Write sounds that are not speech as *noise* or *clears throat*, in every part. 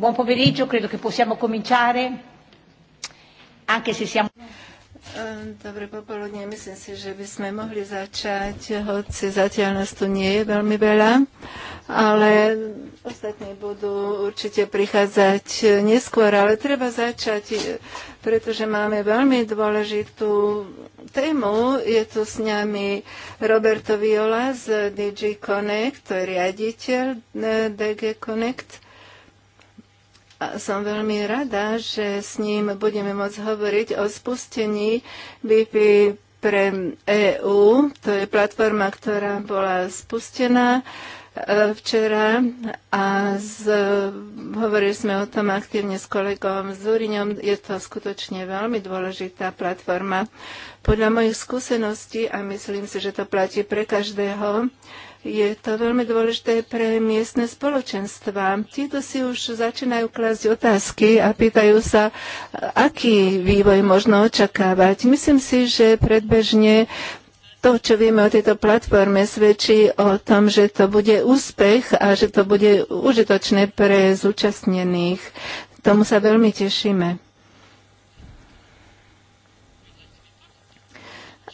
Buon pomeriggio, credo che possiamo cominciare, anche se siamo... Eh, Dobre popoludne, myslím si, že by sme mohli začať, hoci zatiaľ nás tu nie je veľmi veľa, ale ostatní budú určite prichádzať neskôr, ale treba začať, pretože máme veľmi dôležitú tému. Je tu s nami Roberto Viola z DG Connect, to je riaditeľ eh, DG Connect a som veľmi rada, že s ním budeme môcť hovoriť o spustení BP pre EU. To je platforma, ktorá bola spustená e, včera a z, hovorili sme o tom aktívne s kolegom Zúriňom. Je to skutočne veľmi dôležitá platforma. Podľa mojich skúseností, a myslím si, že to platí pre každého, je to veľmi dôležité pre miestne spoločenstva. Títo si už začínajú klásť otázky a pýtajú sa, aký vývoj možno očakávať. Myslím si, že predbežne to, čo vieme o tejto platforme, svedčí o tom, že to bude úspech a že to bude užitočné pre zúčastnených. Tomu sa veľmi tešíme.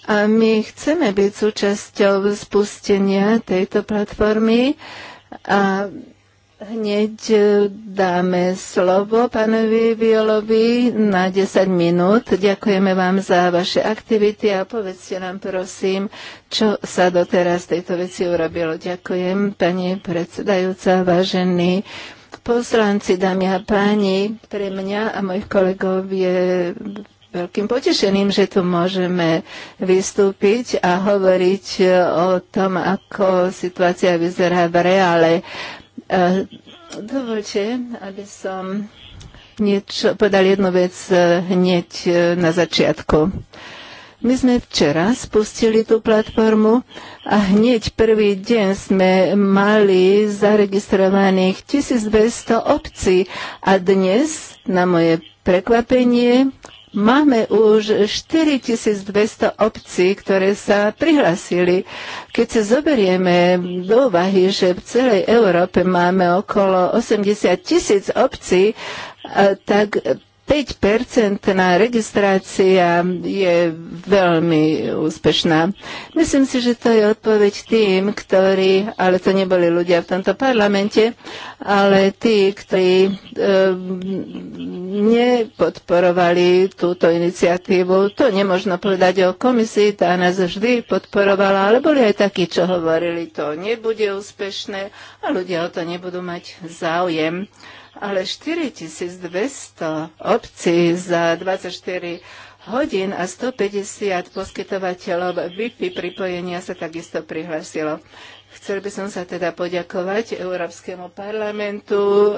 A my chceme byť súčasťou spustenia tejto platformy a hneď dáme slovo pánovi Violovi na 10 minút. Ďakujeme vám za vaše aktivity a povedzte nám prosím, čo sa doteraz tejto veci urobilo. Ďakujem, pani predsedajúca, vážení poslanci, dámy a páni, pre mňa a mojich kolegov je veľkým potešením, že tu môžeme vystúpiť a hovoriť e, o tom, ako situácia vyzerá v reále. E, dovolte, aby som niečo, podal jednu vec e, hneď na začiatku. My sme včera spustili tú platformu a hneď prvý deň sme mali zaregistrovaných 1200 obcí a dnes na moje prekvapenie Máme už 4200 obcí, ktoré sa prihlasili. Keď sa zoberieme do úvahy, že v celej Európe máme okolo 80 tisíc obcí, tak 5-percentná registrácia je veľmi úspešná. Myslím si, že to je odpoveď tým, ktorí, ale to neboli ľudia v tomto parlamente, ale tí, ktorí e, nepodporovali túto iniciatívu. To nemôžno povedať o komisii, tá nás vždy podporovala, ale boli aj takí, čo hovorili, to nebude úspešné a ľudia o to nebudú mať záujem ale 4200 obcí za 24 hodín a 150 poskytovateľov Wi-Fi pripojenia sa takisto prihlasilo. Chcel by som sa teda poďakovať Európskemu parlamentu, e,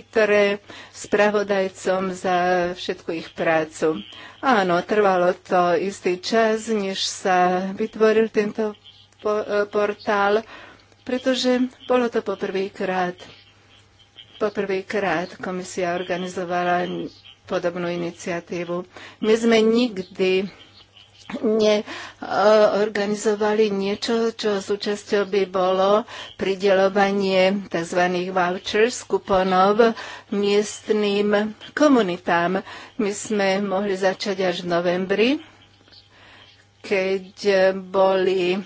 ITRE, spravodajcom za všetku ich prácu. Áno, trvalo to istý čas, než sa vytvoril tento e, portál, pretože bolo to poprvýkrát Poprvýkrát komisia organizovala podobnú iniciatívu. My sme nikdy neorganizovali niečo, čo súčasťou by bolo pridelovanie tzv. vouchers, kuponov miestným komunitám. My sme mohli začať až v novembri, keď boli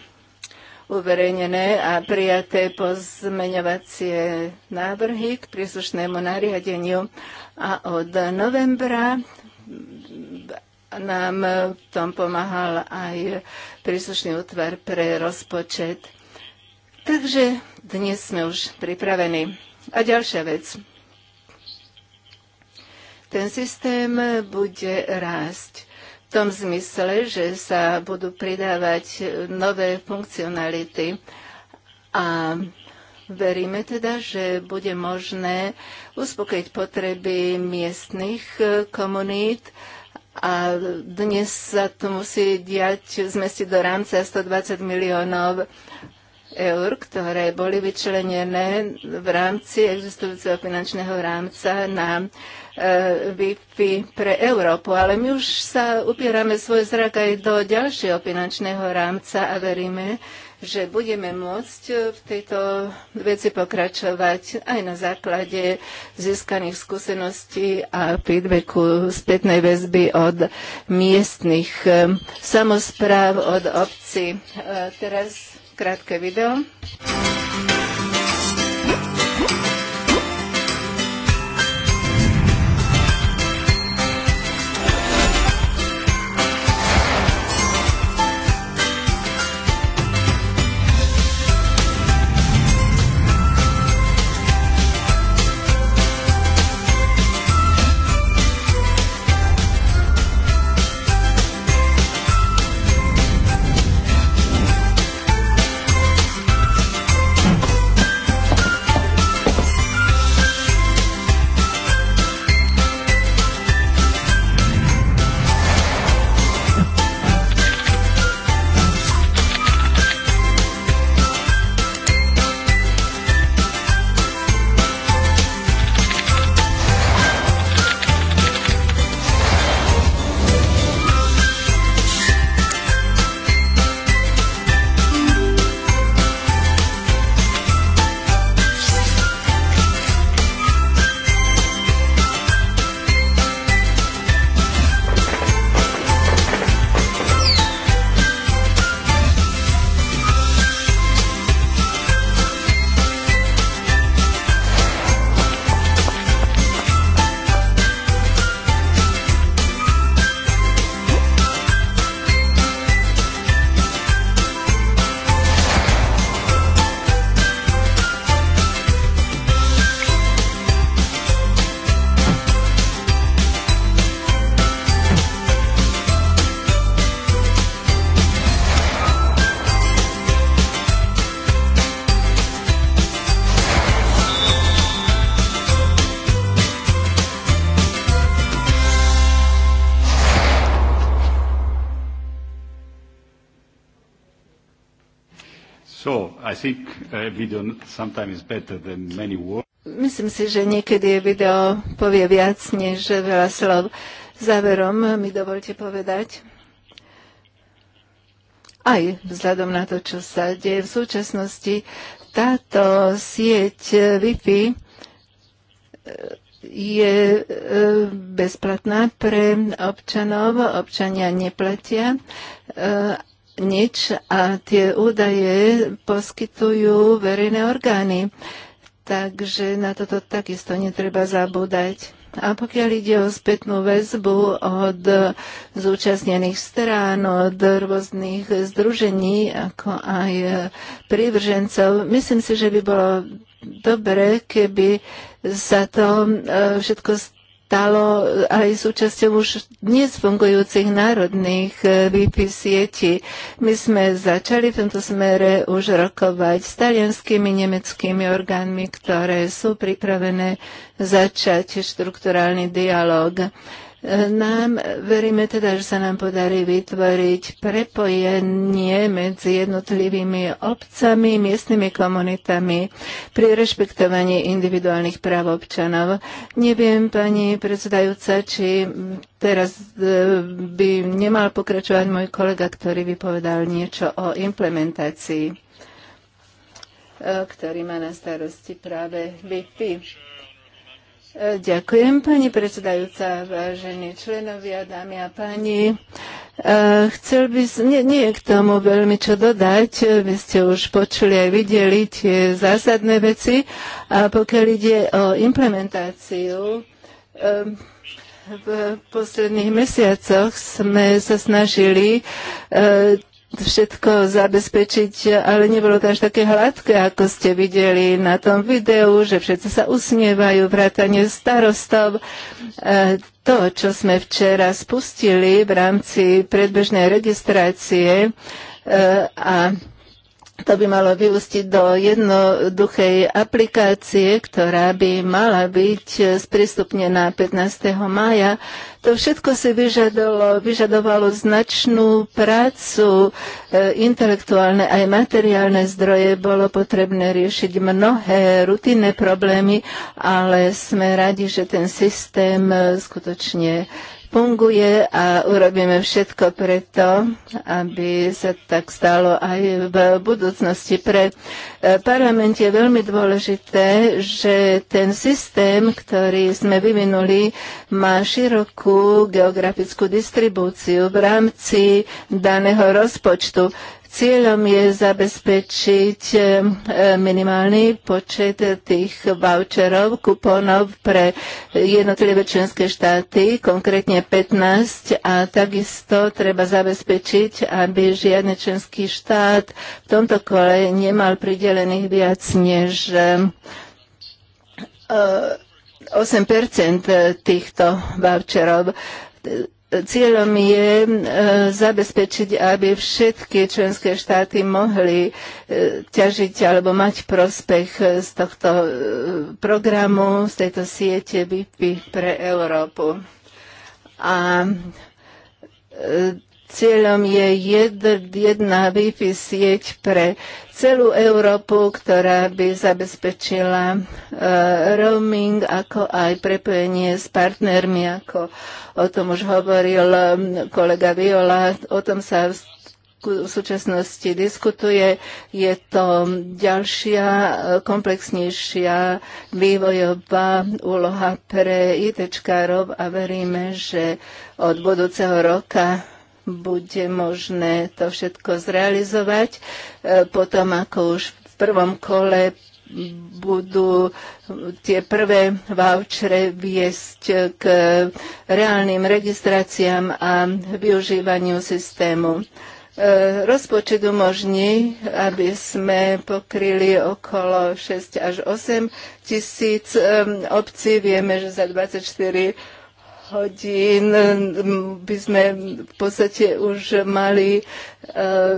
uverejnené a prijaté pozmeňovacie návrhy k príslušnému nariadeniu. A od novembra nám v tom pomáhal aj príslušný útvar pre rozpočet. Takže dnes sme už pripravení. A ďalšia vec. Ten systém bude rásť v tom zmysle, že sa budú pridávať nové funkcionality. A Veríme teda, že bude možné uspokojiť potreby miestnych e, komunít a dnes sa to musí diať, zmestiť do rámca 120 miliónov eur, ktoré boli vyčlenené v rámci existujúceho finančného rámca na e, Wi-Fi pre Európu. Ale my už sa upierame svoj zrak aj do ďalšieho finančného rámca a veríme, že budeme môcť v tejto veci pokračovať aj na základe získaných skúseností a feedbacku spätnej väzby od miestnych e, samozpráv, od obci. E, teraz krátke video. Uh, video sometimes better than many words. Myslím si, že niekedy video povie viac než veľa slov. Záverom mi dovolte povedať, aj vzhľadom na to, čo sa deje v súčasnosti, táto sieť Wi-Fi e, je e, bezplatná pre občanov, občania neplatia e, nič a tie údaje poskytujú verejné orgány. Takže na toto takisto netreba zabúdať. A pokiaľ ide o spätnú väzbu od zúčastnených strán, od rôznych združení, ako aj prívržencov, myslím si, že by bolo dobre, keby sa to e, všetko stalo aj súčasťou už dnes fungujúcich národných e, Wi-Fi sietí. My sme začali v tomto smere už rokovať s talianskými, nemeckými orgánmi, ktoré sú pripravené začať štrukturálny dialog. Nám veríme teda, že sa nám podarí vytvoriť prepojenie medzi jednotlivými obcami, miestnymi komunitami pri rešpektovaní individuálnych práv občanov. Neviem, pani predsedajúca, či teraz e, by nemal pokračovať môj kolega, ktorý vypovedal niečo o implementácii, e, ktorý má na starosti práve VP. Ďakujem, pani predsedajúca, vážení členovia, dámy a páni. E, chcel by, nie, nie k tomu veľmi čo dodať, vy ste už počuli aj videli tie zásadné veci a pokiaľ ide o implementáciu, e, v posledných mesiacoch sme sa snažili e, všetko zabezpečiť, ale nebolo to až také hladké, ako ste videli na tom videu, že všetci sa usmievajú, vrátanie starostov. E, to, čo sme včera spustili v rámci predbežnej registrácie e, a to by malo vyústiť do jednoduchej aplikácie, ktorá by mala byť sprístupnená 15. maja. To všetko si vyžadalo, vyžadovalo značnú prácu, e, intelektuálne aj materiálne zdroje. Bolo potrebné riešiť mnohé rutinné problémy, ale sme radi, že ten systém e, skutočne funguje a urobíme všetko preto, aby sa tak stalo aj v budúcnosti. Pre e, parlament je veľmi dôležité, že ten systém, ktorý sme vyvinuli, má širokú geografickú distribúciu v rámci daného rozpočtu. Cieľom je zabezpečiť e, minimálny počet tých voucherov, kuponov pre jednotlivé členské štáty, konkrétne 15 a takisto treba zabezpečiť, aby žiadny členský štát v tomto kole nemal pridelených viac než 8 e, e, týchto voucherov Cieľom je e, zabezpečiť, aby všetky členské štáty mohli e, ťažiť alebo mať prospech e, z tohto programu, z tejto siete VIP pre Európu. A Cieľom je jedna Wi-Fi sieť pre celú Európu, ktorá by zabezpečila e, roaming, ako aj prepojenie s partnermi, ako o tom už hovoril kolega Viola. O tom sa v v súčasnosti diskutuje. Je to ďalšia, e, komplexnejšia vývojová úloha pre ITčkárov a veríme, že od budúceho roka bude možné to všetko zrealizovať. E, potom, ako už v prvom kole budú tie prvé vouchere viesť k reálnym registráciám a využívaniu systému. E, rozpočet umožní, aby sme pokryli okolo 6 až 8 tisíc e, obcí. Vieme, že za 24 hodín by sme v podstate už mali e,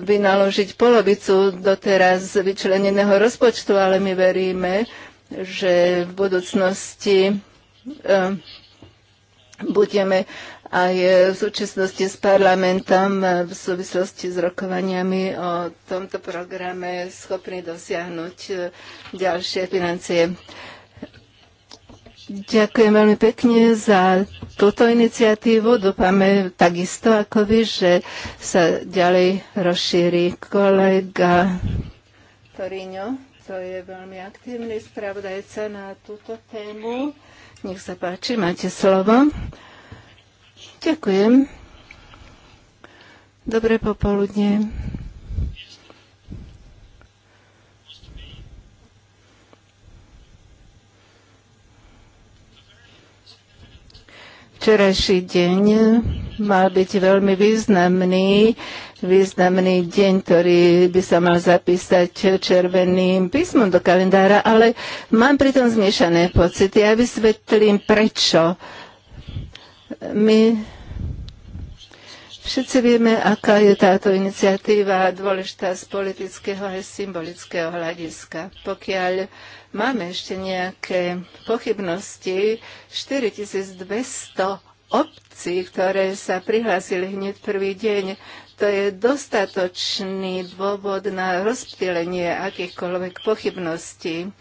vynaložiť polovicu doteraz vyčleneného rozpočtu, ale my veríme, že v budúcnosti e, budeme aj v súčasnosti s parlamentom v súvislosti s rokovaniami o tomto programe schopní dosiahnuť e, ďalšie financie. Ďakujem veľmi pekne za túto iniciatívu. Dúfame takisto ako vy, že sa ďalej rozšíri kolega Torino, to je veľmi aktívny spravodajca na túto tému. Nech sa páči, máte slovo. Ďakujem. Dobré popoludne. Včerajší deň mal byť veľmi významný, významný deň, ktorý by sa mal zapísať červeným písmom do kalendára, ale mám pritom zmiešané pocity. Ja vysvetlím prečo. My Všetci vieme, aká je táto iniciatíva dôležitá z politického aj symbolického hľadiska. Pokiaľ máme ešte nejaké pochybnosti, 4200 obcí, ktoré sa prihlásili hneď prvý deň, to je dostatočný dôvod na rozptýlenie akýchkoľvek pochybností.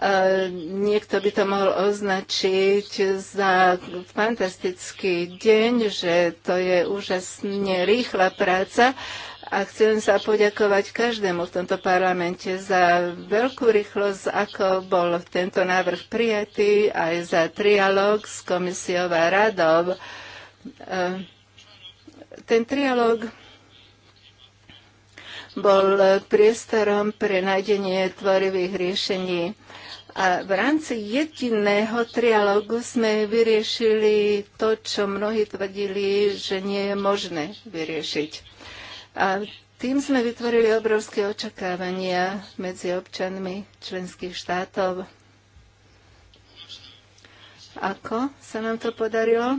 Eh, niekto by to mohol označiť za fantastický deň, že to je úžasne rýchla práca, a chcem sa poďakovať každému v tomto parlamente za veľkú rýchlosť, ako bol tento návrh prijatý, aj za trialog s komisiou a radov. Eh, ten trialog bol priestorom pre nájdenie tvorivých riešení. A v rámci jediného trialógu sme vyriešili to, čo mnohí tvrdili, že nie je možné vyriešiť. A tým sme vytvorili obrovské očakávania medzi občanmi členských štátov. Ako sa nám to podarilo?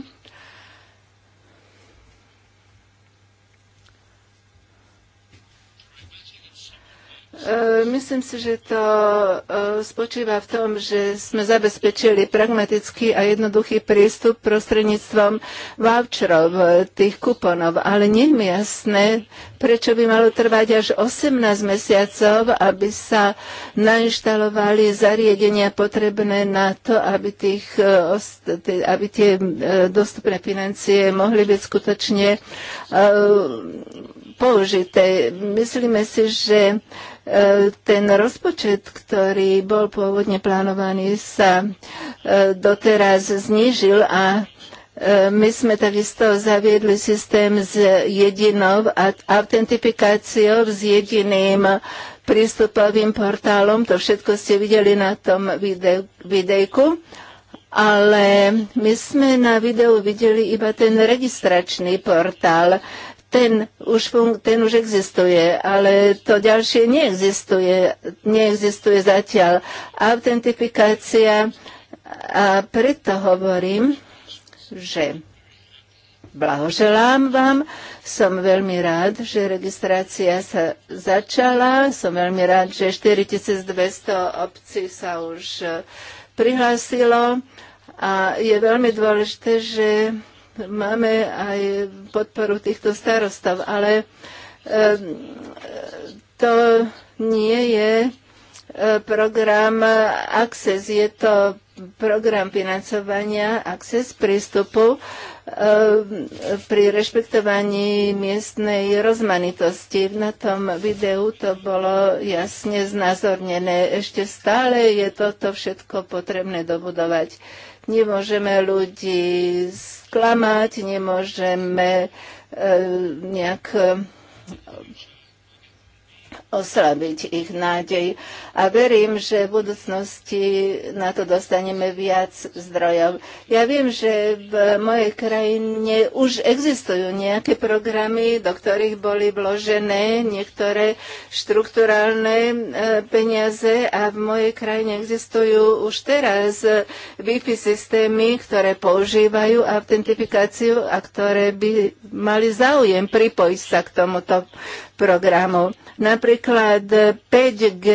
E, myslím si, že to e, spočíva v tom, že sme zabezpečili pragmatický a jednoduchý prístup prostredníctvom voucherov, e, tých kuponov, ale nie je mi jasné, prečo by malo trvať až 18 mesiacov, aby sa nainštalovali zariadenia potrebné na to, aby, tých, aby tie dostupné financie mohli byť skutočne použité. Myslíme si, že E, ten rozpočet, ktorý bol pôvodne plánovaný, sa e, doteraz znížil a e, my sme takisto zaviedli systém s jedinou autentifikáciou, s jediným prístupovým portálom. To všetko ste videli na tom videjku. Ale my sme na videu videli iba ten registračný portál ten už, fun- ten už existuje, ale to ďalšie neexistuje, neexistuje zatiaľ. Autentifikácia a preto hovorím, že blahoželám vám. Som veľmi rád, že registrácia sa začala. Som veľmi rád, že 4200 obcí sa už prihlásilo. A je veľmi dôležité, že máme aj podporu týchto starostov, ale eh, to nie je eh, program Access, je to program financovania Access prístupu eh, pri rešpektovaní miestnej rozmanitosti. Na tom videu to bolo jasne znázornené. Ešte stále je toto všetko potrebné dobudovať. Nemôžeme ľudí z klamať, nemôžeme eh, nejak oslabiť ich nádej. A verím, že v budúcnosti na to dostaneme viac zdrojov. Ja viem, že v mojej krajine už existujú nejaké programy, do ktorých boli vložené niektoré štrukturálne e, peniaze a v mojej krajine existujú už teraz Wi-Fi systémy, ktoré používajú autentifikáciu a ktoré by mali záujem pripojiť sa k tomuto programov. Napríklad 5G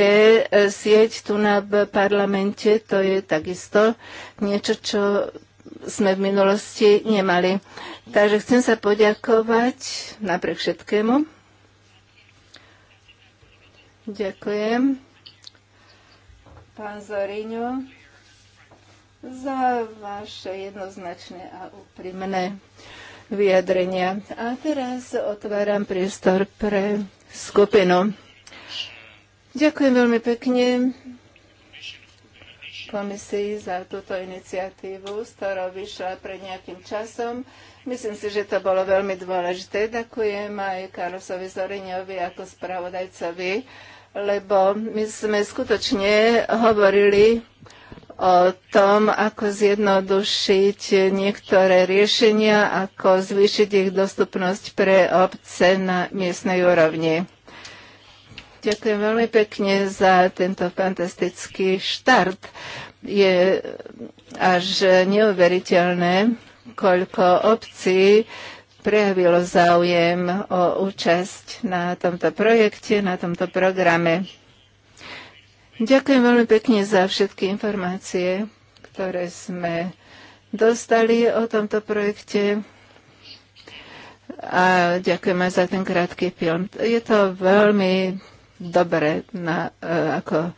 e, sieť tu na parlamente, to je takisto niečo, čo sme v minulosti nemali. Takže chcem sa poďakovať napriek všetkému. Ďakujem. Pán Zoriňo, za vaše jednoznačné a úprimné vyjadrenia. A teraz otváram priestor pre skupinu. Ďakujem veľmi pekne komisii za túto iniciatívu, z ktorou vyšla pred nejakým časom. Myslím si, že to bolo veľmi dôležité. Ďakujem aj Karlosovi Zoriňovi ako spravodajcovi, lebo my sme skutočne hovorili o tom, ako zjednodušiť niektoré riešenia, ako zvýšiť ich dostupnosť pre obce na miestnej úrovni. Ďakujem veľmi pekne za tento fantastický štart. Je až neuveriteľné, koľko obcí prejavilo záujem o účasť na tomto projekte, na tomto programe. Ďakujem veľmi pekne za všetky informácie, ktoré sme dostali o tomto projekte a ďakujem aj za ten krátky film. Je to veľmi dobré, na, e, ako,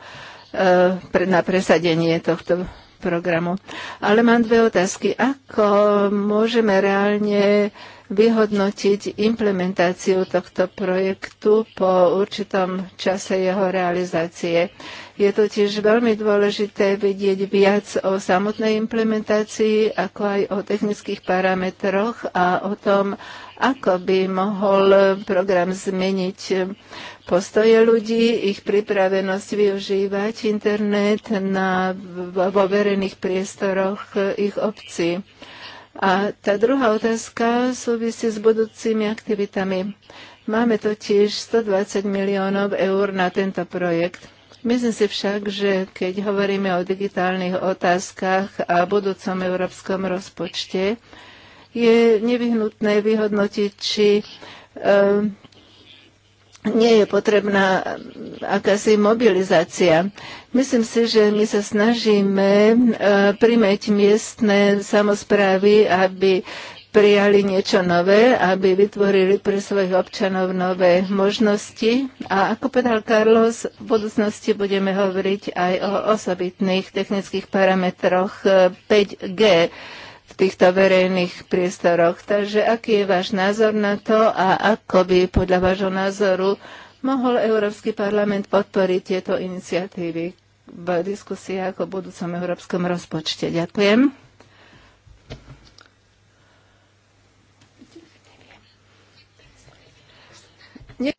e, na presadenie tohto programu. Ale mám dve otázky. Ako môžeme reálne uh, vyhodnotiť implementáciu tohto projektu po určitom čase jeho realizácie. Je totiž veľmi dôležité vedieť viac o samotnej implementácii, ako aj o technických parametroch a o tom, ako by mohol program zmeniť postoje ľudí, ich pripravenosť využívať internet na, vo verejných priestoroch ich obcí. A tá druhá otázka súvisí s budúcimi aktivitami. Máme totiž 120 miliónov eur na tento projekt. Myslím si však, že keď hovoríme o digitálnych otázkach a budúcom európskom rozpočte, je nevyhnutné vyhodnotiť, či nie je potrebná akási mobilizácia. Myslím si, že my sa snažíme e, primeť miestne samozprávy, aby prijali niečo nové, aby vytvorili pre svojich občanov nové možnosti. A ako povedal Carlos, v budúcnosti budeme hovoriť aj o osobitných technických parametroch 5G e, týchto verejných priestoroch. Takže aký je váš názor na to a ako by podľa vášho názoru mohol Európsky parlament podporiť tieto iniciatívy v diskusiách o budúcom európskom rozpočte? Ďakujem.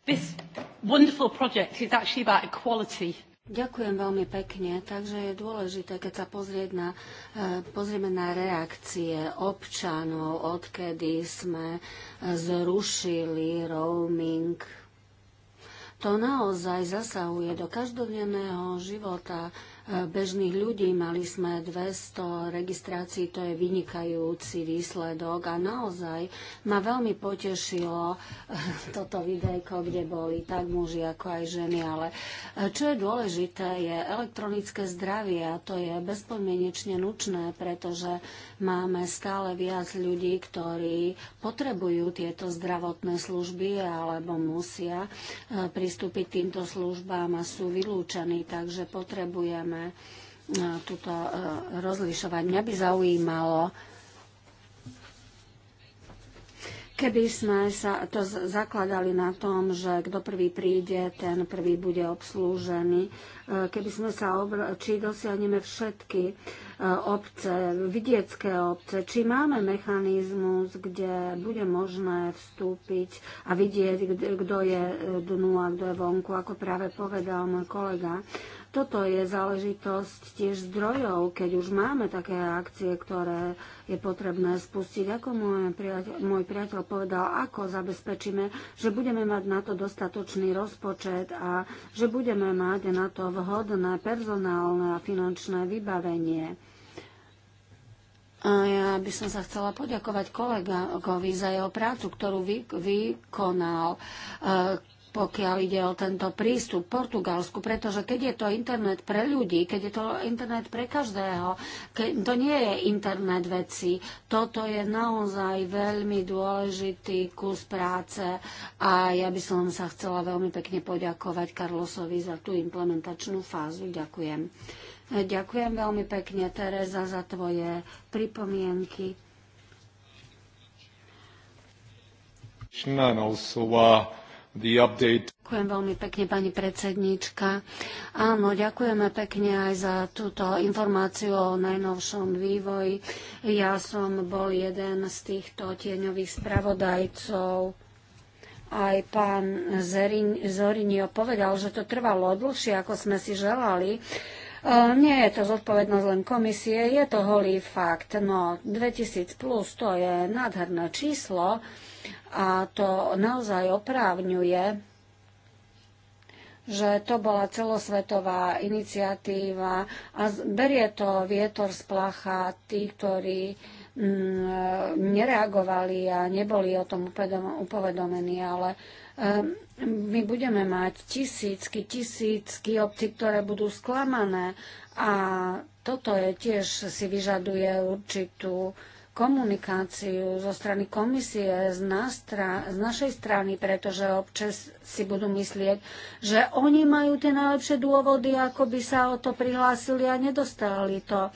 This wonderful project is actually about equality Ďakujem veľmi pekne. Takže je dôležité, keď sa pozrieť na, e, pozrieme na reakcie občanov, odkedy sme e, zrušili roaming to naozaj zasahuje do každodenného života e, bežných ľudí. Mali sme 200 registrácií, to je vynikajúci výsledok a naozaj ma veľmi potešilo e, toto videjko, kde boli tak muži ako aj ženy, ale e, čo je dôležité je elektronické zdravie a to je bezpodmienečne nučné, pretože máme stále viac ľudí, ktorí potrebujú tieto zdravotné služby alebo musia pri pristúpiť k týmto službám a sú vylúčení, takže potrebujeme e, túto e, rozlišovať. Mňa by zaujímalo, keby sme sa to zakladali na tom, že kto prvý príde, ten prvý bude obslúžený, e, keby sme sa obr- či dosiahneme všetky obce, vidiecké obce, či máme mechanizmus, kde bude možné vstúpiť a vidieť, kto je e, dnu a kto je vonku, ako práve povedal môj kolega. Toto je záležitosť tiež zdrojov, keď už máme také akcie, ktoré je potrebné spustiť. Ako môj priateľ, môj priateľ povedal, ako zabezpečíme, že budeme mať na to dostatočný rozpočet a že budeme mať na to vhodné personálne a finančné vybavenie a ja by som sa chcela poďakovať kolegovi za jeho prácu, ktorú vy, vykonal, eh, pokiaľ ide o tento prístup Portugalsku, pretože keď je to internet pre ľudí, keď je to internet pre každého, keď to nie je internet veci. Toto je naozaj veľmi dôležitý kus práce a ja by som sa chcela veľmi pekne poďakovať Karlosovi za tú implementačnú fázu. Ďakujem. Ďakujem veľmi pekne, Tereza, za tvoje pripomienky. Uh, Ďakujem veľmi pekne, pani predsednička. Áno, ďakujeme pekne aj za túto informáciu o najnovšom vývoji. Ja som bol jeden z týchto tieňových spravodajcov aj pán Zorinio povedal, že to trvalo dlhšie, ako sme si želali, E, nie je to zodpovednosť len komisie, je to holý fakt. No 2000 plus to je nádherné číslo a to naozaj oprávňuje že to bola celosvetová iniciatíva a berie to vietor z placha tí, ktorí mm, nereagovali a neboli o tom upovedomení, ale my budeme mať tisícky, tisícky obci, ktoré budú sklamané a toto je tiež si vyžaduje určitú komunikáciu zo strany komisie z, nastra, z našej strany, pretože občas si budú myslieť, že oni majú tie najlepšie dôvody, ako by sa o to prihlásili a nedostali to.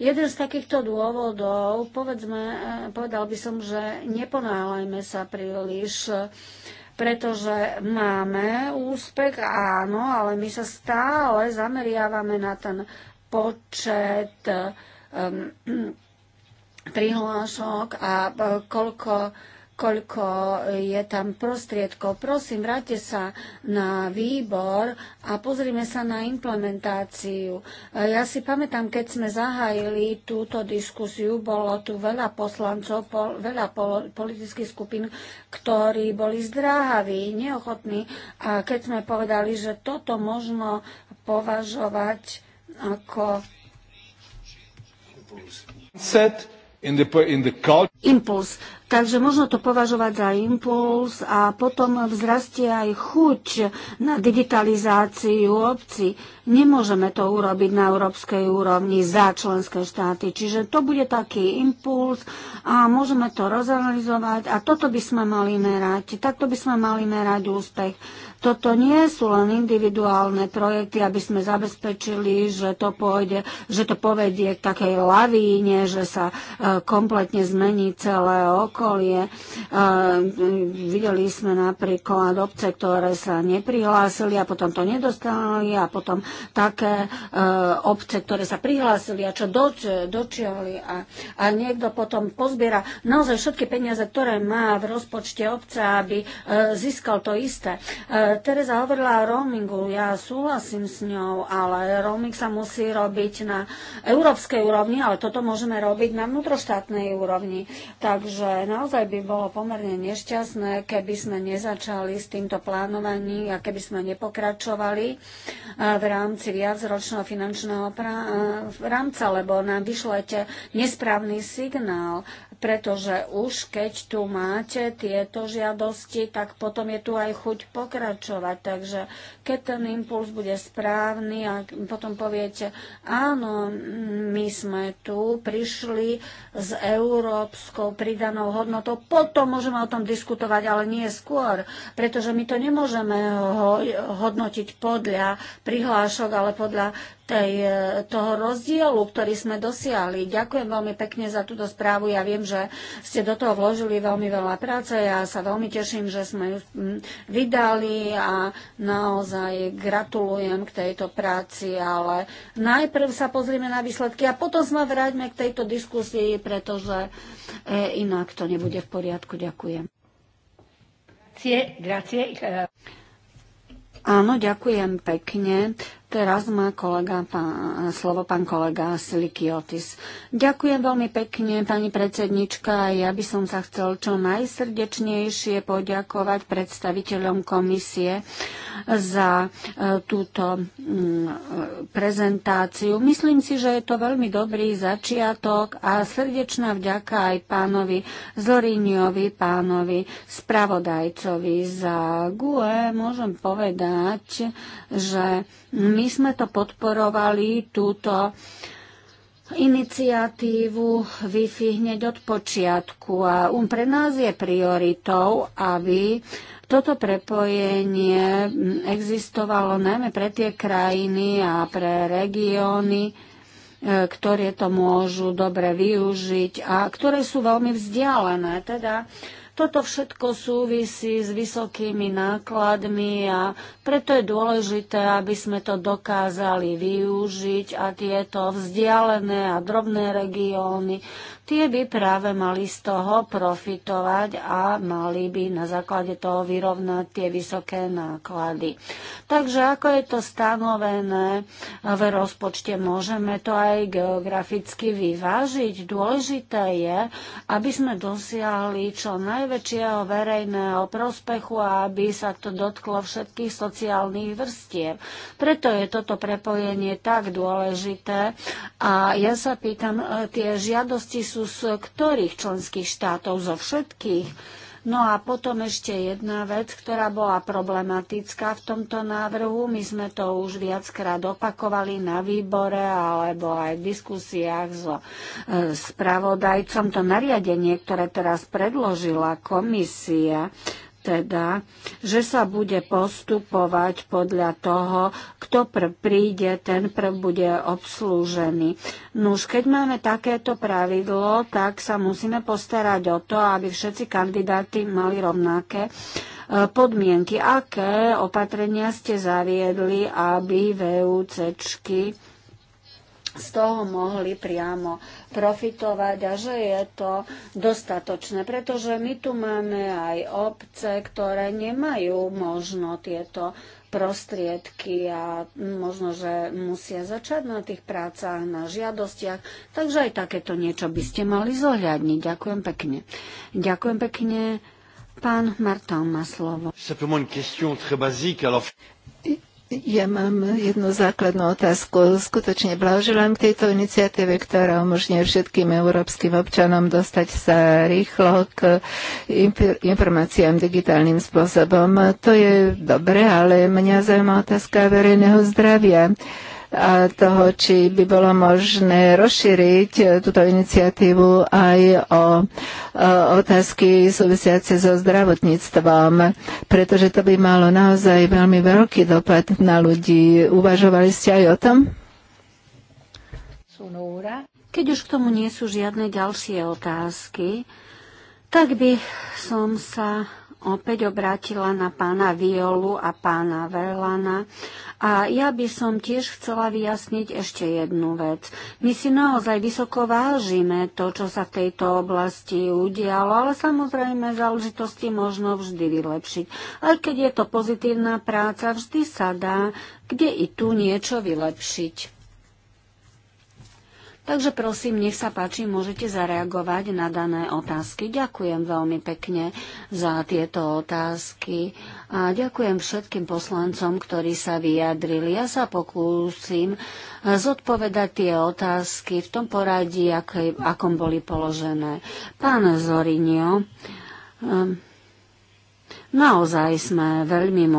Jeden z takýchto dôvodov, povedzme, eh, povedal by som, že neponáhľajme sa príliš. Uh, pretože máme úspech, áno, ale my sa stále zameriavame na ten počet um, *clears throat* prihlášok a e, koľko uh, koľko je tam prostriedkov. Prosím, vráte sa na výbor a pozrime sa na implementáciu. E, ja si pamätám, keď sme zahájili túto diskusiu, bolo tu veľa poslancov, pol, veľa pol, politických skupín, ktorí boli zdráhaví, neochotní. A keď sme povedali, že toto možno považovať ako... Set Impuls. Takže možno to považovať za impuls a potom vzrastie aj chuť na digitalizáciu obci. Nemôžeme to urobiť na európskej úrovni za členské štáty. Čiže to bude taký impuls a môžeme to rozanalizovať a toto by sme mali merať. Takto by sme mali merať úspech. Toto nie sú len individuálne projekty, aby sme zabezpečili, že to, pôjde, že to povedie k takej lavíne, že sa e, kompletne zmení celé okolie. E, videli sme napríklad obce, ktoré sa neprihlásili a potom to nedostali a potom také e, obce, ktoré sa prihlásili a čo doč, dočiali a, a niekto potom pozbiera naozaj všetky peniaze, ktoré má v rozpočte obca, aby získal to isté. Teresa hovorila o roamingu, ja súhlasím s ňou, ale roaming sa musí robiť na európskej úrovni, ale toto môžeme robiť na vnútroštátnej úrovni. Takže naozaj by bolo pomerne nešťastné, keby sme nezačali s týmto plánovaním a keby sme nepokračovali eh, v rámci viacročného finančného eh, rámca, lebo nám vyšlete nesprávny signál pretože už keď tu máte tieto žiadosti, tak potom je tu aj chuť pokračovať. Takže keď ten impuls bude správny a potom poviete, áno, my sme tu, prišli s európskou pridanou hodnotou, potom môžeme o tom diskutovať, ale nie skôr, pretože my to nemôžeme ho- hodnotiť podľa prihlášok, ale podľa tej, toho rozdielu, ktorý sme dosiahli. Ďakujem veľmi pekne za túto správu. Ja viem, že ste do toho vložili veľmi veľa práce. Ja sa veľmi teším, že sme ju mm, vydali a naozaj gratulujem k tejto práci, ale najprv sa pozrieme na výsledky a potom sa vráťme k tejto diskusii, pretože e, inak to nebude v poriadku. Ďakujem. Grazie, grazie. Áno, ďakujem pekne. Teraz má kolega, pán, slovo pán kolega Silikiotis. Ďakujem veľmi pekne, pani predsednička. Ja by som sa chcel čo najsrdečnejšie poďakovať predstaviteľom komisie za e, túto mm, prezentáciu. Myslím si, že je to veľmi dobrý začiatok a srdečná vďaka aj pánovi Zoriniovi, pánovi spravodajcovi za GUE. Môžem povedať, že my sme to podporovali, túto iniciatívu Wi-Fi hneď od počiatku a um, pre nás je prioritou, aby toto prepojenie mm, existovalo najmä pre tie krajiny a pre regióny, e, ktoré to môžu dobre využiť a ktoré sú veľmi vzdialené. Teda toto všetko súvisí s vysokými nákladmi a preto je dôležité, aby sme to dokázali využiť a tieto vzdialené a drobné regióny tie by práve mali z toho profitovať a mali by na základe toho vyrovnať tie vysoké náklady. Takže ako je to stanovené v rozpočte, môžeme to aj geograficky vyvážiť. Dôležité je, aby sme dosiahli čo najväčšieho verejného prospechu a aby sa to dotklo všetkých sociálnych vrstiev. Preto je toto prepojenie tak dôležité. A ja sa pýtam, tie žiadosti sú sú z ktorých členských štátov, zo všetkých. No a potom ešte jedna vec, ktorá bola problematická v tomto návrhu. My sme to už viackrát opakovali na výbore alebo aj v diskusiách so e, spravodajcom. To nariadenie, ktoré teraz predložila komisia, teda, že sa bude postupovať podľa toho, kto prv príde, ten prv bude obslúžený. Nuž, keď máme takéto pravidlo, tak sa musíme postarať o to, aby všetci kandidáti mali rovnaké e, podmienky. Aké opatrenia ste zaviedli, aby VUCčky z toho mohli priamo profitovať a že je to dostatočné, pretože my tu máme aj obce, ktoré nemajú možno tieto prostriedky a možno, že musia začať na tých prácach, na žiadostiach. Takže aj takéto niečo by ste mali zohľadniť. Ďakujem pekne. Ďakujem pekne. Pán Martin má slovo. Ja mám jednu základnú otázku. Skutočne blahoželám k tejto iniciatíve, ktorá umožňuje všetkým európskym občanom dostať sa rýchlo k informáciám digitálnym spôsobom. To je dobre, ale mňa zaujíma otázka verejného zdravia toho, či by bolo možné rozšíriť túto iniciatívu aj o otázky súvisiace so zdravotníctvom, pretože to by malo naozaj veľmi veľký dopad na ľudí. Uvažovali ste aj o tom? Keď už k tomu nie sú žiadne ďalšie otázky, tak by som sa opäť obrátila na pána Violu a pána Verlana. A ja by som tiež chcela vyjasniť ešte jednu vec. My si naozaj vysoko vážime to, čo sa v tejto oblasti udialo, ale samozrejme záležitosti možno vždy vylepšiť. Aj keď je to pozitívna práca, vždy sa dá kde i tu niečo vylepšiť. Takže prosím, nech sa páči, môžete zareagovať na dané otázky. Ďakujem veľmi pekne za tieto otázky a ďakujem všetkým poslancom, ktorí sa vyjadrili. Ja sa pokúsim zodpovedať tie otázky v tom poradí, akom boli položené. Pán Zorinio, um, Naozaj sme veľmi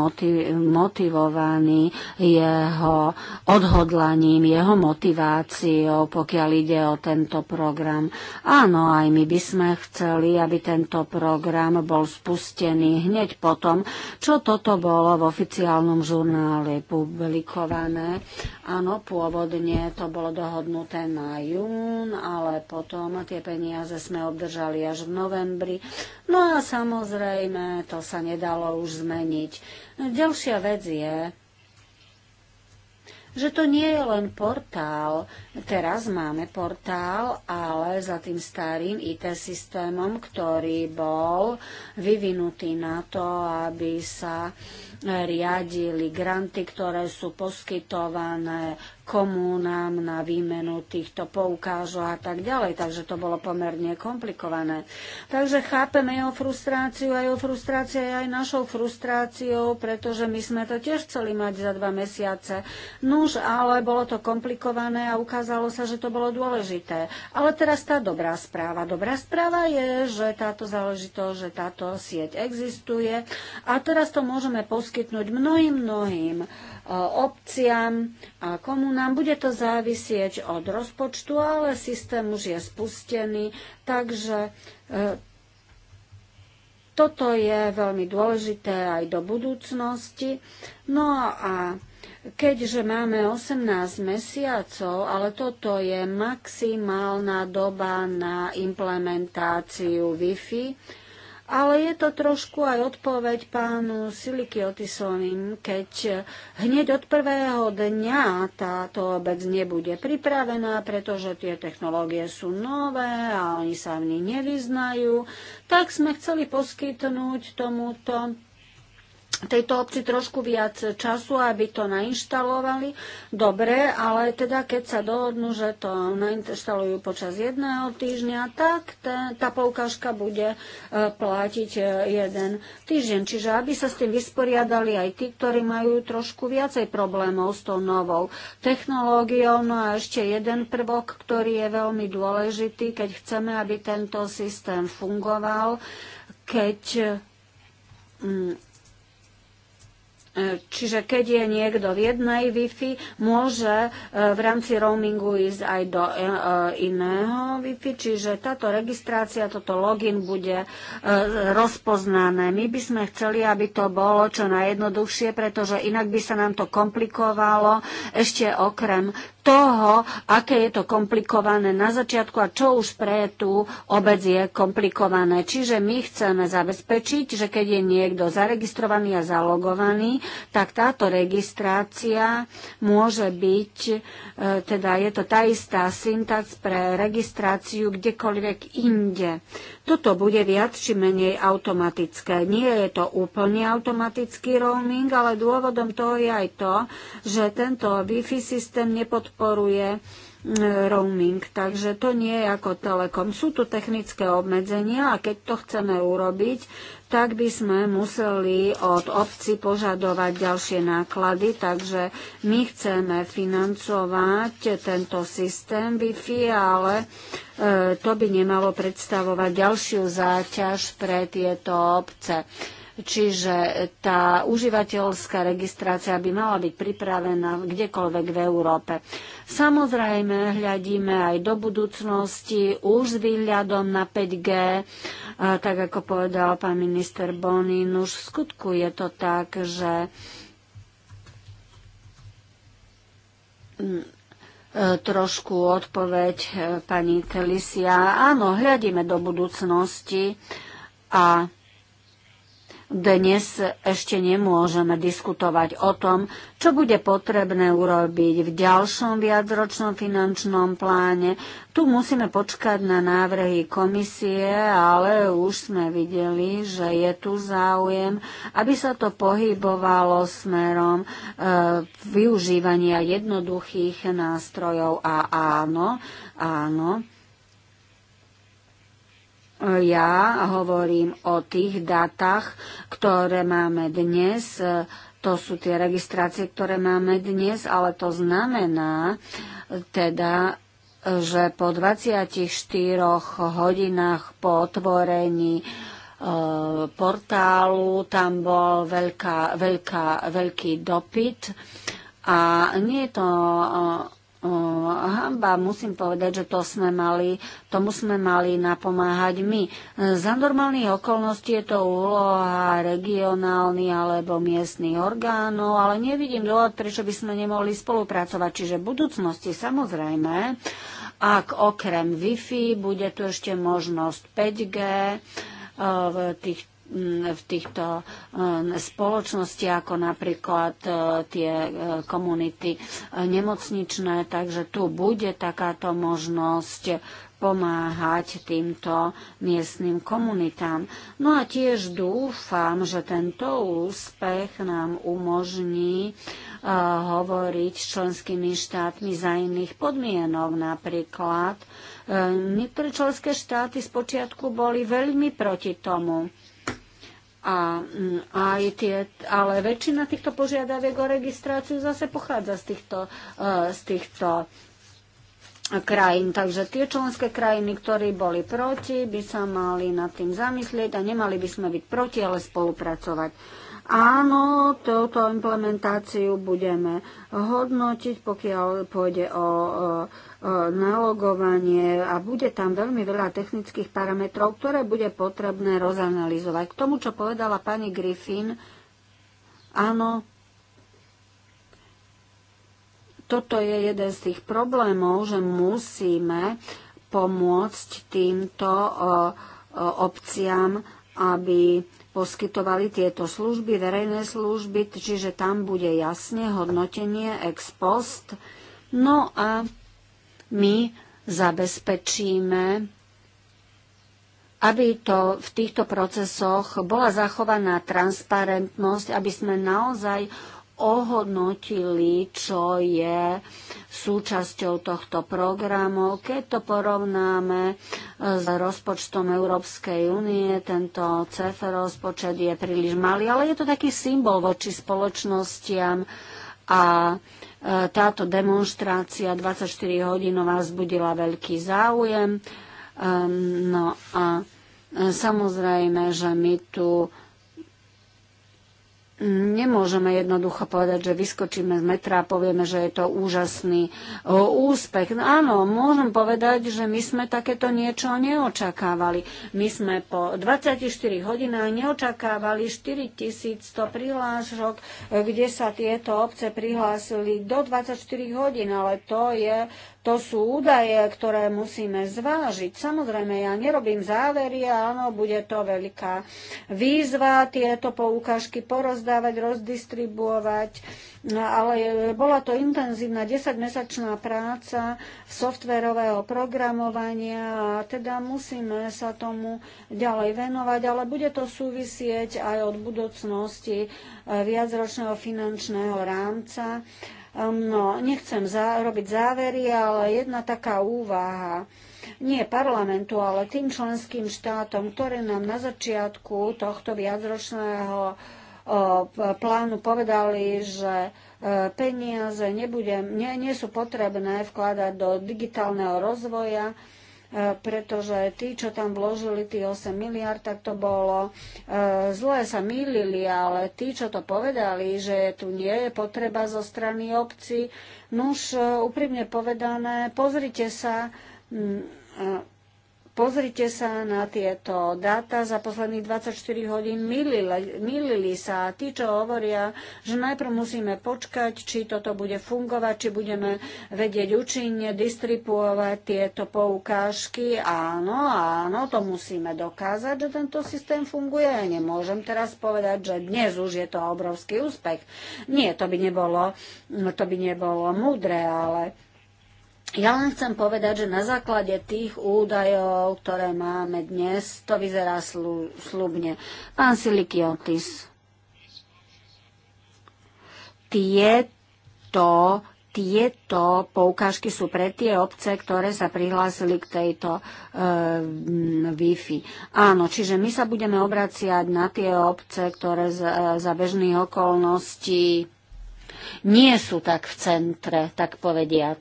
motivovaní jeho odhodlaním, jeho motiváciou, pokiaľ ide o tento program. Áno, aj my by sme chceli, aby tento program bol spustený hneď potom, čo toto bolo v oficiálnom žurnále publikované. Áno, pôvodne to bolo dohodnuté na jún, ale potom tie peniaze sme obdržali až v novembri. No a samozrejme, to sa nedalo už zmeniť. Ďalšia vec je, že to nie je len portál. Teraz máme portál, ale za tým starým IT systémom, ktorý bol vyvinutý na to, aby sa riadili granty, ktoré sú poskytované komu nám na výmenu týchto poukážov a tak ďalej. Takže to bolo pomerne komplikované. Takže chápeme jeho frustráciu a jeho frustrácia je aj našou frustráciou, pretože my sme to tiež chceli mať za dva mesiace. Nuž, ale bolo to komplikované a ukázalo sa, že to bolo dôležité. Ale teraz tá dobrá správa. Dobrá správa je, že táto záležitosť, že táto sieť existuje a teraz to môžeme poskytnúť mnohým, mnohým E, obciam a komunám. Bude to závisieť od rozpočtu, ale systém už je spustený, takže e, toto je veľmi dôležité aj do budúcnosti. No a keďže máme 18 mesiacov, ale toto je maximálna doba na implementáciu Wi-Fi, ale je to trošku aj odpoveď pánu Siliky Otisovým, keď hneď od prvého dňa táto obec nebude pripravená, pretože tie technológie sú nové a oni sa v nich nevyznajú, tak sme chceli poskytnúť tomuto tejto obci trošku viac času, aby to nainštalovali. Dobre, ale teda keď sa dohodnú, že to nainštalujú počas jedného týždňa, tak tá, tá poukážka bude e, platiť e, jeden týždeň. Čiže aby sa s tým vysporiadali aj tí, ktorí majú trošku viacej problémov s tou novou technológiou. No a ešte jeden prvok, ktorý je veľmi dôležitý, keď chceme, aby tento systém fungoval, keď mm, E, čiže keď je niekto v jednej Wi-Fi, môže e, v rámci roamingu ísť aj do e, iného Wi-Fi, čiže táto registrácia, toto login bude rozpoznané. My by sme chceli, aby to bolo čo najjednoduchšie, pretože inak by sa nám to komplikovalo ešte okrem toho, aké je to komplikované na začiatku a čo už pre tú obec je komplikované. Čiže my chceme zabezpečiť, že keď je niekto zaregistrovaný a zalogovaný, tak táto registrácia môže byť, e, teda je to tá istá syntax pre registráciu kdekoľvek inde. Toto bude viac či menej automatické. Nie je to úplne automatický roaming, ale dôvodom toho je aj to, že tento Wi-Fi systém nepodporuje podporuje e, roaming, takže to nie je ako telekom. Sú tu technické obmedzenia a keď to chceme urobiť, tak by sme museli od obci požadovať ďalšie náklady, takže my chceme financovať tento systém Wi-Fi, ale e, to by nemalo predstavovať ďalšiu záťaž pre tieto obce. Čiže tá užívateľská registrácia by mala byť pripravená kdekoľvek v Európe. Samozrejme, hľadíme aj do budúcnosti už s výhľadom na 5G, tak ako povedal pán minister Bonin, už v skutku je to tak, že mm, e, trošku odpoveď e, pani Telisia. Áno, hľadíme do budúcnosti a dnes ešte nemôžeme diskutovať o tom, čo bude potrebné urobiť v ďalšom viacročnom finančnom pláne. Tu musíme počkať na návrhy komisie, ale už sme videli, že je tu záujem, aby sa to pohybovalo smerom e, využívania jednoduchých nástrojov. A áno, áno, ja hovorím o tých datách, ktoré máme dnes. To sú tie registrácie, ktoré máme dnes, ale to znamená teda, že po 24 hodinách po otvorení e, portálu tam bol veľká, veľká, veľký dopyt a nie je to e, hamba. Musím povedať, že to sme mali, tomu sme mali napomáhať my. Za normálnych okolností je to úloha regionálny alebo miestnych orgánov, ale nevidím dôvod, prečo by sme nemohli spolupracovať. Čiže v budúcnosti samozrejme, ak okrem Wi-Fi bude tu ešte možnosť 5G, eh, v tých Mm, v týchto mm, spoločnostiach, ako napríklad e, tie e, komunity e, nemocničné, takže tu bude takáto možnosť pomáhať týmto miestnym komunitám. No a tiež dúfam, že tento úspech nám umožní hovoriť s členskými štátmi za iných podmienok. Napríklad niektoré členské štáty spočiatku boli veľmi proti tomu a mm, aj tie, ale väčšina týchto požiadaviek o registráciu zase pochádza z týchto, e, z týchto krajín. Takže tie členské krajiny, ktorí boli proti, by sa mali nad tým zamyslieť a nemali by sme byť proti, ale spolupracovať. Áno, túto implementáciu budeme hodnotiť, pokiaľ pôjde o, o E, nalogovanie a bude tam veľmi veľa technických parametrov, ktoré bude potrebné rozanalizovať. K tomu, čo povedala pani Griffin, áno, toto je jeden z tých problémov, že musíme pomôcť týmto e, e, obciam, aby poskytovali tieto služby, verejné služby, čiže tam bude jasne hodnotenie ex post. No a my zabezpečíme, aby to v týchto procesoch bola zachovaná transparentnosť, aby sme naozaj ohodnotili, čo je súčasťou tohto programu. Keď to porovnáme e, s rozpočtom Európskej únie, tento CF rozpočet je príliš malý, ale je to taký symbol voči spoločnostiam a táto demonstrácia 24-hodinová vzbudila veľký záujem. Ehm, no a e, samozrejme, že my tu nemôžeme jednoducho povedať, že vyskočíme z metra a povieme, že je to úžasný úspech. No áno, môžem povedať, že my sme takéto niečo neočakávali. My sme po 24 hodinách neočakávali 4100 prihlášok, kde sa tieto obce prihlásili do 24 hodín, ale to je to sú údaje, ktoré musíme zvážiť. Samozrejme, ja nerobím závery, áno, bude to veľká výzva tieto poukážky porozdávať, rozdistribuovať, no, ale bola to intenzívna 10-mesačná práca softverového programovania a teda musíme sa tomu ďalej venovať, ale bude to súvisieť aj od budúcnosti eh, viacročného finančného rámca Ehm, no, nechcem za, robiť závery, ale jedna taká úvaha nie parlamentu, ale tým členským štátom, ktoré nám na začiatku tohto viacročného eh, plánu povedali, že eh, peniaze nebudem, nie, nie sú potrebné vkladať do digitálneho rozvoja, pretože tí, čo tam vložili tých 8 miliard, tak to bolo e, Zlé sa mýlili, ale tí, čo to povedali, že tu nie je potreba zo strany obci, nuž e, úprimne povedané, pozrite sa, e, Pozrite sa na tieto dáta za posledných 24 hodín milili, milili sa tí, čo hovoria, že najprv musíme počkať, či toto bude fungovať, či budeme vedieť účinne distribuovať tieto poukážky. Áno, áno, to musíme dokázať, že tento systém funguje. Ja nemôžem teraz povedať, že dnes už je to obrovský úspech. Nie, to by nebolo, to by nebolo múdre, ale ja len chcem povedať, že na základe tých údajov, ktoré máme dnes, to vyzerá slubne. Pán Silikiotis, tieto tieto poukážky sú pre tie obce, ktoré sa prihlásili k tejto e, Wi-Fi. Áno, čiže my sa budeme obraciať na tie obce, ktoré za, za bežných okolností nie sú tak v centre, tak povediac.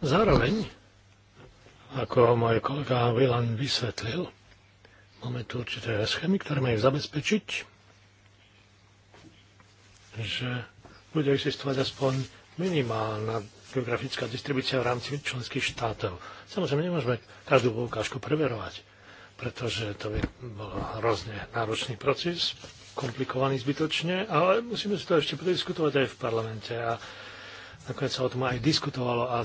Zároveň, ako môj kolega Vilan vysvetlil, máme tu určité schémy, ktoré majú zabezpečiť, že bude existovať aspoň minimálna geografická distribúcia v rámci členských štátov. Samozrejme, nemôžeme každú poukážku preverovať, pretože to by bol hrozne náročný proces, komplikovaný zbytočne, ale musíme si to ešte prediskutovať aj v parlamente. A Nakoniec sa o tom aj diskutovalo a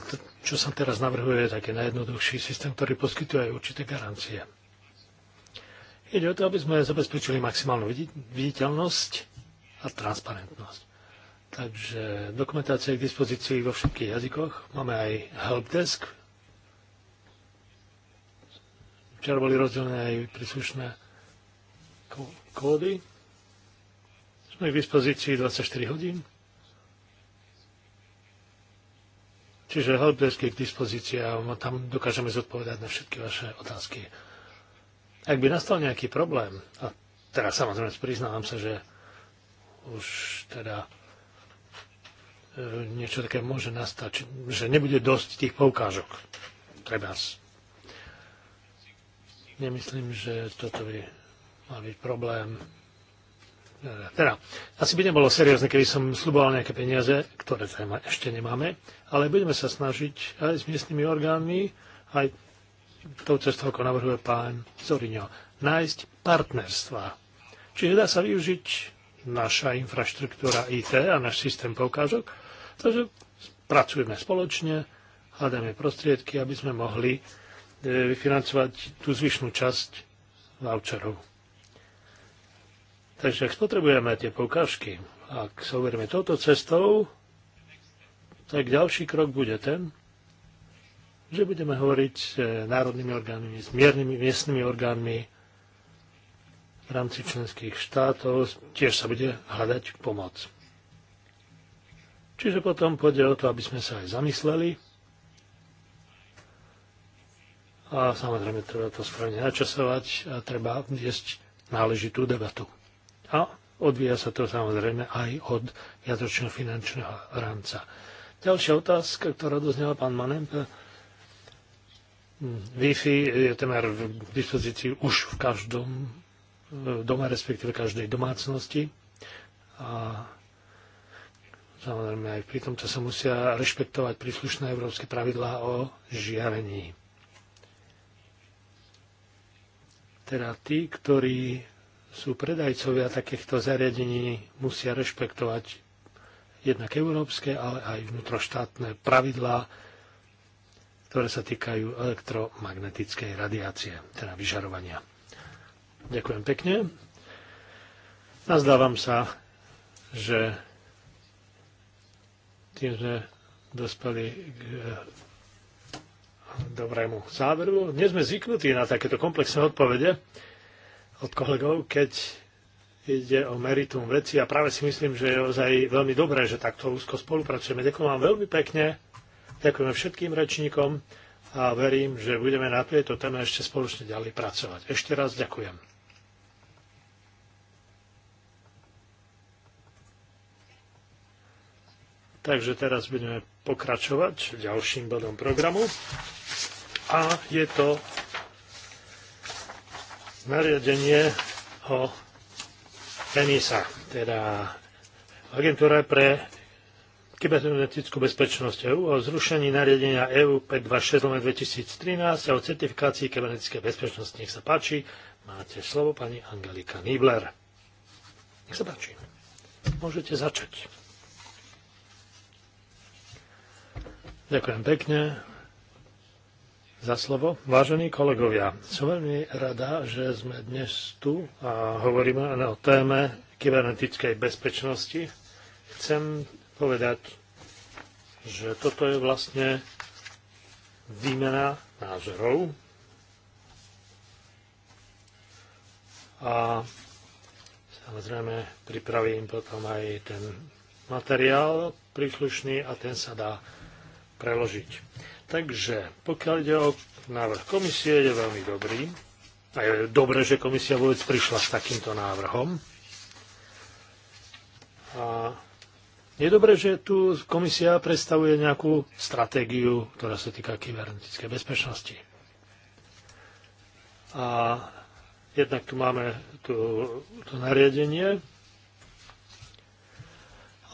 čo sa teraz navrhuje, je taký najjednoduchší systém, ktorý poskytuje aj určité garancie. Ide o to, aby sme zabezpečili maximálnu viditeľnosť a transparentnosť. Takže dokumentácia je k dispozícii vo všetkých jazykoch. Máme aj helpdesk. Včera boli rozdelené aj príslušné kódy. Sme k dispozícii 24 hodín. Čiže helpdesk je k dispozícii a no, tam dokážeme zodpovedať na všetky vaše otázky. Ak by nastal nejaký problém, a teraz samozrejme priznávam sa, že už teda e, niečo také môže nastať, že nebude dosť tých poukážok pre nás. Nemyslím, že toto by mal byť problém. E, teda, asi by nebolo seriózne, keby som sluboval nejaké peniaze, ktoré teda ešte nemáme, ale budeme sa snažiť aj s miestnymi orgánmi, aj tou cestou, ako navrhuje pán Zorino, nájsť partnerstva. Čiže dá sa využiť naša infraštruktúra IT a náš systém poukážok, takže pracujeme spoločne, hľadáme prostriedky, aby sme mohli e, vyfinancovať tú zvyšnú časť voucherov. Takže potrebujeme tie poukážky. Ak sa uberieme touto cestou, tak ďalší krok bude ten, že budeme hovoriť s eh, národnými orgánmi, s miernymi miestnymi orgánmi v rámci členských štátov, tiež sa bude hľadať pomoc. Čiže potom pôjde o to, aby sme sa aj zamysleli a samozrejme treba to správne načasovať a treba viesť náležitú debatu. A odvíja sa to samozrejme aj od jazočného finančného rámca. Ďalšia otázka, ktorá doznala pán manemp. Hm, Wi-Fi je temer v dispozícii už v každom dome, respektíve každej domácnosti. A samozrejme aj pri tomto sa musia rešpektovať príslušné európske pravidlá o žiarení. Teda tí, ktorí sú predajcovia takýchto zariadení, musia rešpektovať jednak európske, ale aj vnútroštátne pravidlá, ktoré sa týkajú elektromagnetickej radiácie, teda vyžarovania. Ďakujem pekne. Nazdávam sa, že tým sme dospeli k e, dobrému záveru. Dnes sme zvyknutí na takéto komplexné odpovede od kolegov, keď ide o meritum veci a práve si myslím, že je ozaj veľmi dobré, že takto úzko spolupracujeme. Ďakujem vám veľmi pekne, ďakujeme všetkým rečníkom a verím, že budeme na tejto téme ešte spoločne ďalej pracovať. Ešte raz ďakujem. Takže teraz budeme pokračovať ďalším bodom programu a je to nariadenie o ENISA, teda agentúra pre kybernetickú bezpečnosť EU o zrušení nariadenia EU 526-2013 a o certifikácii kybernetickej bezpečnosti. Nech sa páči, máte slovo pani Angelika Nibler. Nech sa páči, môžete začať. Ďakujem pekne za slovo. Vážení kolegovia, som veľmi rada, že sme dnes tu a hovoríme o téme kybernetickej bezpečnosti. Chcem povedať, že toto je vlastne výmena názorov a samozrejme pripravím potom aj ten materiál príslušný a ten sa dá preložiť. Takže pokiaľ ide o návrh komisie, je veľmi dobrý. A je dobré, že komisia vôbec prišla s takýmto návrhom. A je dobré, že tu komisia predstavuje nejakú stratégiu, ktorá sa týka kybernetickej bezpečnosti. A jednak tu máme to, to nariadenie,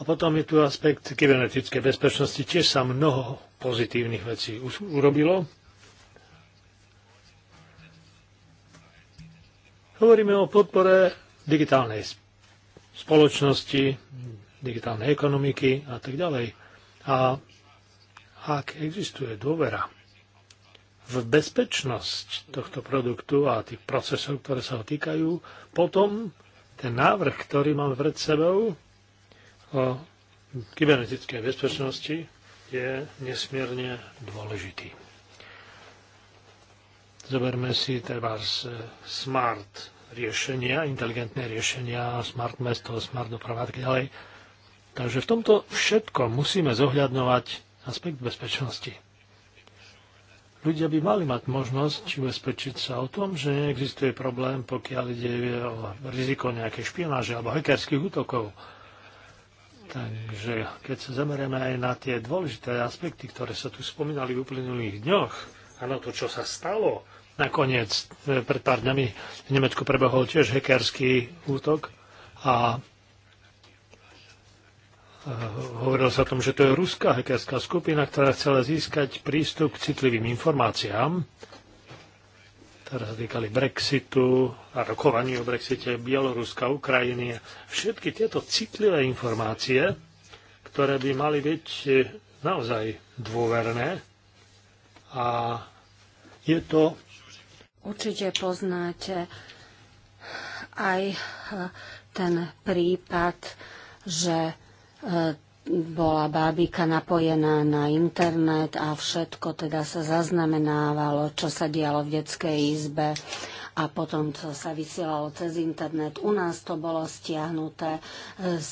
a potom je tu aspekt kybernetické bezpečnosti. Tiež sa mnoho pozitívnych vecí už urobilo. Hovoríme o podpore digitálnej spoločnosti, digitálnej ekonomiky a tak ďalej. A ak existuje dôvera v bezpečnosť tohto produktu a tých procesov, ktoré sa ho týkajú, potom ten návrh, ktorý máme pred sebou, o kybernetickej bezpečnosti je nesmierne dôležitý. Zoberme si teda smart riešenia, inteligentné riešenia, smart mesto, smart doprava a tak ďalej. Takže v tomto všetko musíme zohľadňovať aspekt bezpečnosti. Ľudia by mali mať možnosť ubezpečiť sa o tom, že neexistuje problém, pokiaľ ide o riziko nejakej špionáže alebo hackerských útokov. Takže keď sa zameriame aj na tie dôležité aspekty, ktoré sa tu spomínali v uplynulých dňoch a na to, čo sa stalo, nakoniec e, pred pár dňami v Nemecku prebehol tiež hekerský útok a e, hovoril sa o tom, že to je ruská hekerská skupina, ktorá chcela získať prístup k citlivým informáciám ktoré sa týkali Brexitu a rokovaní o Brexite Bieloruska, Ukrajiny. Všetky tieto citlivé informácie, ktoré by mali byť e, naozaj dôverné a je to... Určite poznáte aj e, ten prípad, že e, bola bábika napojená na internet a všetko teda sa zaznamenávalo, čo sa dialo v detskej izbe a potom to sa vysielalo cez internet. U nás to bolo stiahnuté e,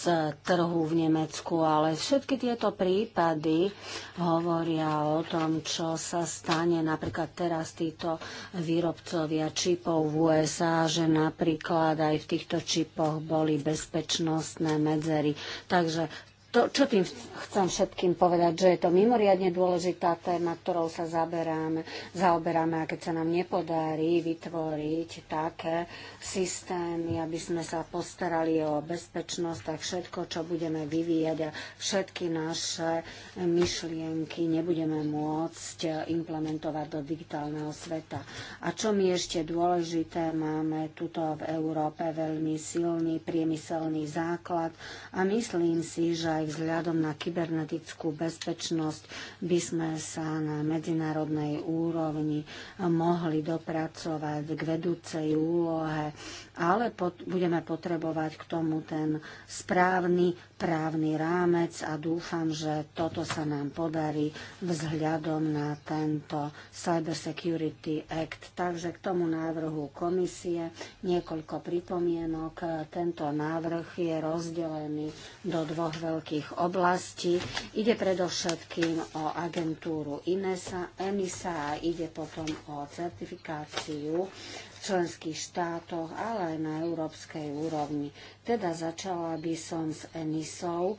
z trhu v Nemecku, ale všetky tieto prípady hovoria o tom, čo sa stane napríklad teraz títo výrobcovia čipov v USA, že napríklad aj v týchto čipoch boli bezpečnostné medzery. Takže to, čo tým chcem všetkým povedať, že je to mimoriadne dôležitá téma, ktorou sa zaberáme, zaoberáme a keď sa nám nepodarí vytvoriť také systémy, aby sme sa postarali o bezpečnosť, tak všetko, čo budeme vyvíjať a všetky naše myšlienky nebudeme môcť implementovať do digitálneho sveta. A čo mi ešte dôležité, máme tuto v Európe veľmi silný priemyselný základ a myslím si, že aj vzhľadom na kybernetickú bezpečnosť by sme sa na medzinárodnej úrovni mohli dopracovať k vedúcej úlohe, ale pot- budeme potrebovať k tomu ten správny právny rámec a dúfam, že toto sa nám podarí vzhľadom na tento Cyber Security Act. Takže k tomu návrhu komisie niekoľko pripomienok. Tento návrh je rozdelený do dvoch veľkých všetkých oblastí. Ide predovšetkým o agentúru INESA, EMISA a ide potom o certifikáciu v členských štátoch, ale aj na európskej úrovni. Teda začala by som s ENISou.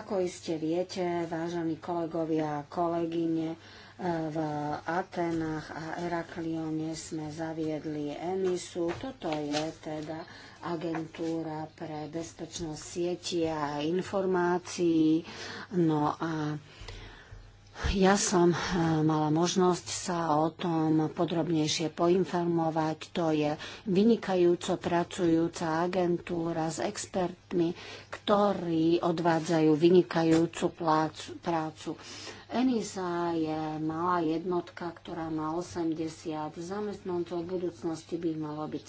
Ako iste viete, vážení kolegovia a kolegyne, v Atenách a Eraklione sme zaviedli EMISu. Toto je teda agentúra pre bezpečnosť sieti a informácií. No a ja som eh, mala možnosť sa o tom podrobnejšie poinformovať. To je vynikajúco pracujúca agentúra s expertmi, ktorí odvádzajú vynikajúcu plácu, prácu. ENISA je malá jednotka, ktorá má 80 zamestnancov, v budúcnosti by malo byť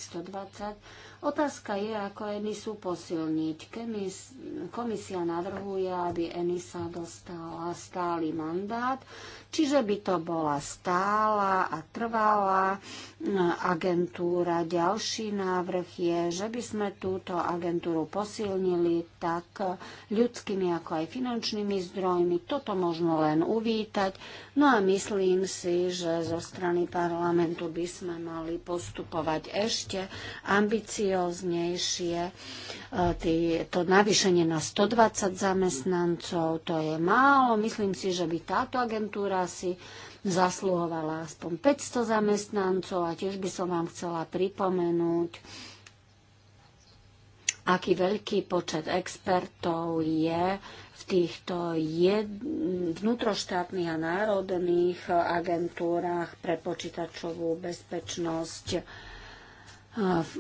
120. Otázka je, ako ENISu posilniť. Kemis, komisia navrhuje, aby ENISA dostala stály mandát, čiže by to bola stála a trvalá agentúra. Ďalší návrh je, že by sme túto agentúru posilnili tak ľudskými ako aj finančnými zdrojmi. Toto možno len uvítať. No a myslím si, že zo strany parlamentu by sme mali postupovať ešte ambicioznejšie. E, to navýšenie na 120 zamestnancov, to je málo. Myslím si, že by táto agentúra si zasluhovala aspoň 500 zamestnancov a tiež by som vám chcela pripomenúť, aký veľký počet expertov je týchto jed, vnútroštátnych a národných agentúrach pre počítačovú bezpečnosť. v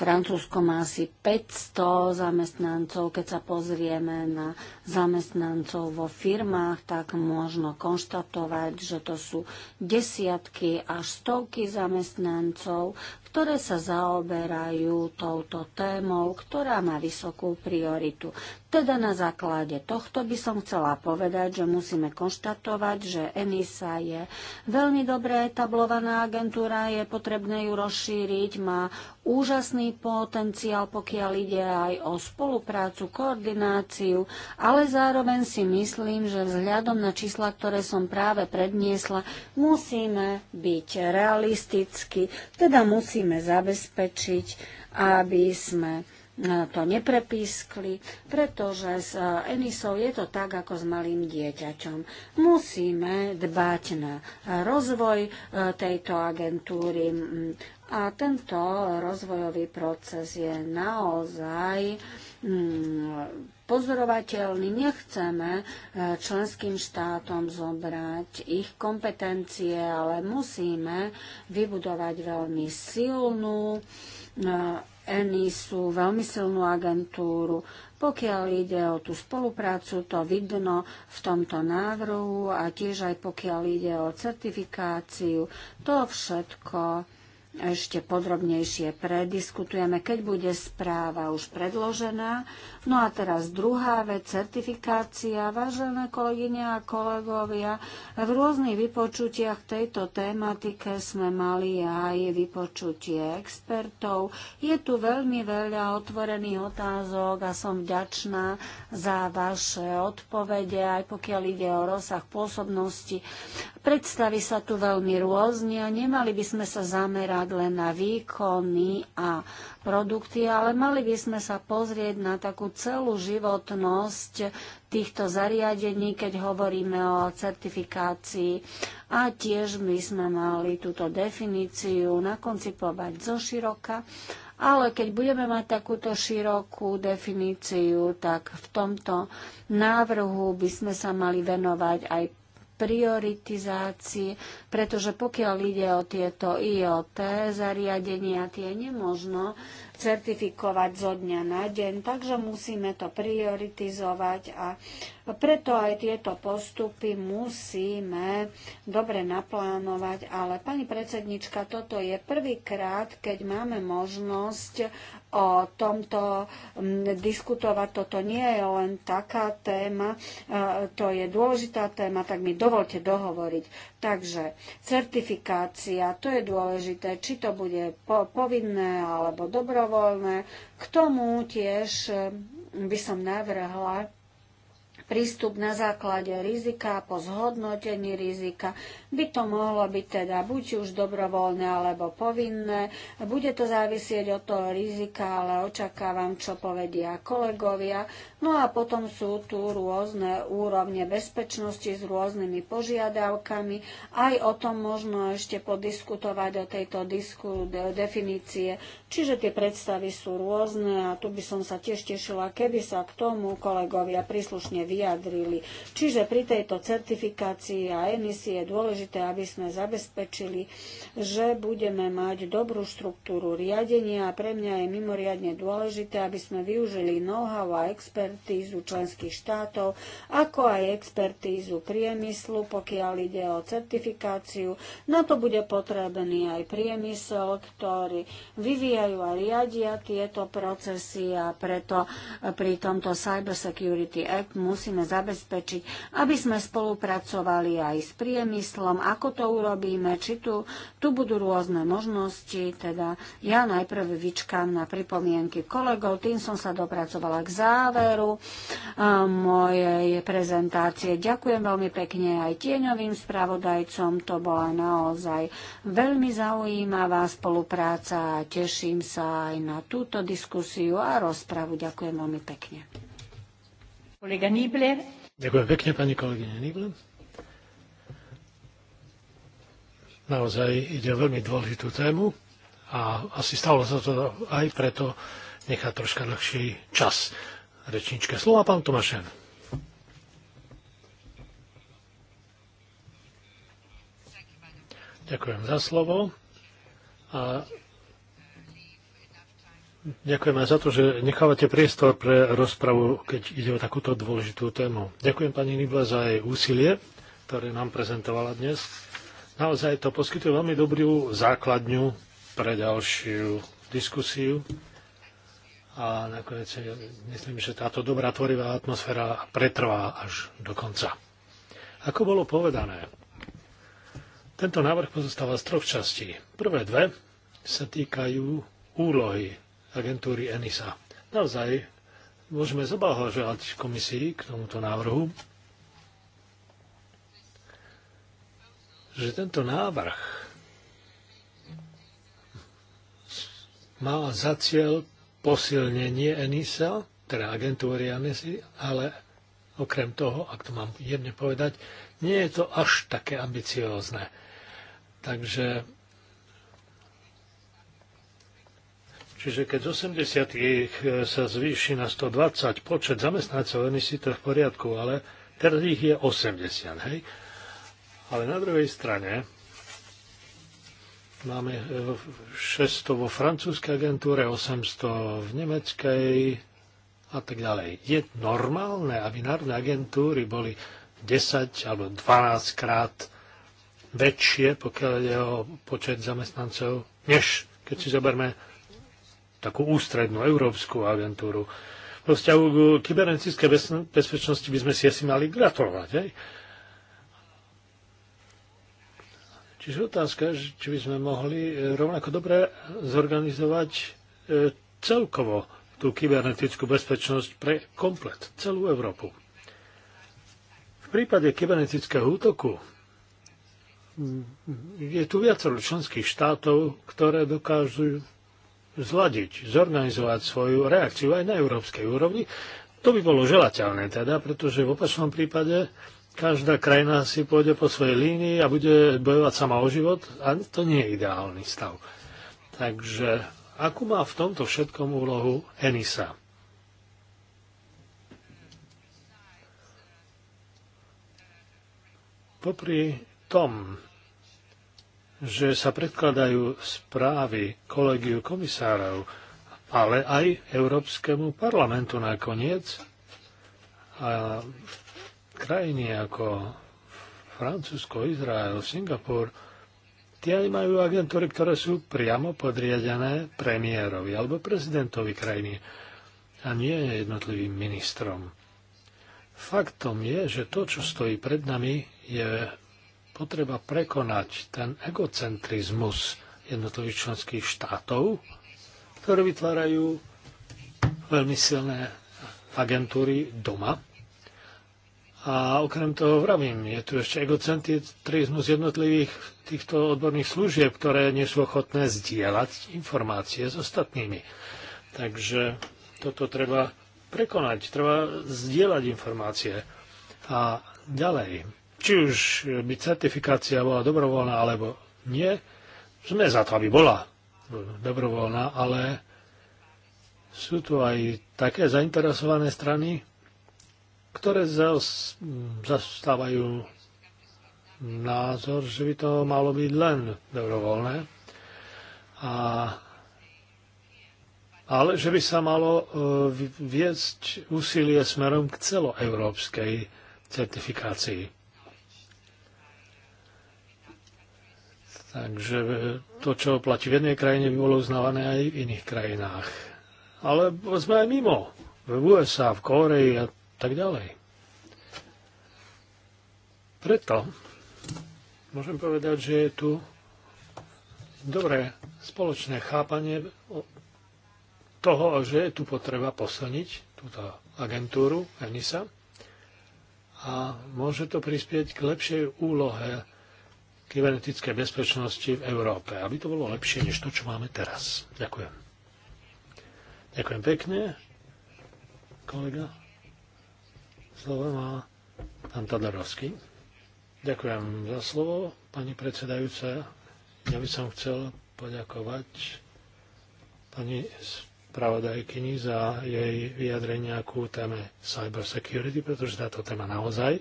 Francúzsko má asi 500 zamestnancov, keď sa pozrieme na zamestnancov vo firmách, tak možno konštatovať, že to sú desiatky až stovky zamestnancov, ktoré sa zaoberajú touto témou, ktorá má vysokú prioritu. Teda na základe tohto by som chcela povedať, že musíme konštatovať, že ENISA je veľmi dobre etablovaná agentúra, je potrebné ju rozšíriť, má úžasný potenciál, pokiaľ ide aj o spoluprácu, koordináciu, ale zároveň si myslím, že vzhľadom na čísla, ktoré som práve predniesla, musíme byť realisticky, teda musíme zabezpečiť, aby sme e, to neprepískli, pretože s e, Enisou je to tak, ako s malým dieťaťom. Musíme dbať na rozvoj e, tejto agentúry, a tento rozvojový proces je naozaj mm, pozorovateľný. Nechceme e, členským štátom zobrať ich kompetencie, ale musíme vybudovať veľmi silnú e, ENISu, veľmi silnú agentúru. Pokiaľ ide o tú spoluprácu, to vidno v tomto návrhu a tiež aj pokiaľ ide o certifikáciu, to všetko ešte podrobnejšie prediskutujeme, keď bude správa už predložená No a teraz druhá vec, certifikácia. Vážené kolegyne a kolegovia, v rôznych vypočutiach tejto tematike sme mali aj vypočutie expertov. Je tu veľmi veľa otvorených otázok a som vďačná za vaše odpovede, aj pokiaľ ide o rozsah pôsobnosti. Predstavy sa tu veľmi rôzne a nemali by sme sa zamerať len na výkony a produkty, ale mali by sme sa pozrieť na takú celú životnosť týchto zariadení, keď hovoríme o certifikácii. A tiež by sme mali túto definíciu nakoncipovať zo široka. Ale keď budeme mať takúto širokú definíciu, tak v tomto návrhu by sme sa mali venovať aj prioritizácii, pretože pokiaľ ide o tieto IoT zariadenia, tie nemožno certifikovať zo dňa na deň, takže musíme to prioritizovať a preto aj tieto postupy musíme dobre naplánovať. Ale pani predsednička, toto je prvýkrát, keď máme možnosť o tomto diskutovať. Toto nie je len taká téma, to je dôležitá téma, tak mi dovolte dohovoriť. Takže certifikácia, to je dôležité, či to bude povinné alebo dobrovoľné. K tomu tiež by som navrhla prístup na základe rizika, po zhodnotení rizika. By to mohlo byť teda buď už dobrovoľné alebo povinné. Bude to závisieť od toho rizika, ale očakávam, čo povedia kolegovia. No a potom sú tu rôzne úrovne bezpečnosti s rôznymi požiadavkami. Aj o tom možno ešte podiskutovať, o tejto disku, de, definície. Čiže tie predstavy sú rôzne a tu by som sa tiež tešila, keby sa k tomu kolegovia príslušne vyjadrili. Čiže pri tejto certifikácii a emisii je dôležité, aby sme zabezpečili, že budeme mať dobrú štruktúru riadenia a pre mňa je mimoriadne dôležité, aby sme využili know-how a expert expertízu členských štátov, ako aj expertízu priemyslu, pokiaľ ide o certifikáciu. Na to bude potrebný aj priemysel, ktorý vyvíjajú a riadia tieto procesy a preto eh, pri tomto Cyber Security Act musíme zabezpečiť, aby sme spolupracovali aj s priemyslom, ako to urobíme, či tu, tu budú rôzne možnosti, teda ja najprv vyčkám na pripomienky kolegov, tým som sa dopracovala k záveru záveru mojej prezentácie. Ďakujem veľmi pekne aj tieňovým spravodajcom. To bola naozaj veľmi zaujímavá spolupráca a teším sa aj na túto diskusiu a rozpravu. Ďakujem veľmi pekne. Kolega Nibler. Ďakujem pekne, pani kolegyne Nibler. Naozaj ide o veľmi dôležitú tému a asi stalo sa to aj preto nechať troška dlhší čas rečničke. Slova pán Tomašen. Ďakujem za slovo a ďakujem aj za to, že nechávate priestor pre rozpravu, keď ide o takúto dôležitú tému. Ďakujem pani Nibla za jej úsilie, ktoré nám prezentovala dnes. Naozaj to poskytuje veľmi dobrú základňu pre ďalšiu diskusiu a nakoniec eh, myslím, že táto dobrá tvorivá atmosféra pretrvá až do konca. Ako bolo povedané, tento návrh pozostáva z troch častí. Prvé dve sa týkajú úlohy agentúry ENISA. Naozaj môžeme zablahoželať komisii k tomuto návrhu, že tento návrh má za cieľ posilnenie ENISA, teda agentúry ENISA, ale okrem toho, ak to mám jemne povedať, nie je to až také ambiciózne. Takže Čiže keď z 80 eh, sa zvýši na 120 počet zamestnancov, oni si to v poriadku, ale teraz ich je 80, hej? Ale na druhej strane, Máme 600 e, vo francúzskej agentúre, 800 v nemeckej a tak ďalej. Je normálne, aby národné agentúry boli 10 alebo 12 krát väčšie, pokiaľ ide o počet zamestnancov, než keď si zoberme takú ústrednú európsku agentúru. Vo vzťahu k kybernetickej bezpečnosti by sme si asi mali gratulovať. Hej? Čiže otázka, či by sme mohli e, rovnako dobre zorganizovať e, celkovo tú kybernetickú bezpečnosť pre komplet, celú Európu. V prípade kybernetického útoku mm, je tu viacero členských štátov, ktoré dokážu zladiť, zorganizovať svoju reakciu aj na európskej úrovni. To by bolo želateľné teda, pretože v opačnom prípade každá krajina si pôjde po svojej línii a bude bojovať sama o život a to nie je ideálny stav. Takže akú má v tomto všetkom úlohu Enisa? Popri tom, že sa predkladajú správy kolegiu komisárov, ale aj Európskemu parlamentu nakoniec, a v krajiny ako Francúzsko, Izrael, Singapur, tie aj majú agentúry, ktoré sú priamo podriadené premiérovi alebo prezidentovi krajiny a nie jednotlivým ministrom. Faktom je, že to, čo stojí pred nami, je potreba prekonať ten egocentrizmus jednotlivých členských štátov, ktoré vytvárajú veľmi silné agentúry doma a okrem toho vravím, je tu ešte egocentrizmus jednotlivých týchto odborných služieb, ktoré nie sú ochotné zdieľať informácie s ostatnými. Takže toto treba prekonať, treba zdieľať informácie. A ďalej, či už by certifikácia bola dobrovoľná alebo nie, sme za to, aby bola dobrovoľná, ale sú tu aj také zainteresované strany, ktoré zastávajú názor, že by to malo byť len dobrovoľné, a, ale že by sa malo e, viesť úsilie smerom k celoeurópskej certifikácii. Takže to, čo platí v jednej krajine, by bolo uznávané aj v iných krajinách. Ale sme aj mimo. V USA, v Koreji a tak ďalej. Preto môžem povedať, že je tu dobré spoločné chápanie toho, že je tu potreba posilniť túto agentúru ENISA a môže to prispieť k lepšej úlohe kybernetickej bezpečnosti v Európe, aby to bolo lepšie než to, čo máme teraz. Ďakujem. Ďakujem pekne, kolega. Slovo má pán Tadarovský. Ďakujem za slovo, pani predsedajúca. Ja by som chcel poďakovať pani spravodajkyni za jej vyjadrenia ku téme security, pretože táto téma naozaj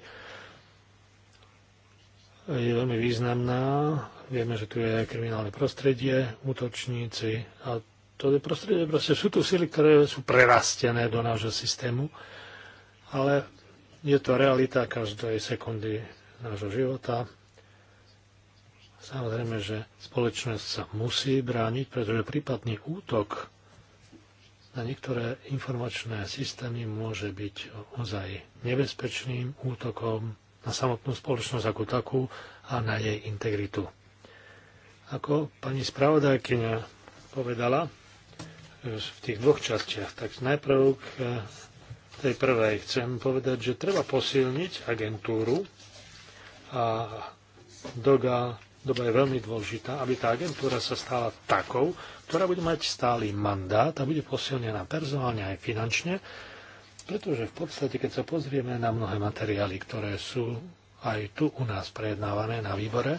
je veľmi významná. Vieme, že tu je kriminálne prostredie, útočníci a to je prostredie, proste sú tu sily, ktoré sú prerastené do nášho systému, ale je to realita každej sekundy nášho života. Samozrejme, že spoločnosť sa musí brániť, pretože prípadný útok na niektoré informačné systémy môže byť ozaj nebezpečným útokom na samotnú spoločnosť ako takú a na jej integritu. Ako pani spravodajkyňa povedala v tých dvoch častiach, tak najprv k tej prvej chcem povedať, že treba posilniť agentúru a doga, doba je veľmi dôležitá, aby tá agentúra sa stala takou, ktorá bude mať stály mandát a bude posilnená personálne aj finančne, pretože v podstate, keď sa pozrieme na mnohé materiály, ktoré sú aj tu u nás prejednávané na výbore,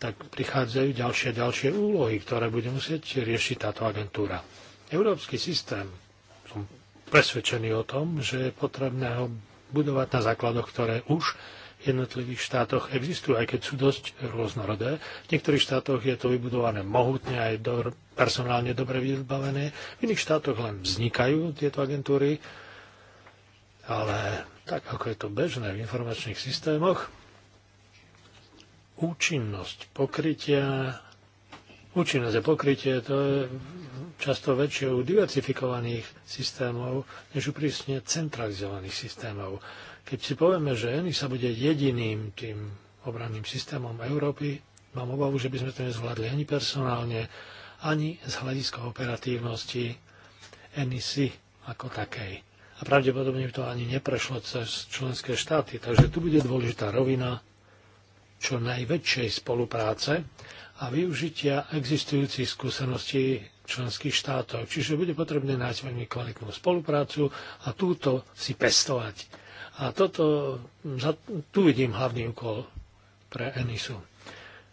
tak prichádzajú ďalšie a ďalšie úlohy, ktoré bude musieť riešiť táto agentúra. Európsky systém presvedčení o tom, že je potrebné ho budovať na základoch, ktoré už v jednotlivých štátoch existujú, aj keď sú dosť rôznorodé. V niektorých štátoch je to vybudované mohutne aj do, personálne dobre vybavené, v iných štátoch len vznikajú tieto agentúry, ale tak ako je to bežné v informačných systémoch, účinnosť pokrytia účinnosť a pokrytie, to je často väčšie u diversifikovaných systémov, než u prísne centralizovaných systémov. Keď si povieme, že ENI sa bude jediným tým obranným systémom Európy, mám obavu, že by sme to nezvládli ani personálne, ani z hľadiska operatívnosti NIC ako takej. A pravdepodobne by to ani neprešlo cez členské štáty. Takže tu bude dôležitá rovina čo najväčšej spolupráce a využitia existujúcich skúseností členských štátov. Čiže bude potrebné nájsť veľmi kvalitnú spoluprácu a túto si pestovať. A toto, tu vidím hlavný úkol pre Enisu.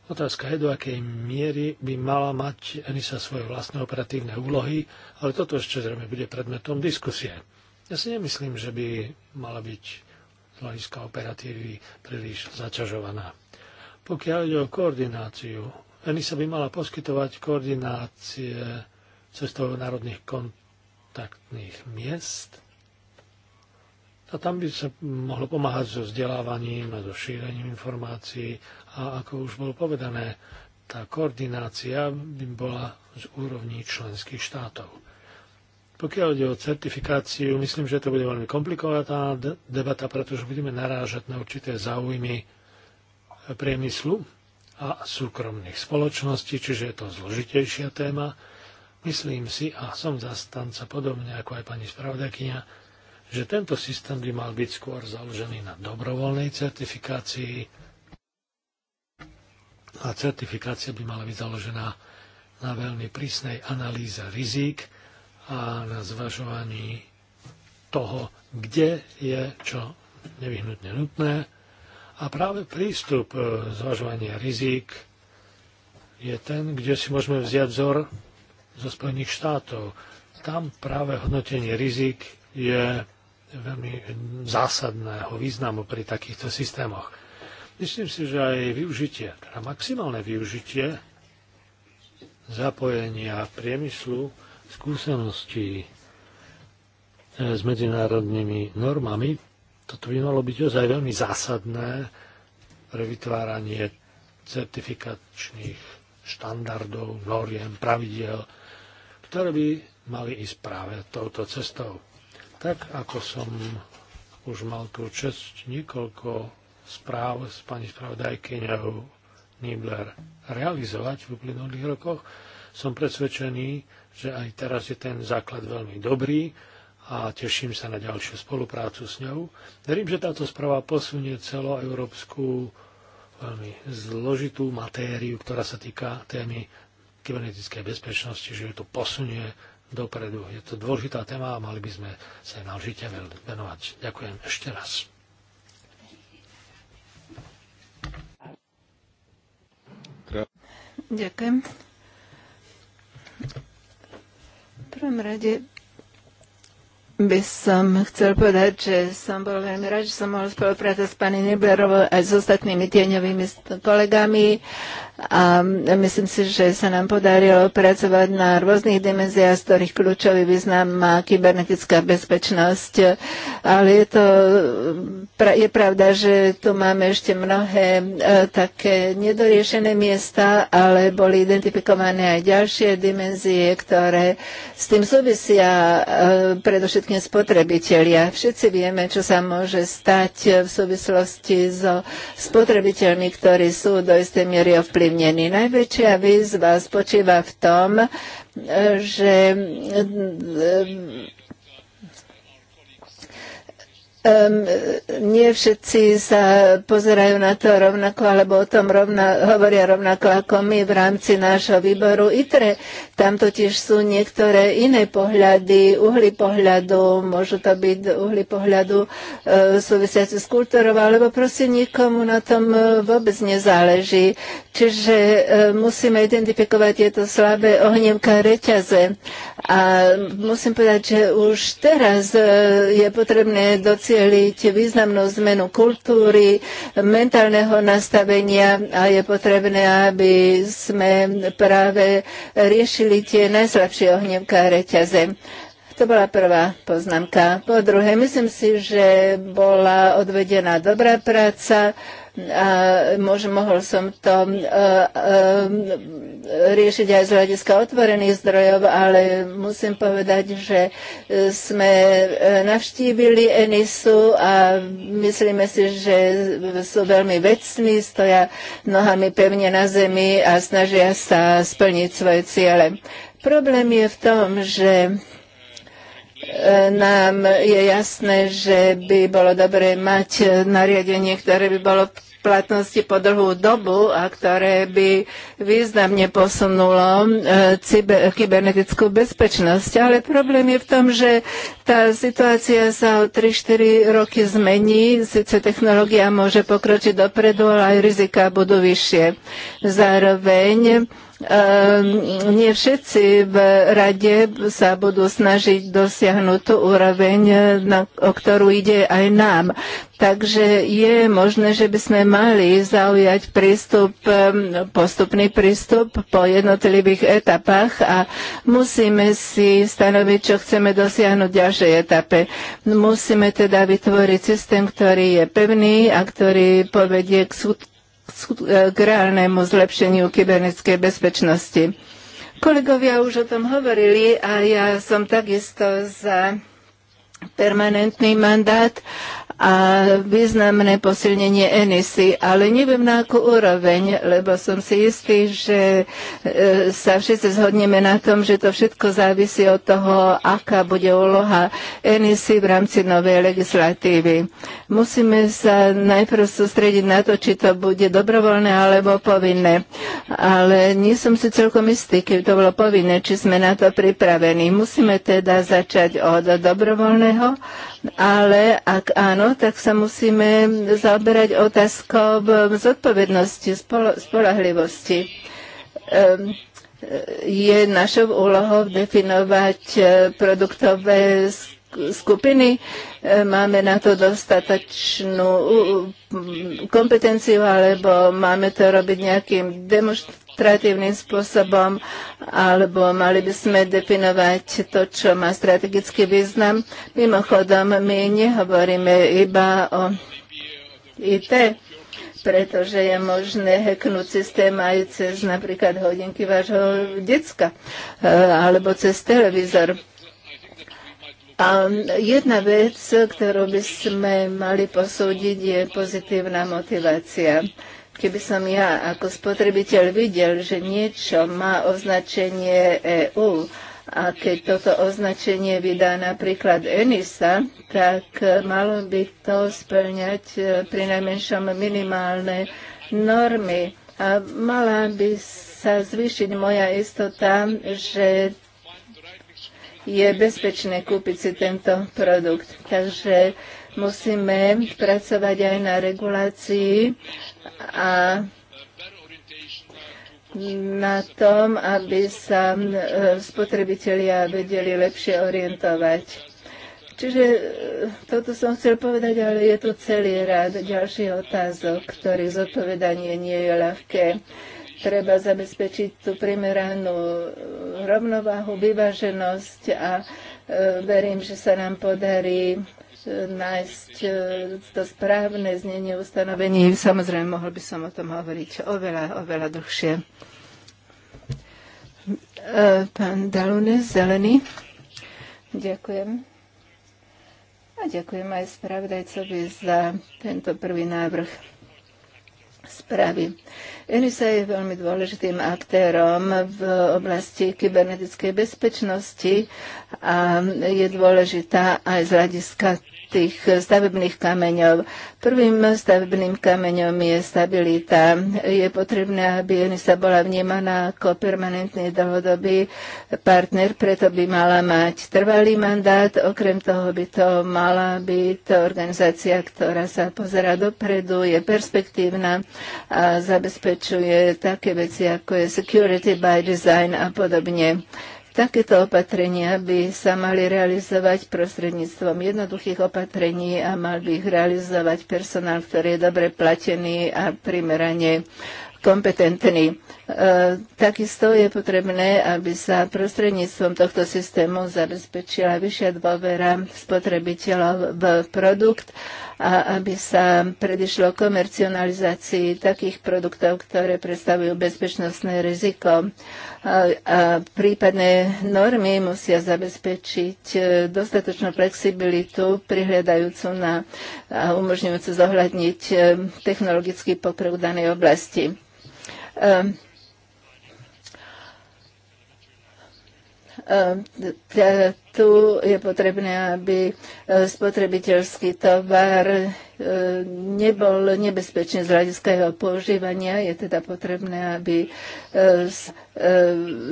Otázka je, do akej miery by mala mať Enisa svoje vlastné operatívne úlohy, ale toto ešte zrejme bude predmetom diskusie. Ja si nemyslím, že by mala byť z hľadiska operatívy príliš zaťažovaná. Pokiaľ ide o koordináciu ENISA by mala poskytovať koordinácie cestov národných kontaktných miest a tam by sa mohlo pomáhať so vzdelávaním a so šírením informácií a ako už bolo povedané, tá koordinácia by bola z úrovní členských štátov. Pokiaľ ide o certifikáciu, myslím, že to bude veľmi komplikovaná debata, pretože budeme narážať na určité záujmy priemyslu a súkromných spoločností, čiže je to zložitejšia téma. Myslím si, a som zastanca podobne ako aj pani spravodajkynia, že tento systém by mal byť skôr založený na dobrovoľnej certifikácii a certifikácia by mala byť založená na veľmi prísnej analýze rizík a na zvažovaní toho, kde je čo nevyhnutne nutné a práve prístup e, zvažovania rizík je ten, kde si môžeme vziať vzor zo Spojených štátov. Tam práve hodnotenie rizik je veľmi zásadného významu pri takýchto systémoch. Myslím si, že aj využitie, teda maximálne využitie zapojenia priemyslu, skúseností e, s medzinárodnými normami toto by malo byť ozaj veľmi zásadné pre vytváranie certifikačných štandardov, noriem, pravidiel, ktoré by mali ísť práve touto cestou. Tak ako som už mal tú čest niekoľko správ s pani spravodajkyňou Nibler realizovať v uplynulých rokoch, som presvedčený, že aj teraz je ten základ veľmi dobrý a teším sa na ďalšiu spoluprácu s ňou. Verím, že táto správa posunie celoeurópsku veľmi zložitú matériu, ktorá sa týka témy kybernetickej bezpečnosti, že ju to posunie dopredu. Je to dôležitá téma a mali by sme sa náležite venovať. Ďakujem ešte raz. Ďakujem. V prvom rade by som chcel povedať, že som bol veľmi rád, že som mohol spolupracovať s pani Neberovou aj s ostatnými tieňovými kolegami a myslím si, že sa nám podarilo pracovať na rôznych dimenziách, z ktorých kľúčový význam má kybernetická bezpečnosť. Ale je to, je pravda, že tu máme ešte mnohé e, také nedoriešené miesta, ale boli identifikované aj ďalšie dimenzie, ktoré s tým súvisia e, predovšetkým spotrebitelia. Všetci vieme, čo sa môže stať v súvislosti so spotrebiteľmi, ktorí sú do istej miery ovplyvnení ovplyvnení. Najväčšia výzva spočíva v tom, že Um, nie všetci sa pozerajú na to rovnako, alebo o tom rovna, hovoria rovnako ako my v rámci nášho výboru ITRE. Tam totiž sú niektoré iné pohľady, uhly pohľadu, môžu to byť uhly pohľadu uh, súvisiaci s kultúrou, alebo proste nikomu na tom e, vôbec nezáleží. Čiže uh, musíme identifikovať tieto slabé ohnievka reťaze. A musím povedať, že už teraz uh, je potrebné docieliť nacieliť významnú zmenu kultúry, mentálneho nastavenia a je potrebné, aby sme práve riešili tie najslabšie ohnevká reťaze. To bola prvá poznámka. Po druhé, myslím si, že bola odvedená dobrá práca a mož, mohol som to a, e, a, e, riešiť aj z hľadiska otvorených zdrojov, ale musím povedať, že e, sme navštívili Enisu a myslíme si, že sú veľmi vecní, stoja nohami pevne na zemi a snažia sa splniť svoje ciele. Problém je v tom, že nám je jasné, že by bolo dobré mať nariadenie, ktoré by bolo platnosti po dlhú dobu a ktoré by významne posunulo e, kybernetickú bezpečnosť. Ale problém je v tom, že tá situácia sa o 3-4 roky zmení. Sice technológia môže pokročiť dopredu, ale aj rizika budú vyššie. Zároveň Ehm, nie všetci v rade sa budú snažiť dosiahnuť tú úroveň, e, na, o ktorú ide aj nám. Takže je možné, že by sme mali zaujať prístup, ehm, postupný prístup po jednotlivých etapách a musíme si stanoviť, čo chceme dosiahnuť v ďalšej etape. Musíme teda vytvoriť systém, ktorý je pevný a ktorý povedie k E, k reálnemu zlepšeniu kybernetickej bezpečnosti. Kolegovia už o tom hovorili a ja som takisto za permanentný mandát a významné posilnenie Enisy, ale neviem na akú úroveň, lebo som si istý, že e, sa všetci zhodneme na tom, že to všetko závisí od toho, aká bude úloha Enisy v rámci novej legislatívy. Musíme sa najprv sústrediť na to, či to bude dobrovoľné alebo povinné. Ale nie som si celkom istý, keby to bolo povinné, či sme na to pripravení. Musíme teda začať od dobrovoľného, ale ak áno, áno, tak sa musíme zaoberať otázkou zodpovednosti, spolahlivosti. Ehm, je našou úlohou definovať eh, produktové skupiny. E, máme na to dostatočnú kompetenciu, alebo máme to robiť nejakým demonstratívnym spôsobom, alebo mali by sme definovať to, čo má strategický význam. Mimochodom, my nehovoríme iba o IT, pretože je možné heknúť systém aj cez napríklad hodinky vášho decka e, alebo cez televízor. A jedna vec, ktorú by sme mali posúdiť, je pozitívna motivácia. Keby som ja ako spotrebiteľ videl, že niečo má označenie EU a keď toto označenie vydá napríklad Enisa, tak malo by to splňať e, pri najmenšom minimálne normy. A mala by sa zvýšiť moja istota, že je bezpečné kúpiť si tento produkt. Takže musíme pracovať aj na regulácii a na tom, aby sa e, spotrebitelia vedeli lepšie orientovať. Čiže e, toto som chcel povedať, ale je tu celý rád ďalších otázok, ktorých zodpovedanie nie je ľahké treba zabezpečiť tú primeranú eh, rovnováhu, vyváženosť a eh, verím, že sa nám podarí eh, nájsť to správne znenie ustanovení. Samozrejme, mohol by som o tom hovoriť oveľa, oveľa dlhšie. Pán Dalunes, zelený. Ďakujem. A ďakujem aj spravdajcovi za tento prvý návrh spravy. ENISA je veľmi dôležitým aktérom v oblasti kybernetickej bezpečnosti a je dôležitá aj z hľadiska tých stavebných kameňov. Prvým stavebným kameňom je stabilita. Je potrebné, aby sa bola vnímaná ako permanentný dlhodobý partner, preto by mala mať trvalý mandát. Okrem toho by to mala byť organizácia, ktorá sa pozera dopredu, je perspektívna a zabezpečuje také veci, ako je security by design a podobne. Takéto opatrenia by sa mali realizovať prostredníctvom jednoduchých opatrení a mal by ich realizovať personál, ktorý je dobre platený a primerane kompetentný. E, takisto je potrebné, aby sa prostredníctvom tohto systému zabezpečila vyššia dôvera spotrebiteľov v produkt a aby sa predišlo komercionalizácii takých produktov, ktoré predstavujú bezpečnostné riziko. E, a, prípadné normy musia zabezpečiť e, dostatočnú flexibilitu prihľadajúcu na a umožňujúcu zohľadniť technologický pokrok danej oblasti. Um, Ehm, e, tu je potrebné, aby e, spotrebiteľský tovar e, nebol nebezpečný z hľadiska jeho používania. Je teda potrebné, aby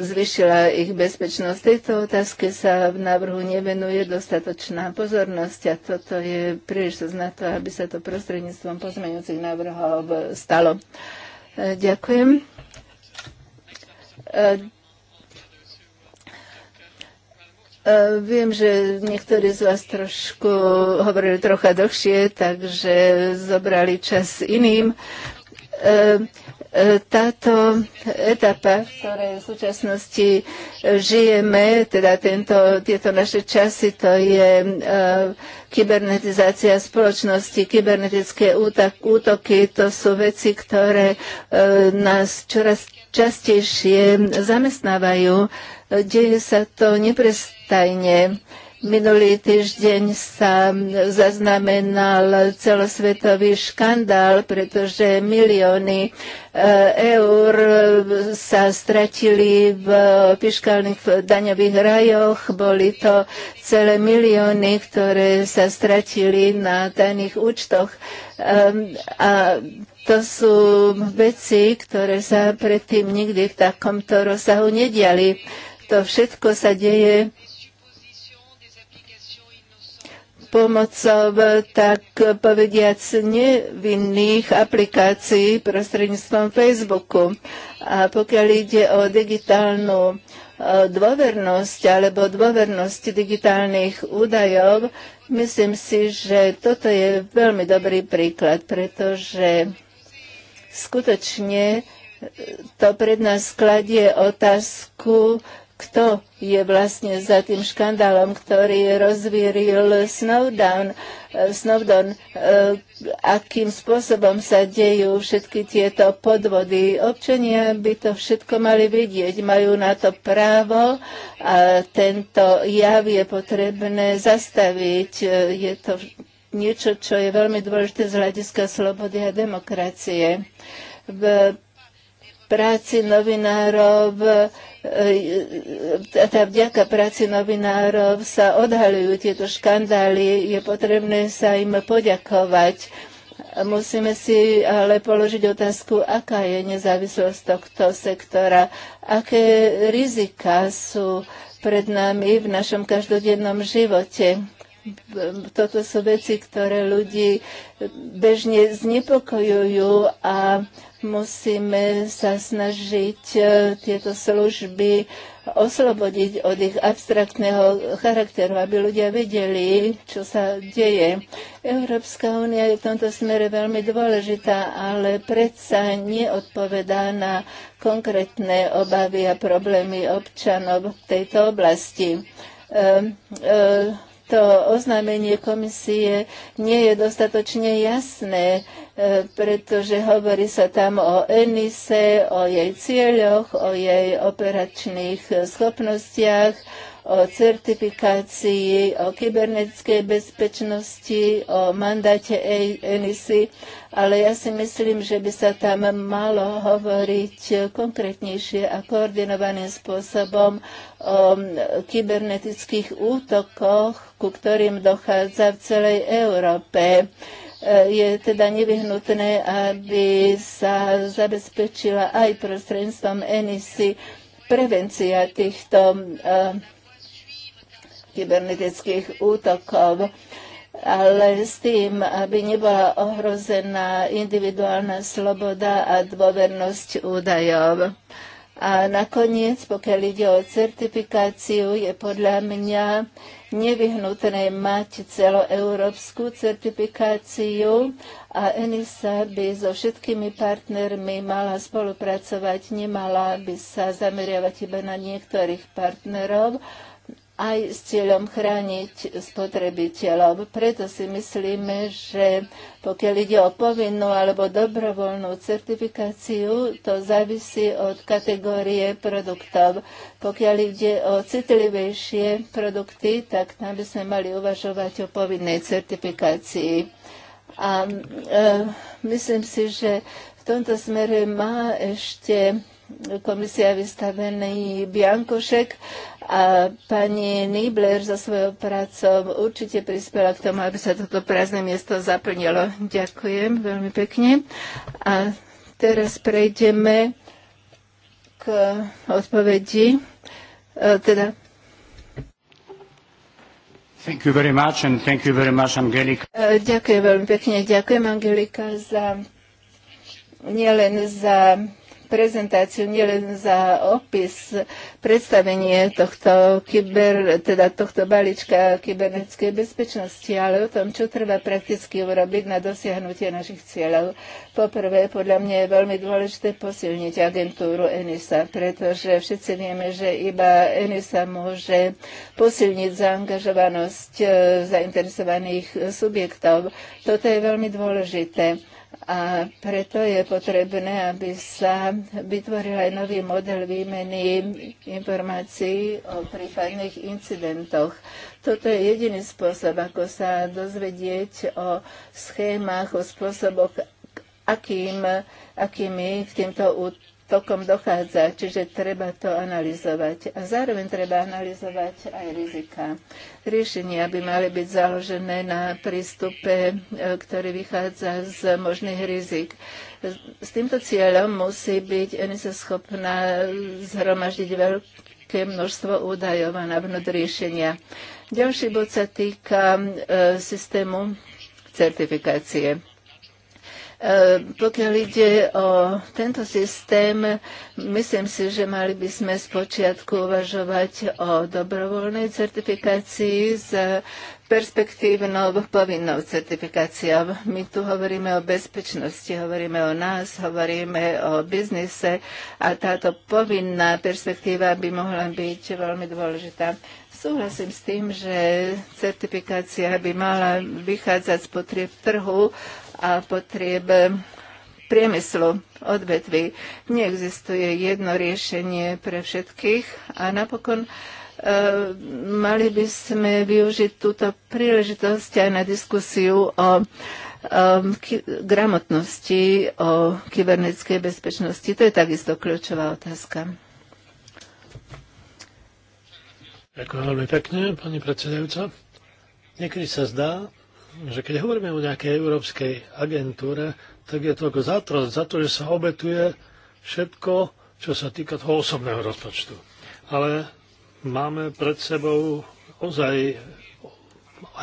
zvyšila ich bezpečnosť. Tejto otázke sa v návrhu nevenuje dostatočná pozornosť a toto je príležitosť na to, aby sa to prostredníctvom pozmeňujúcich návrhov stalo. Ďakujem. E, viem, že niektorí z vás trošku hovorili trocha dlhšie, takže zobrali čas iným. E, e, táto etapa, v ktorej v súčasnosti žijeme, teda tento, tieto naše časy, to je kybernetizácia spoločnosti, kybernetické útoky, to sú veci, ktoré nás čoraz častejšie zamestnávajú. Deje sa to neprestávajú tajne. Minulý týždeň sa zaznamenal celosvetový škandál, pretože milióny e, eur sa stratili v fiskálnych daňových rajoch. Boli to celé milióny, ktoré sa stratili na tajných účtoch. Ehm, a to sú veci, ktoré sa predtým nikdy v takomto rozsahu nediali. To všetko sa deje pomocou tak povediac nevinných aplikácií prostredníctvom Facebooku. A pokiaľ ide o digitálnu e, dôvernosť alebo dôvernosť digitálnych údajov, myslím si, že toto je veľmi dobrý príklad, pretože skutočne to pred nás skladie otázku, kto je vlastne za tým škandálom, ktorý rozvíril Snowdown, eh, Snowdon, eh, akým spôsobom sa dejú všetky tieto podvody. Občania by to všetko mali vidieť, majú na to právo a tento jav je potrebné zastaviť. Eh, je to niečo, čo je veľmi dôležité z hľadiska slobody a demokracie. V práci novinárov, e, e, tá vďaka práci novinárov sa odhalujú tieto škandály, je potrebné sa im poďakovať. Musíme si ale položiť otázku, aká je nezávislosť tohto sektora, aké rizika sú pred nami v našom každodennom živote. Toto sú veci, ktoré ľudí bežne znepokojujú a musíme sa snažiť e, tieto služby oslobodiť od ich abstraktného charakteru, aby ľudia vedeli, čo sa deje. Európska únia je v tomto smere veľmi dôležitá, ale predsa neodpovedá na konkrétne obavy a problémy občanov v tejto oblasti. Ehm, e, to oznámenie komisie nie je dostatočne jasné, e, pretože hovorí sa tam o Enise, o jej cieľoch, o jej operačných schopnostiach, o certifikácii, o kybernetickej bezpečnosti, o mandáte ENISY, ale ja si myslím, že by sa tam malo hovoriť konkrétnejšie a koordinovaným spôsobom o kybernetických útokoch, ku ktorým dochádza v celej Európe e, je teda nevyhnutné, aby sa zabezpečila aj prostredníctvom NIC prevencia týchto uh, kybernetických útokov ale s tým, aby nebola ohrozená individuálna sloboda a dôvernosť údajov. A nakoniec, pokiaľ ide o certifikáciu, je podľa mňa nevyhnutné mať celoeurópsku certifikáciu a ENISA by so všetkými partnermi mala spolupracovať, nemala by sa zameriavať iba na niektorých partnerov, aj s cieľom chrániť spotrebiteľov. Preto si myslíme, že pokiaľ ide o povinnú alebo dobrovoľnú certifikáciu, to závisí od kategórie produktov. Pokiaľ ide o citlivejšie produkty, tak tam by sme mali uvažovať o povinnej certifikácii. A e, myslím si, že v tomto smere má ešte komisia vystavený Biankošek a pani Nibler za svojou prácou určite prispela k tomu, aby sa toto prázdne miesto zaplnilo. Ďakujem veľmi pekne. A teraz prejdeme k odpovedi. E, teda Thank you very much and thank you very much, Angelika. E, ďakujem veľmi pekne. Ďakujem, Angelika, za nielen za prezentáciu, nielen za opis, predstavenie tohto, kyber, teda tohto balíčka kybernetickej bezpečnosti, ale o tom, čo treba prakticky urobiť na dosiahnutie našich cieľov. Poprvé, podľa mňa je veľmi dôležité posilniť agentúru ENISA, pretože všetci vieme, že iba ENISA môže posilniť zaangažovanosť eh, zainteresovaných eh, subjektov. Toto je veľmi dôležité a preto je potrebné, aby sa vytvoril aj nový model výmeny informácií o prípadných incidentoch. Toto je jediný spôsob, ako sa dozvedieť o schémach, o spôsoboch, akým, akými k týmto útokom tokom dochádza, čiže treba to analyzovať. A zároveň treba analyzovať aj rizika. Riešenia by mali byť založené na prístupe, e, ktorý vychádza z možných rizik. S týmto cieľom musí byť ENISA schopná zhromaždiť veľké množstvo údajov a navnúť riešenia. Ďalší bod sa týka e, systému certifikácie. E, pokiaľ ide o tento systém, myslím si, že mali by sme spočiatku uvažovať o dobrovoľnej certifikácii s perspektívnou povinnou certifikáciou. My tu hovoríme o bezpečnosti, hovoríme o nás, hovoríme o biznise a táto povinná perspektíva by mohla byť veľmi dôležitá. Súhlasím s tým, že certifikácia by mala vychádzať z potrieb trhu a potrieb eh, priemyslu odvetví. Neexistuje jedno riešenie pre všetkých a napokon eh, mali by sme využiť túto príležitosť aj na diskusiu o eh, gramotnosti, o kybernetickej bezpečnosti. To je takisto kľúčová otázka. Ďakujem veľmi pekne, pani predsedajúca. Niekedy sa zdá, že keď hovoríme o nejakej európskej agentúre, tak je to ako zátrosť za to, že sa obetuje všetko, čo sa týka toho osobného rozpočtu. Ale máme pred sebou ozaj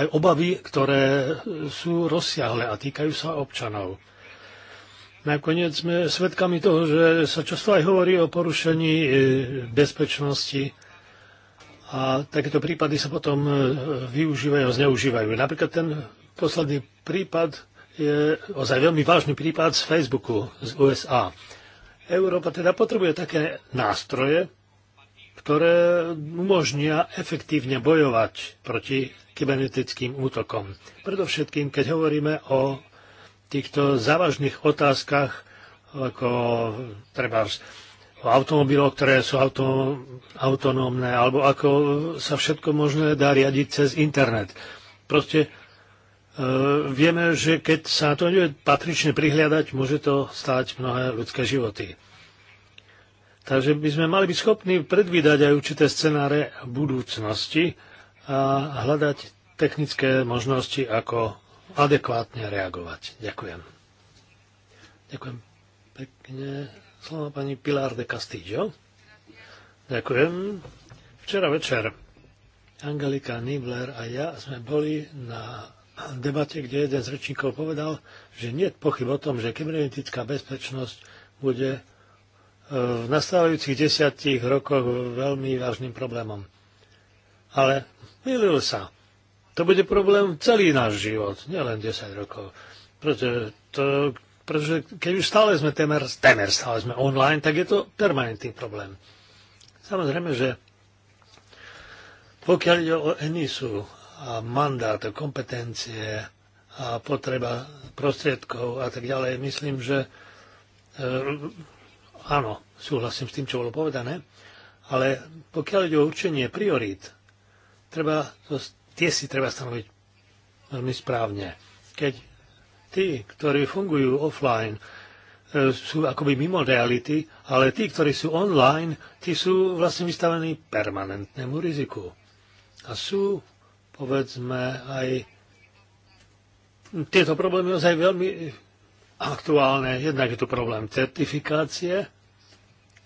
aj obavy, ktoré sú rozsiahle a týkajú sa občanov. Nakoniec sme svedkami toho, že sa často aj hovorí o porušení e, bezpečnosti a takéto prípady sa potom e, využívajú a zneužívajú. Napríklad ten Posledný prípad je ozaj veľmi vážny prípad z Facebooku z USA. Európa teda potrebuje také nástroje, ktoré umožnia efektívne bojovať proti kybernetickým útokom. Predovšetkým, keď hovoríme o týchto závažných otázkach, ako treba o automobiloch, ktoré sú auto, autonómne, alebo ako sa všetko možné dá riadiť cez internet. Proste E, vieme, že keď sa na to nebude patrične prihliadať, môže to stáť mnohé ľudské životy. Takže by sme mali byť schopní predvídať aj určité scenáre budúcnosti a hľadať technické možnosti, ako adekvátne reagovať. Ďakujem. Ďakujem pekne. Slova pani Pilar de Castillo. Ďakujem. Včera večer Angelika Nibler a ja sme boli na debate, kde jeden z rečníkov povedal, že nie je pochyb o tom, že kybernetická bezpečnosť bude e, v nastávajúcich desiatich rokoch veľmi vážnym problémom. Ale milil sa. To bude problém celý náš život, nielen 10 rokov. Pretože, to, pretože keď už stále sme temer, temer stále sme online, tak je to permanentný problém. Samozrejme, že pokiaľ ide o ENISu mandát, kompetencie a potreba prostriedkov a tak ďalej. Myslím, že e, áno, súhlasím s tým, čo bolo povedané, ale pokiaľ ide o určenie priorít, treba, to, tie si treba stanoviť veľmi správne. Keď tí, ktorí fungujú offline, e, sú akoby mimo reality, ale tí, ktorí sú online, tí sú vlastne vystavení permanentnému riziku. A sú povedzme aj tieto problémy ozaj veľmi aktuálne. Jednak je tu problém certifikácie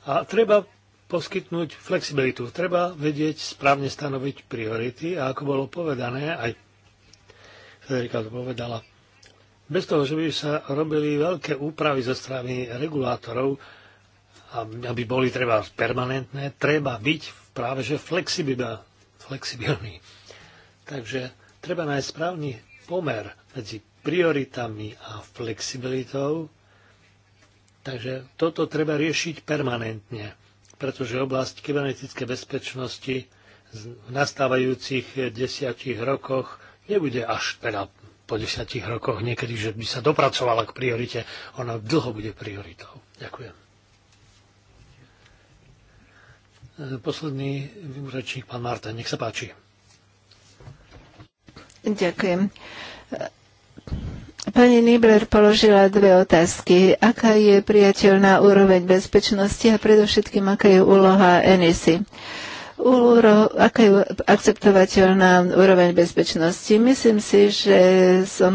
a treba poskytnúť flexibilitu. Treba vedieť správne stanoviť priority a ako bolo povedané, aj Federika to povedala, bez toho, že by sa robili veľké úpravy zo strany regulátorov, aby boli treba permanentné, treba byť práve že flexibilný. flexibilný. Takže treba nájsť správny pomer medzi prioritami a flexibilitou. Takže toto treba riešiť permanentne, pretože oblasť kybernetickej bezpečnosti v nastávajúcich desiatich rokoch nebude až teda po desiatich rokoch niekedy, že by sa dopracovala k priorite. Ona dlho bude prioritou. Ďakujem. Posledný vymúračník, pán Marta, nech sa páči. Ďakujem. Pani Nibler položila dve otázky. Aká je priateľná úroveň bezpečnosti a predovšetkým, aká je úloha NSI? E uh, Uro, aká je akceptovateľná úroveň bezpečnosti. Myslím si, že som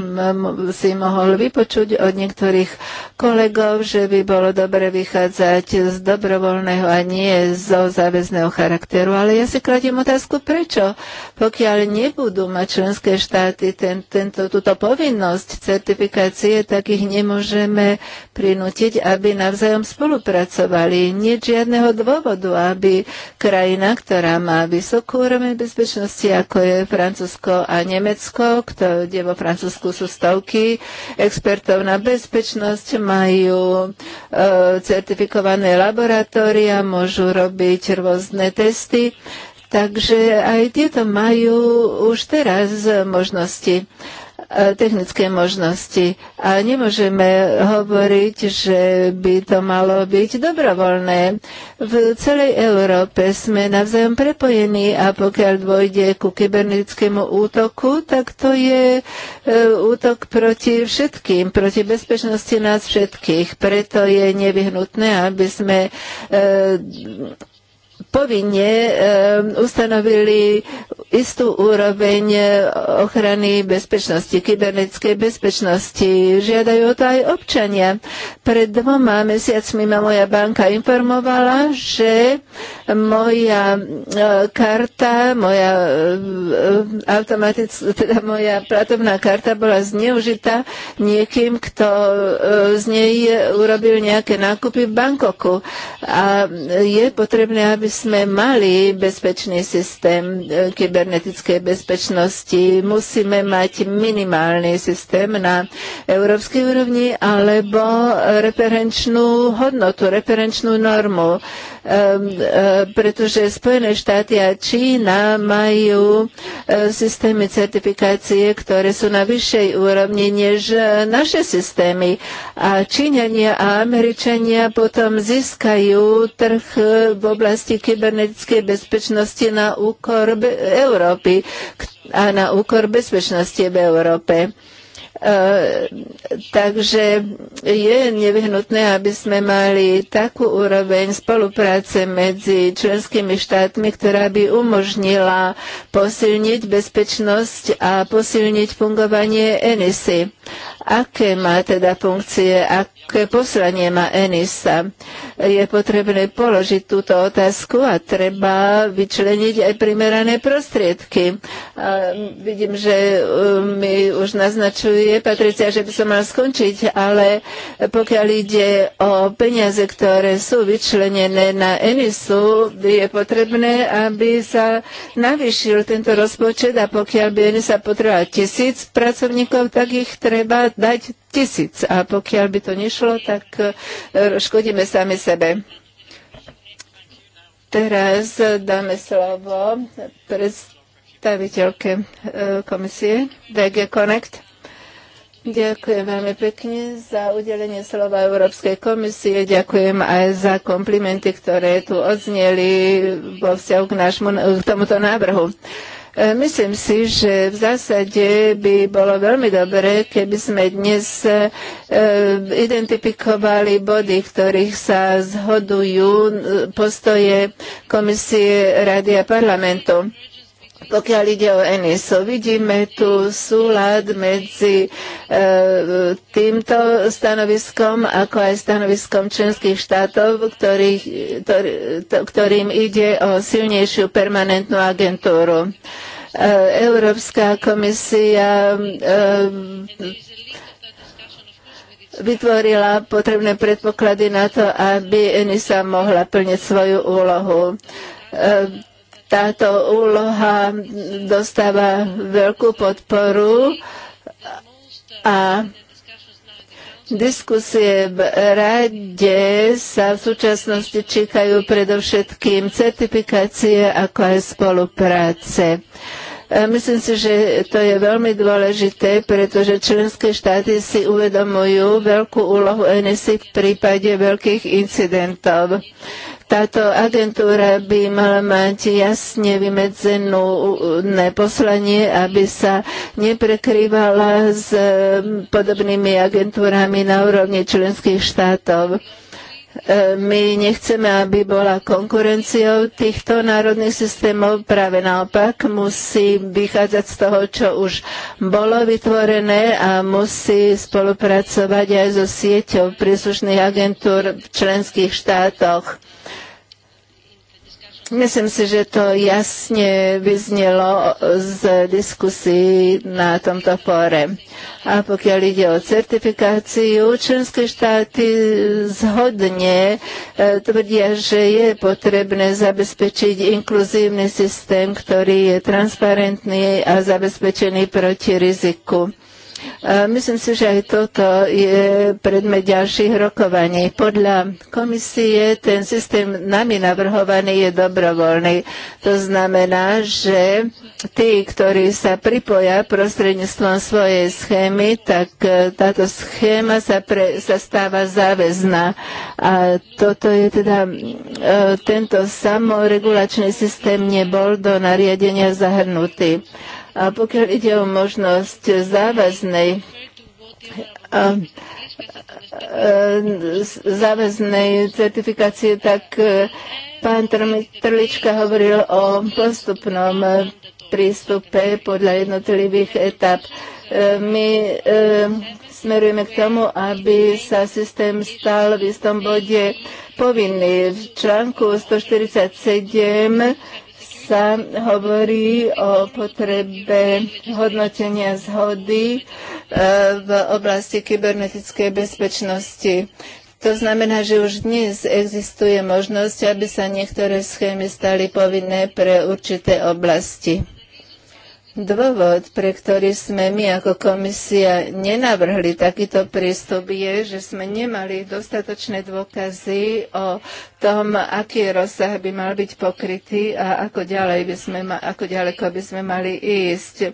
si mohol vypočuť od niektorých kolegov, že by bolo dobre vychádzať z dobrovoľného a nie zo záväzného charakteru. Ale ja si kladím otázku, prečo? Pokiaľ nebudú mať členské štáty ten, tento, túto povinnosť certifikácie, tak ich nemôžeme prinútiť, aby navzájom spolupracovali. Nie žiadneho dôvodu, aby krajina, ktorá má vysokú úroveň bezpečnosti, ako je Francúzsko a Nemecko, kde vo Francúzsku sú stovky expertov na bezpečnosť, majú e, certifikované laboratória, môžu robiť rôzne testy. Takže aj tieto majú už teraz možnosti. E, technické možnosti. A nemôžeme hovoriť, že by to malo byť dobrovoľné. V celej Európe sme navzájom prepojení a pokiaľ dôjde ku kybernetickému útoku, tak to je e, útok proti všetkým, proti bezpečnosti nás všetkých. Preto je nevyhnutné, aby sme e, povinne eh, ustanovili istú úroveň ochrany bezpečnosti, kybernetickej bezpečnosti. Žiadajú to aj občania. Pred dvoma mesiacmi ma moja banka informovala, že moja eh, karta, moja eh, automatická, teda moja platobná karta bola zneužitá niekým, kto z nej urobil nejaké nákupy v Bankoku. A je potrebné, aby sme mali bezpečný systém e, kybernetickej bezpečnosti, musíme mať minimálny systém na európskej úrovni alebo referenčnú hodnotu, referenčnú normu e, e, pretože Spojené štáty a Čína majú systémy certifikácie, ktoré sú na vyššej úrovni než naše systémy. A Číňania a Američania potom získajú trh v oblasti kybernetickej bezpečnosti na úkor Európy a na úkor bezpečnosti v Európe. Uh, takže je nevyhnutné, aby sme mali takú úroveň spolupráce medzi členskými štátmi, ktorá by umožnila posilniť bezpečnosť a posilniť fungovanie ENISY. Aké má teda funkcie, aké poslanie má ENISA? Je potrebné položiť túto otázku a treba vyčleniť aj primerané prostriedky. A vidím, že um, mi už naznačuje Patricia, že by som mal skončiť, ale pokiaľ ide o peniaze, ktoré sú vyčlenené na ENISu, je potrebné, aby sa navýšil tento rozpočet a pokiaľ by ENISA potrebovala tisíc pracovníkov, tak ich treba treba dať tisíc a pokiaľ by to nešlo, tak e, škodíme sami sebe. Teraz dáme slovo predstaviteľke e, komisie DG Connect. Ďakujem veľmi pekne za udelenie slova Európskej komisie. Ďakujem aj za komplimenty, ktoré tu odzneli vo vzťahu k, nášmu, k tomuto návrhu. Uh, E, myslím si, že v zásade by bolo veľmi dobré, keby sme dnes e, identifikovali body, v ktorých sa zhodujú e, postoje Komisie Rady a parlamentu. Pokiaľ ide o Eniso, vidíme tu súlad medzi e, týmto stanoviskom, ako aj stanoviskom členských štátov, ktorý, to, to, ktorým ide o silnejšiu permanentnú agentúru. E, Eh, Európska komisia eh, vytvorila potrebné predpoklady na to, aby ENISA mohla plniť svoju úlohu eh, táto úloha dostáva veľkú podporu a Diskusie v rade sa v súčasnosti čítajú predovšetkým certifikácie ako aj spolupráce. E, myslím si, že to je veľmi dôležité, pretože členské štáty si uvedomujú veľkú úlohu NSI v prípade veľkých incidentov. Táto agentúra by mala mať jasne vymedzenú poslanie, aby sa neprekrývala s eh, podobnými agentúrami na úrovni členských štátov. E, my nechceme, aby bola konkurenciou týchto národných systémov, práve naopak musí vychádzať z toho, čo už bolo vytvorené a musí spolupracovať aj so sieťou príslušných agentúr v členských štátoch. Myslím si, že to jasne vyznelo z diskusí na tomto fóre. A pokiaľ ide o certifikáciu, členské štáty zhodne e, tvrdia, že je potrebné zabezpečiť inkluzívny systém, ktorý je transparentný a zabezpečený proti riziku. Myslím si, že aj toto je predmet ďalších rokovaní. Podľa komisie ten systém nami navrhovaný je dobrovoľný. To znamená, že tí, ktorí sa pripoja prostredníctvom svojej schémy, tak e, táto schéma sa, pre, sa stáva záväzná. A toto je teda, e, tento samoregulačný systém nebol do nariadenia zahrnutý. A pokiaľ ide o možnosť záväznej záväznej certifikácie, tak e, pán Trlička hovoril o postupnom prístupe podľa jednotlivých etap. E, my e, smerujeme k tomu, aby sa systém stal v istom bode povinný. V článku 147 sa hovorí o potrebe hodnotenia zhody e, v oblasti kybernetickej bezpečnosti. To znamená, že už dnes existuje možnosť, aby sa niektoré schémy stali povinné pre určité oblasti. Dôvod, pre ktorý sme my ako komisia nenavrhli takýto prístup, je, že sme nemali dostatočné dôkazy o tom, aký rozsah by mal byť pokrytý a ako, ďalej by sme ma, ako ďaleko by sme mali ísť.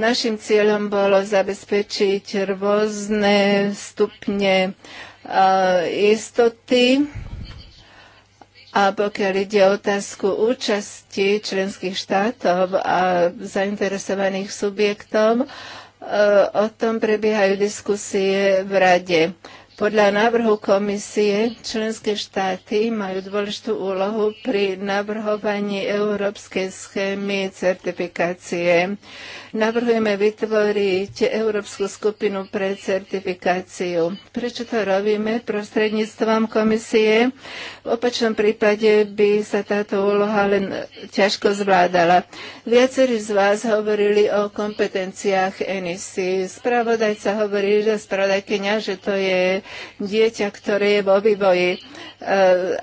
Našim cieľom bolo zabezpečiť rôzne stupne istoty a pokiaľ ide o otázku účasti členských štátov a zainteresovaných subjektov, e, o tom prebiehajú diskusie v Rade. Podľa návrhu komisie členské štáty majú dôležitú úlohu pri navrhovaní európskej schémy certifikácie. Navrhujeme vytvoriť Európsku skupinu pre certifikáciu. Prečo to robíme? Prostredníctvom komisie. V opačnom prípade by sa táto úloha len ťažko zvládala. Viacerí z vás hovorili o kompetenciách NEC. Spravodajca hovorí, že spravodajkyňa, že to je dieťa, ktoré je vo vývoji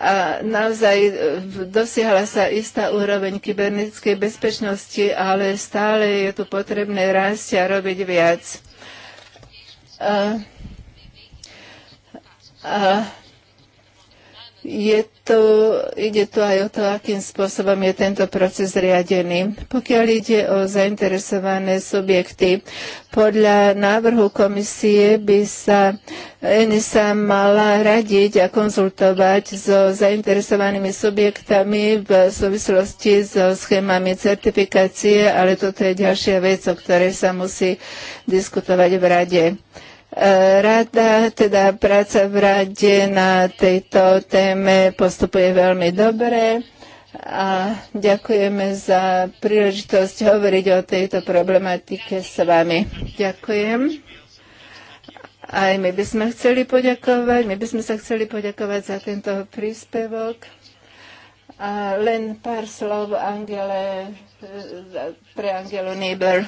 a naozaj dosiahla sa istá úroveň kybernetickej bezpečnosti, ale stále je tu potrebné rásť a robiť viac. A, a je to, ide tu aj o to, akým spôsobom je tento proces riadený. Pokiaľ ide o zainteresované subjekty, podľa návrhu komisie by sa ENISA mala radiť a konzultovať so zainteresovanými subjektami v súvislosti so schémami certifikácie, ale toto je ďalšia vec, o ktorej sa musí diskutovať v rade. E, rada, teda práca v rade na tejto téme postupuje veľmi dobre a ďakujeme za príležitosť hovoriť o tejto problematike s vami. Ďakujem. Aj my by sme chceli poďakovať, my by sme sa chceli poďakovať za tento príspevok. A len pár slov Angele, e, pre Angelu Nieber.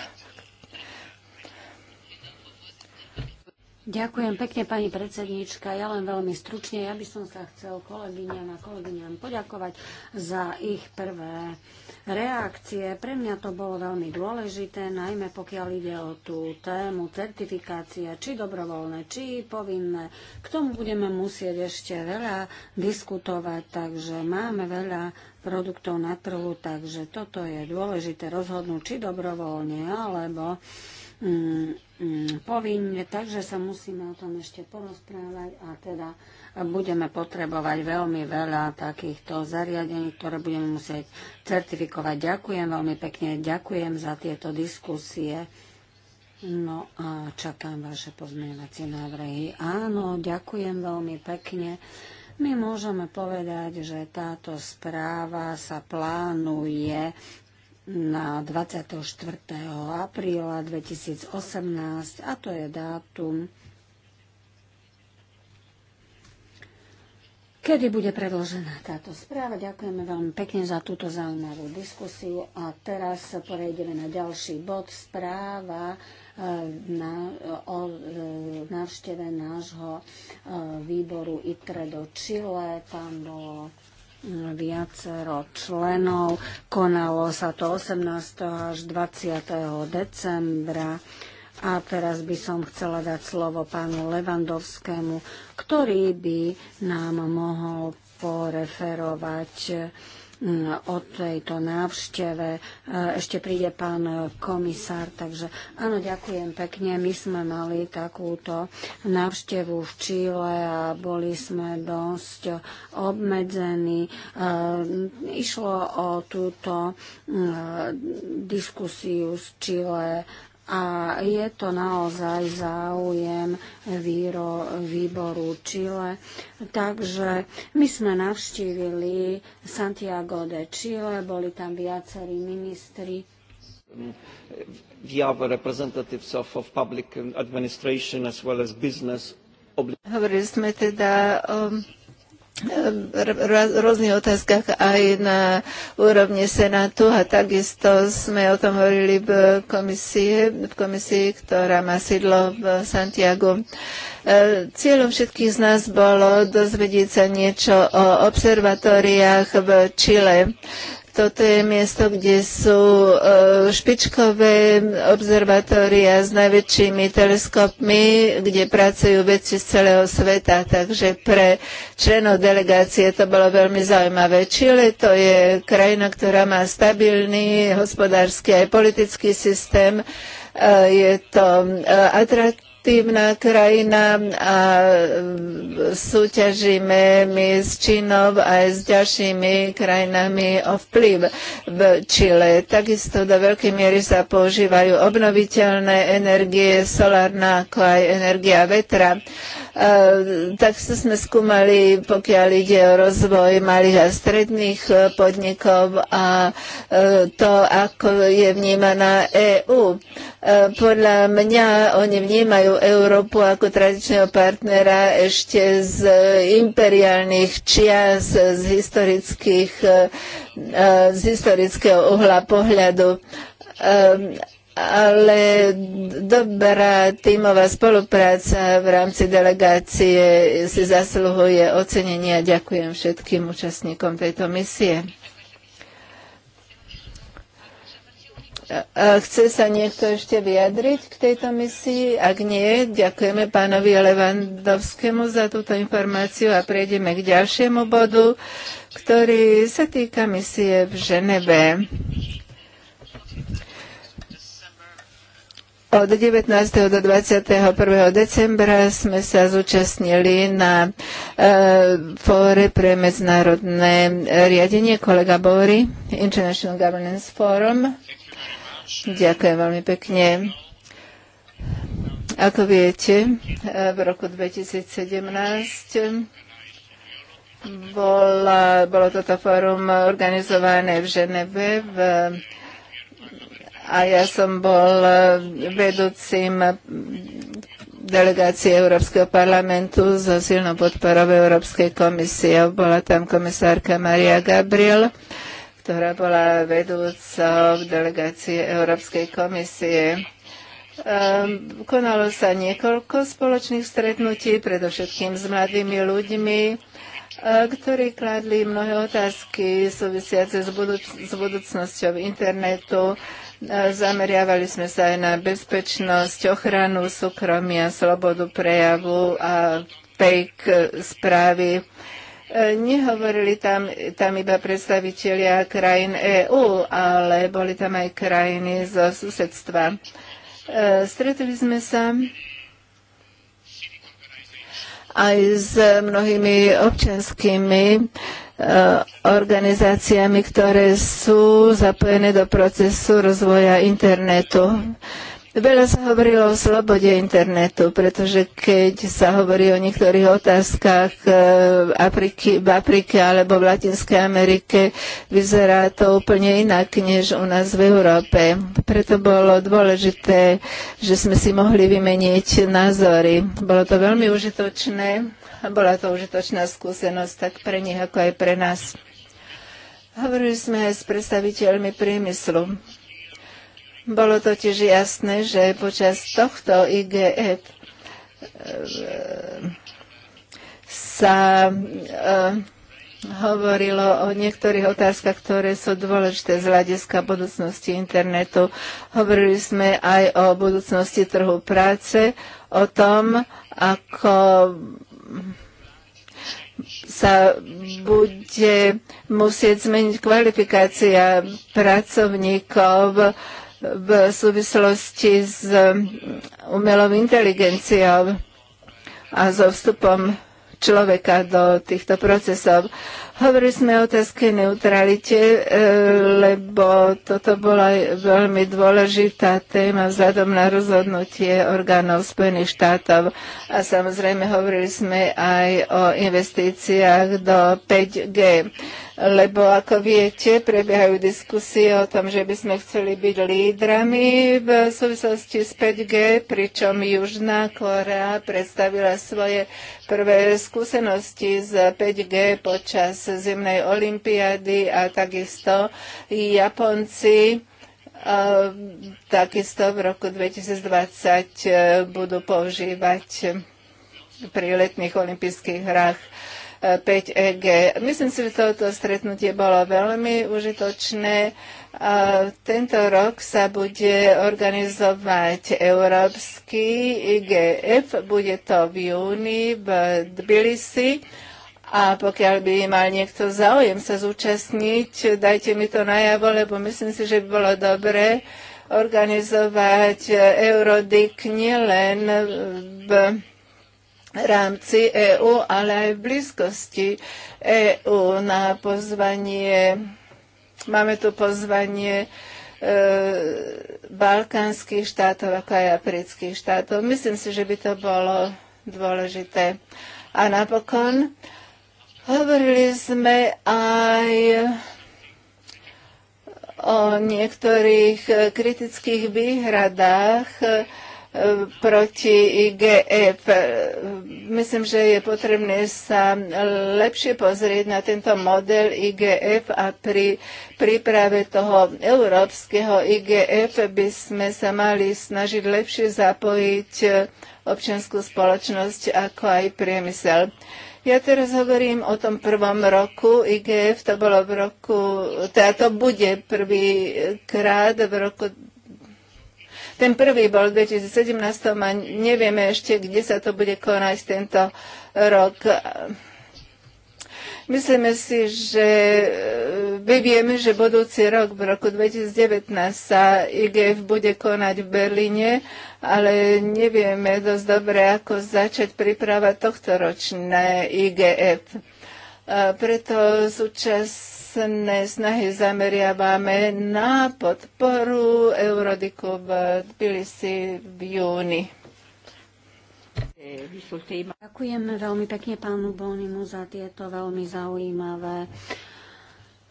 Ďakujem pekne, pani predsednička. Ja len veľmi stručne. Ja by som sa chcel kolegyňam a kolegyňam poďakovať za ich prvé reakcie. Pre mňa to bolo veľmi dôležité, najmä pokiaľ ide o tú tému certifikácia, či dobrovoľné, či povinné. K tomu budeme musieť ešte veľa diskutovať, takže máme veľa produktov na trhu, takže toto je dôležité rozhodnúť, či dobrovoľne, alebo Mm, mm, povinne, takže sa musíme o tom ešte porozprávať a teda budeme potrebovať veľmi veľa takýchto zariadení, ktoré budeme musieť certifikovať. Ďakujem veľmi pekne, ďakujem za tieto diskusie. No a čakám vaše pozmeňovacie návrhy. Áno, ďakujem veľmi pekne. My môžeme povedať, že táto správa sa plánuje na 24. apríla 2018 a to je dátum, kedy bude predložená táto správa. Ďakujeme veľmi pekne za túto zaujímavú diskusiu a teraz prejdeme na ďalší bod správa e, na, o e, návšteve nášho e, výboru ITRE do Chile. Tam bolo viacero členov. Konalo sa to 18. až 20. decembra. A teraz by som chcela dať slovo pánu Levandovskému, ktorý by nám mohol poreferovať Mm, o tejto návšteve. E, ešte príde pán komisár, takže áno, ďakujem pekne. My sme mali takúto návštevu v Číle a boli sme dosť obmedzení. E, išlo o túto mm, e, diskusiu z Číle a je to naozaj záujem výro, výboru Chile. Takže my sme navštívili Santiago de Chile, boli tam viacerí ministri Hovorili sme teda o um, Ehm, rôznych otázkach aj na úrovni Senátu a takisto sme o tom hovorili v komisii, v komisii ktorá má sídlo v Santiago. Ehm, cieľom všetkých z nás bolo dozvedieť sa niečo o observatóriách v Čile. Toto je miesto, kde sú e, špičkové observatória s najväčšími teleskopmi, kde pracujú vedci z celého sveta. Takže pre členov delegácie to bolo veľmi zaujímavé. Čile to je krajina, ktorá má stabilný hospodársky aj politický systém. E, je to e, atraktívne aktívna krajina a e, súťažíme my s Čínou aj s ďalšími krajinami o vplyv v Čile. Takisto do veľkej miery sa používajú obnoviteľné energie, solárna ako aj energia vetra. Ehm, tak sme skúmali, pokiaľ ide o rozvoj malých a stredných e, podnikov a e, to, ako je vnímaná EÚ. E, podľa mňa oni vnímajú Európu ako tradičného partnera ešte z imperiálnych čias, z, historických, z historického uhla pohľadu ehm, ale dobrá tímová spolupráca v rámci delegácie si zasluhuje ocenenie a Ďakujem všetkým účastníkom tejto misie. Chce sa niekto ešte vyjadriť k tejto misii? Ak nie, ďakujeme pánovi Levandovskému za túto informáciu a prejdeme k ďalšiemu bodu, ktorý sa týka misie v Ženeve. Od 19. do 21. decembra sme sa zúčastnili na e, fóre pre medzinárodné riadenie kolega Bory, International Governance Forum. Ďakujem veľmi pekne. Ako viete, e, v roku 2017 bola, bolo toto fórum organizované v Ženeve v a ja som bol e, vedúcim delegácie Európskeho parlamentu so silnou podporou Európskej komisie. Bola tam komisárka Maria Gabriel, ktorá bola vedúcou delegácie Európskej komisie. Ehm, konalo sa niekoľko spoločných stretnutí, predovšetkým s mladými ľuďmi, e, ktorí kladli mnohé otázky súvisiace s, s budúcnosťou internetu, Zameriavali sme sa aj na bezpečnosť, ochranu súkromia, slobodu prejavu a fake správy. E, nehovorili tam, tam iba predstavitelia krajín EÚ, ale boli tam aj krajiny zo susedstva. E, stretli sme sa aj s mnohými občanskými Eh, organizáciami, ktoré sú zapojené do procesu rozvoja internetu. Veľa sa hovorilo o slobode internetu, pretože keď sa hovorí o niektorých otázkach e, Afrike, v Afrike alebo v Latinskej Amerike, vyzerá to úplne inak než u nás v Európe. Preto bolo dôležité, že sme si mohli vymeniť názory. Bolo to veľmi užitočné a bola to užitočná skúsenosť tak pre nich, ako aj pre nás. Hovorili sme aj s predstaviteľmi priemyslu bolo totiž jasné, že počas tohto IGF e eh, eh, sa eh, hovorilo o niektorých otázkach, ktoré sú dôležité z hľadiska budúcnosti internetu. Hovorili sme aj o budúcnosti trhu práce, o tom, ako sa bude musieť zmeniť kvalifikácia pracovníkov v súvislosti s um, umelou inteligenciou a so vstupom človeka do týchto procesov. Hovorili sme o otázke neutralite, e, lebo toto bola veľmi dôležitá téma vzhľadom na rozhodnutie orgánov Spojených štátov. A samozrejme hovorili sme aj o investíciách do 5G lebo ako viete, prebiehajú diskusie o tom, že by sme chceli byť lídrami v súvislosti s 5G, pričom Južná Korea predstavila svoje prvé skúsenosti z 5G počas zimnej olimpiády a takisto Japonci takisto v roku 2020 e, budú používať pri letných olympijských hrách 5G. Myslím si, že toto stretnutie bolo veľmi užitočné. Tento rok sa bude organizovať Európsky IGF, bude to v júni v Tbilisi. A pokiaľ by mal niekto záujem sa zúčastniť, dajte mi to najavo, lebo myslím si, že by bolo dobré organizovať Eurodik nielen v rámci EÚ, ale aj v blízkosti EÚ na pozvanie, máme tu pozvanie e, balkánskych štátov, ako aj afrických štátov. Myslím si, že by to bolo dôležité. A napokon hovorili sme aj o niektorých kritických výhradách e, proti IGF. E Myslím, že je potrebné sa lepšie pozrieť na tento model IGF e a pri príprave toho európskeho IGF e by sme sa mali snažiť lepšie zapojiť občianskú spoločnosť ako aj priemysel. Ja teraz hovorím o tom prvom roku IGF, to bolo v roku, teda to bude prvýkrát v roku ten prvý bol v 2017 a nevieme ešte, kde sa to bude konať tento rok. Myslíme si, že e, my vieme, že budúci rok, v roku 2019 sa IGF bude konať v Berlíne, ale nevieme dosť dobre, ako začať pripravať ročné IGF. Preto súčasť posledné snahy zameriavame na podporu Eurodiku v Tbilisi v júni. Ďakujem veľmi pekne pánu Bonimu za tieto veľmi zaujímavé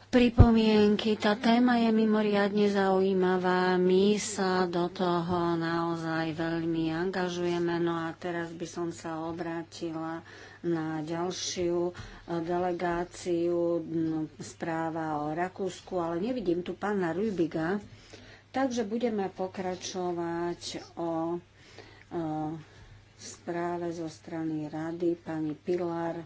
pripomienky. Tá téma je mimoriadne zaujímavá. My sa do toho naozaj veľmi angažujeme. No a teraz by som sa obrátila na ďalšiu e, delegáciu, správa o Rakúsku, ale nevidím tu pána Rubiga, takže budeme pokračovať o, o e, správe zo strany rady pani Pilar,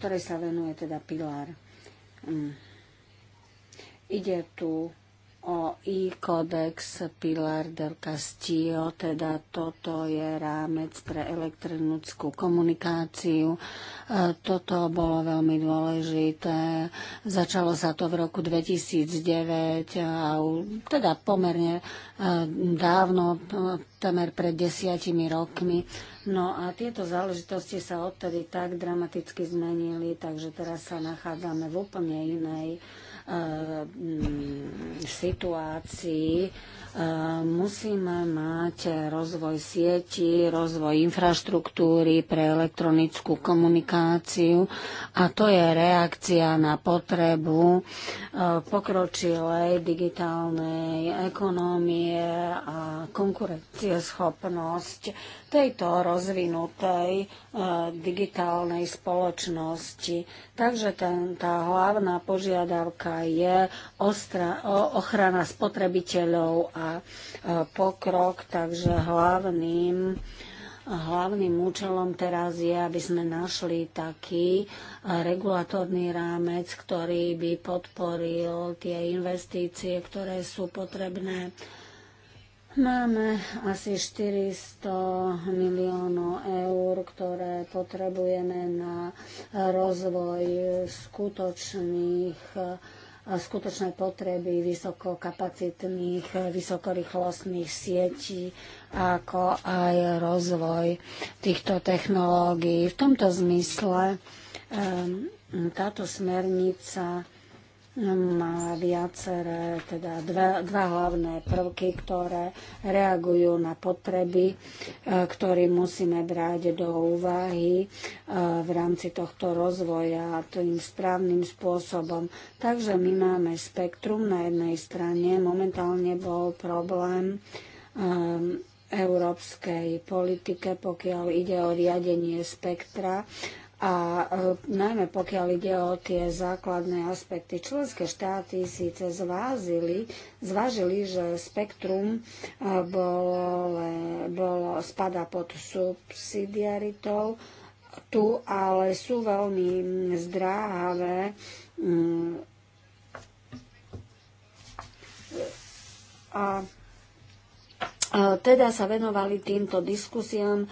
ktorej sa venuje teda Pilar. Mm. Ide tu o e-kodex Pilar del Castillo, teda toto je rámec pre elektronickú komunikáciu. E, toto bolo veľmi dôležité. Začalo sa to v roku 2009, a teda pomerne e, dávno, e, tamer pred desiatimi rokmi. No a tieto záležitosti sa odtedy tak dramaticky zmenili, takže teraz sa nachádzame v úplne inej Eh, situácii Musíme mať rozvoj sieti, rozvoj infraštruktúry pre elektronickú komunikáciu a to je reakcia na potrebu e, pokročilej digitálnej ekonomie a konkurencieschopnosť tejto rozvinutej e, digitálnej spoločnosti. Takže ten, tá hlavná požiadavka je ostra, ochrana spotrebiteľov a a pokrok, takže hlavným Hlavným účelom teraz je, aby sme našli taký regulatórny rámec, ktorý by podporil tie investície, ktoré sú potrebné. Máme asi 400 miliónov eur, ktoré potrebujeme na rozvoj skutočných skutočné potreby vysokokapacitných, vysokorýchlostných sietí, ako aj rozvoj týchto technológií. V tomto zmysle ehm, táto smernica má viaceré, teda dva, dva hlavné prvky, ktoré reagujú na potreby, e, ktoré musíme brať do úvahy e, v rámci tohto rozvoja tým správnym spôsobom. Takže my máme spektrum na jednej strane. Momentálne bol problém e, európskej politike, pokiaľ ide o riadenie spektra a e, najmä pokiaľ ide o tie základné aspekty, členské štáty síce zvázili, zvážili, že spektrum e, bolo, bolo, spada pod subsidiaritou, tu ale sú veľmi zdráhavé mm, a teda sa venovali týmto diskusiám.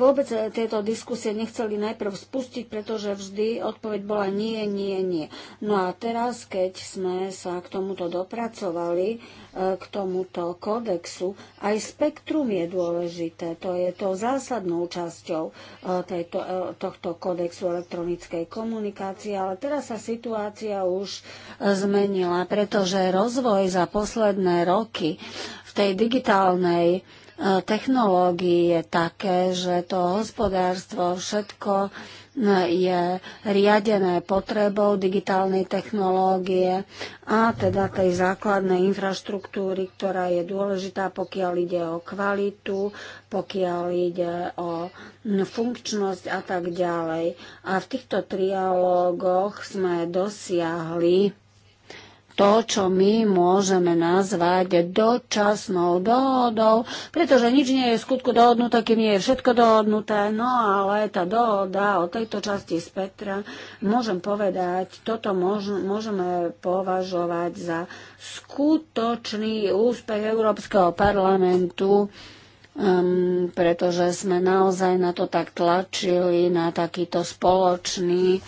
Vôbec e, tieto diskusie nechceli najprv spustiť, pretože vždy odpoveď bola nie, nie, nie. No a teraz, keď sme sa k tomuto dopracovali, e, k tomuto kodexu, aj spektrum je dôležité. To je to zásadnou časťou e, tejto, tohto kodexu elektronickej komunikácie, ale teraz sa situácia už zmenila, pretože rozvoj za posledné roky v tej digitálnej e, technológii je také, že to hospodárstvo všetko e, je riadené potrebou digitálnej technológie a teda tej základnej infraštruktúry, ktorá je dôležitá, pokiaľ ide o kvalitu, pokiaľ ide o funkčnosť a tak ďalej. A v týchto trialógoch sme dosiahli to, čo my môžeme nazvať dočasnou dohodou, pretože nič nie je v skutku dohodnuté, kým nie je všetko dohodnuté, no ale tá dohoda o tejto časti spektra, môžem povedať, toto môžeme považovať za skutočný úspech Európskeho parlamentu, um, pretože sme naozaj na to tak tlačili, na takýto spoločný eh,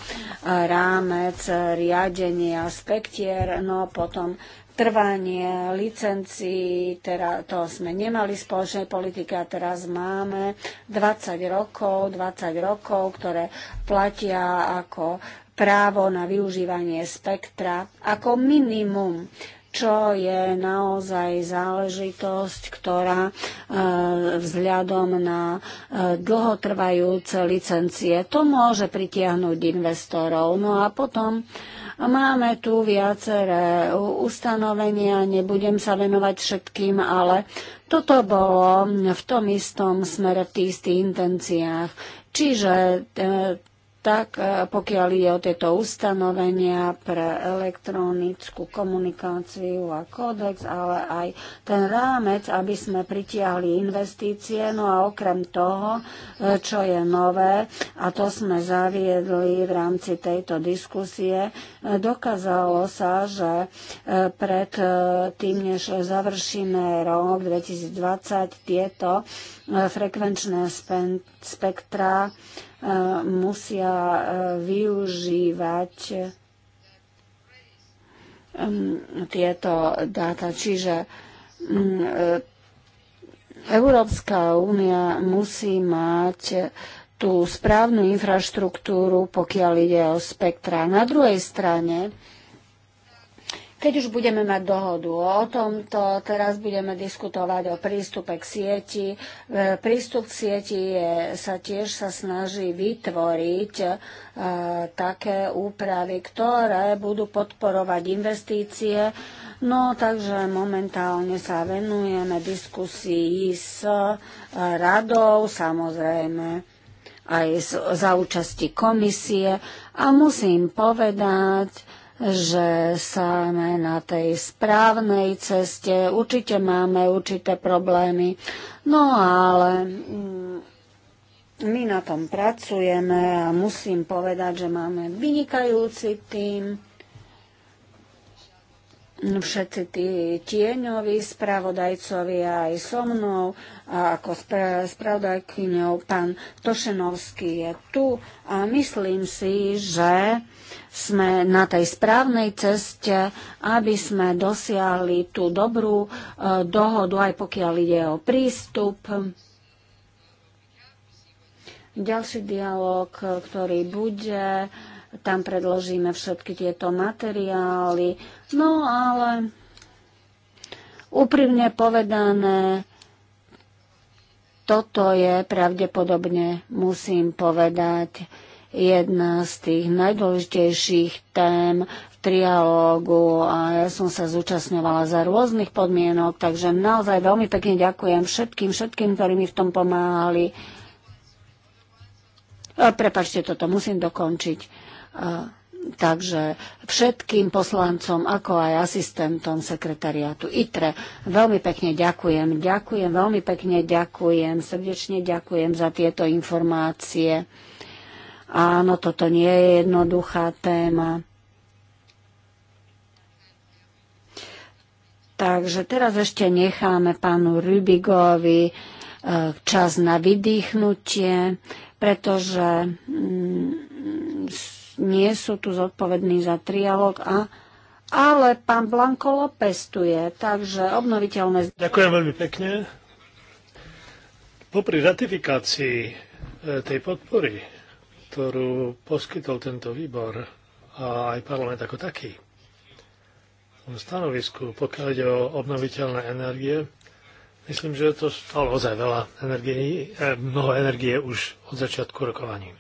rámec eh, riadenia spektier, no potom trvanie licencií, teda to sme nemali spoločnej politiky a teraz máme 20 rokov, 20 rokov, ktoré platia ako právo na využívanie spektra ako minimum čo je naozaj záležitosť, ktorá e, vzhľadom na e, dlhotrvajúce licencie to môže pritiahnuť investorov. No a potom Máme tu viaceré ustanovenia, nebudem sa venovať všetkým, ale toto bolo v tom istom smere, v tých intenciách. Čiže e, tak e, pokiaľ ide o tieto ustanovenia pre elektronickú komunikáciu a kódex, ale aj ten rámec, aby sme pritiahli investície, no a okrem toho, e, čo je nové, a to sme zaviedli v rámci tejto diskusie, e, dokázalo sa, že pred tým, než završíme rok 2020, tieto frekvenčné spektra musia eh, využívať tieto dáta. Čiže mm, eh, Európska únia musí mať eh, tú správnu infraštruktúru, pokiaľ ide o spektra. Na druhej strane keď už budeme mať dohodu o tomto, teraz budeme diskutovať o prístupe k sieti. E, prístup k sieti je, sa tiež sa snaží vytvoriť e, také úpravy, ktoré budú podporovať investície. No takže momentálne sa venujeme diskusii s e, radou, samozrejme aj za účasti komisie a musím povedať, že sme na tej správnej ceste. Určite máme určité problémy, no ale mm, my na tom pracujeme a musím povedať, že máme vynikajúci tým všetci tí tieňoví spravodajcovi aj so mnou a ako spravodajkyňou pán Tošenovský je tu a myslím si, že sme na tej správnej ceste, aby sme dosiahli tú dobrú e, dohodu, aj pokiaľ ide o prístup. Ďalší dialog, ktorý bude, tam predložíme všetky tieto materiály. No ale úprimne povedané, toto je pravdepodobne, musím povedať, jedna z tých najdôležitejších tém v trialógu a ja som sa zúčastňovala za rôznych podmienok, takže naozaj veľmi pekne ďakujem všetkým, všetkým, ktorí mi v tom pomáhali. E, prepačte, toto musím dokončiť. Takže všetkým poslancom, ako aj asistentom sekretariátu ITRE veľmi pekne ďakujem. Ďakujem, veľmi pekne ďakujem, srdečne ďakujem za tieto informácie. Áno, toto nie je jednoduchá téma. Takže teraz ešte necháme pánu Rubigovi e, čas na vydýchnutie, pretože mm, nie sú tu zodpovední za trialog a ale pán Blanko López tu je, takže obnoviteľné... Ďakujem veľmi pekne. Popri ratifikácii e, tej podpory, ktorú poskytol tento výbor a aj parlament ako taký, v stanovisku, pokiaľ ide o obnoviteľné energie, myslím, že to stalo ozaj veľa energie, e, mnoho energie už od začiatku rokovaní.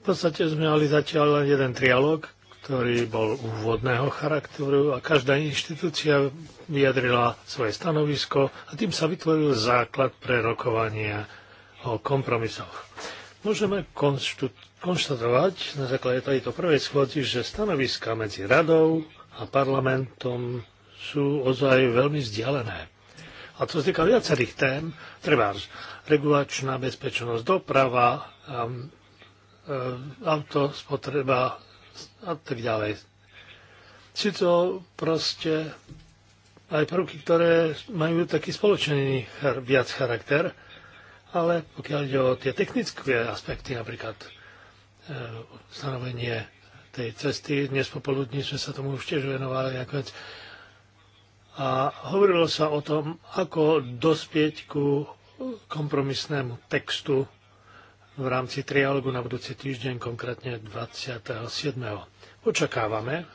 V podstate sme mali zatiaľ len jeden trialog, ktorý bol úvodného charakteru a každá inštitúcia vyjadrila svoje stanovisko a tým sa vytvoril základ pre rokovania o kompromisoch. Môžeme konštatovať na základe tejto prvej schôdzi, že stanoviska medzi radou a parlamentom sú ozaj veľmi vzdialené. A to týka viacerých tém, treba regulačná bezpečnosť, doprava, autospotreba ehm, a tak ďalej. Či to proste aj prvky, ktoré majú taký spoločný viac charakter, ale pokiaľ ide o tie technické aspekty, napríklad e, stanovenie tej cesty, dnes popoludní sme sa tomu už tiež venovali nakoniec, a hovorilo sa o tom, ako dospieť ku kompromisnému textu v rámci trialogu na budúci týždeň, konkrétne 27. Očakávame,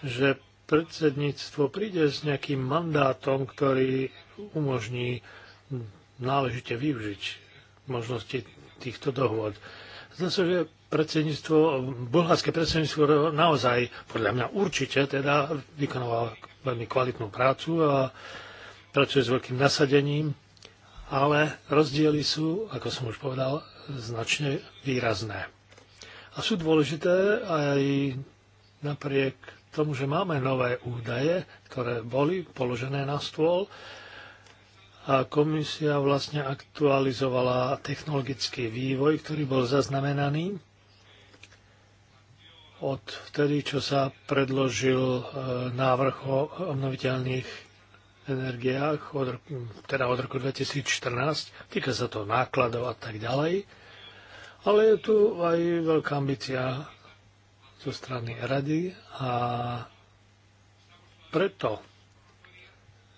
že predsedníctvo príde s nejakým mandátom, ktorý umožní náležite využiť možnosti týchto dohôd. Zdá sa, že predsedníctvo, bulharské predsedníctvo naozaj, podľa mňa určite, teda vykonovalo veľmi kvalitnú prácu a pracuje s veľkým nasadením, ale rozdiely sú, ako som už povedal, značne výrazné. A sú dôležité aj napriek tomu, že máme nové údaje, ktoré boli položené na stôl a komisia vlastne aktualizovala technologický vývoj, ktorý bol zaznamenaný od vtedy, čo sa predložil e, návrh o obnoviteľných energiách, od roku, teda od roku 2014. Týka sa to nákladov a tak ďalej. Ale je tu aj veľká ambícia zo strany rady a preto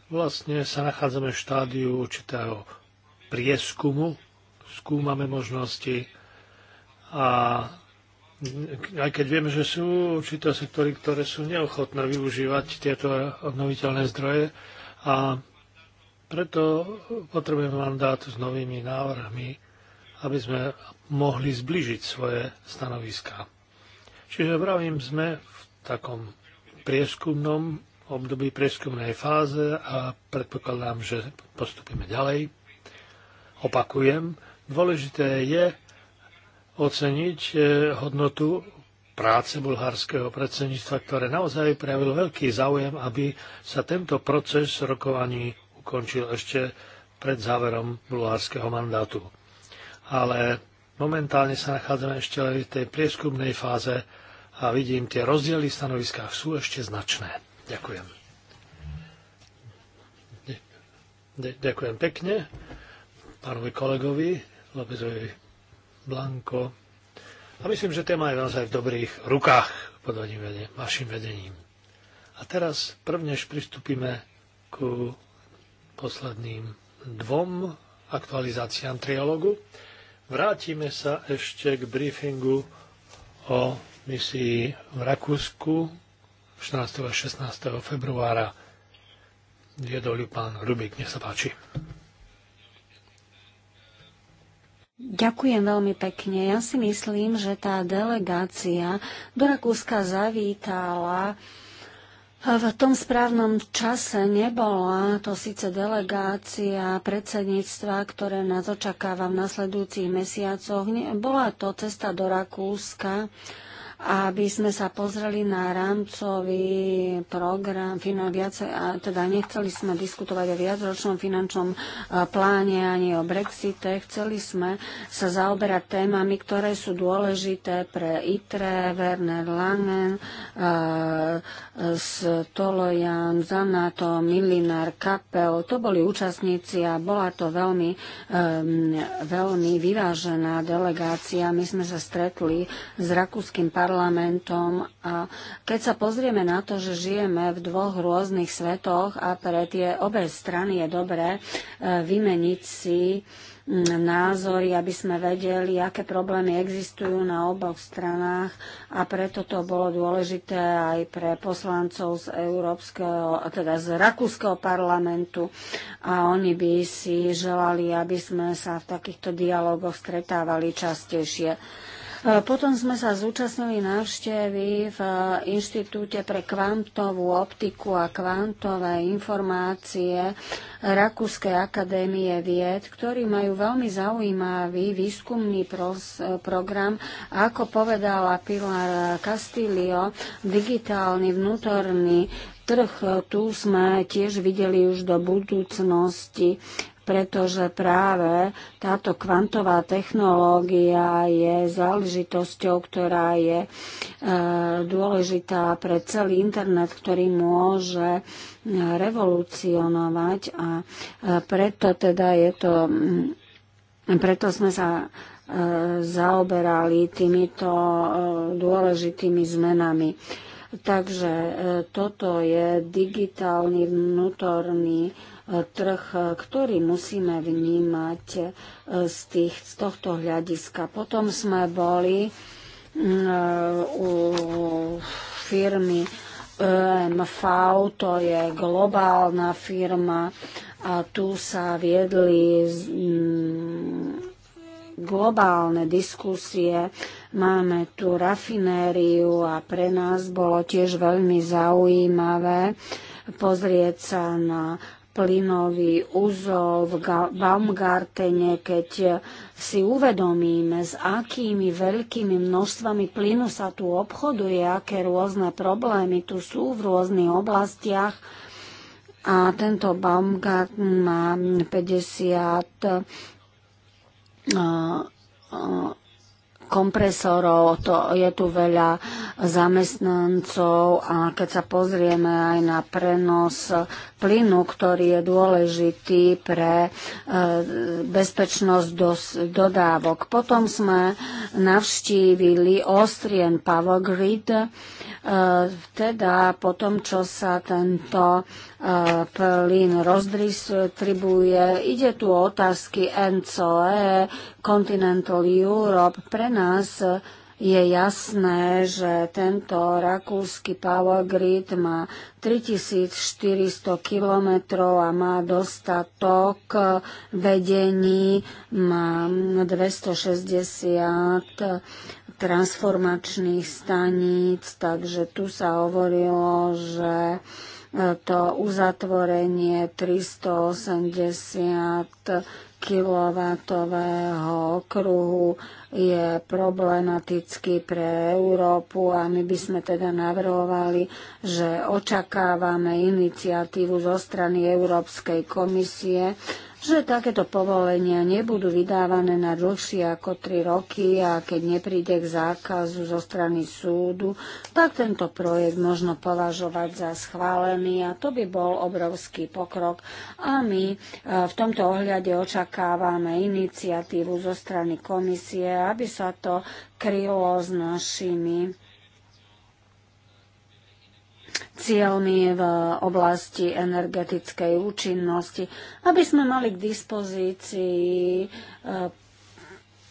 vlastne sa nachádzame v štádiu určitého prieskumu, skúmame možnosti a aj keď vieme, že sú určité sektory, ktoré sú neochotné využívať tieto obnoviteľné zdroje, a preto potrebujeme mandát s novými návrhmi, aby sme mohli zbližiť svoje stanoviská. Čiže vravím, sme v takom prieskumnom období prieskumnej fáze a predpokladám, že postupíme ďalej. Opakujem, dôležité je oceniť eh, hodnotu práce bulharského predsedníctva, ktoré naozaj prejavil veľký záujem, aby sa tento proces rokovaní ukončil ešte pred záverom bulharského mandátu. Ale momentálne sa nachádzame ešte len v tej prieskumnej fáze a vidím, tie rozdiely v stanoviskách sú ešte značné. Ďakujem. Ďakujem pekne pánovi kolegovi Lopezovi Blanko. A myslím, že téma je naozaj v dobrých rukách pod vašim vedením. A teraz prvnež pristúpime ku posledným dvom aktualizáciám trialogu. Vrátime sa ešte k briefingu o misii v Rakúsku 14. a 16. februára. Viedol ju pán Rubik, nech sa páči. Ďakujem veľmi pekne. Ja si myslím, že tá delegácia do Rakúska zavítala v tom správnom čase nebola to síce delegácia predsedníctva, ktoré nás očakáva v nasledujúcich mesiacoch. Bola to cesta do Rakúska aby sme sa pozreli na rámcový program, viacej, a teda nechceli sme diskutovať o viacročnom finančnom e, pláne ani o Brexite, chceli sme sa zaoberať témami, ktoré sú dôležité pre ITRE, Werner Langen, e, e, Stolojan, Zanato, Milinár, Kapel. To boli účastníci a bola to veľmi, veľmi vyvážená delegácia. My sme sa stretli s rakúskym parlamentom parlamentom. A keď sa pozrieme na to, že žijeme v dvoch rôznych svetoch a pre tie obe strany je dobré e, vymeniť si názory, aby sme vedeli, aké problémy existujú na oboch stranách a preto to bolo dôležité aj pre poslancov z Európskeho, teda z Rakúskeho parlamentu a oni by si želali, aby sme sa v takýchto dialogoch stretávali častejšie. E, potom sme sa zúčastnili návštevy v e, Inštitúte pre kvantovú optiku a kvantové informácie Rakúskej akadémie vied, ktorí majú veľmi zaujímavý výskumný pros, e, program. ako povedala Pilar Castillo, digitálny vnútorný trh, tu sme tiež videli už do budúcnosti pretože práve táto kvantová technológia je záležitosťou, ktorá je e, dôležitá pre celý internet, ktorý môže e, revolucionovať a e, preto teda je to, mm, preto sme sa e, zaoberali týmito dôležitými zmenami. Takže toto je digitálny vnútorný trh, ktorý musíme vnímať e, z, tých, z tohto hľadiska. Potom sme boli mm, e, u firmy EMV, to je globálna firma a tu sa viedli mm, globálne diskusie. Máme tu rafinériu a pre nás bolo tiež veľmi zaujímavé pozrieť sa na plynový úzol v Baumgartene, keď si uvedomíme, s akými veľkými množstvami plynu sa tu obchoduje, aké rôzne problémy tu sú v rôznych oblastiach. A tento Baumgarten má 50 uh, uh, kompresorov, to je tu veľa zamestnancov a keď sa pozrieme aj na prenos plynu, ktorý je dôležitý pre e, bezpečnosť dodávok. Potom sme navštívili Austrian Power Grid, e, teda po tom, čo sa tento plyn rozdistribuje. Ide tu o otázky NCOE, Continental Europe. Pre nás je jasné, že tento rakúsky power grid má 3400 kilometrov a má dostatok vedení, má 260 transformačných staníc, takže tu sa hovorilo, že to uzatvorenie 380 kilovatového okruhu je problematický pre Európu a my by sme teda navrhovali, že očakávame iniciatívu zo strany Európskej komisie že takéto povolenia nebudú vydávané na dlhšie ako 3 roky a keď nepríde k zákazu zo strany súdu, tak tento projekt možno považovať za schválený a to by bol obrovský pokrok. A my e, v tomto ohľade očakávame iniciatívu zo strany komisie, aby sa to krylo s našimi cieľmi v oblasti energetickej účinnosti, aby sme mali k dispozícii eh,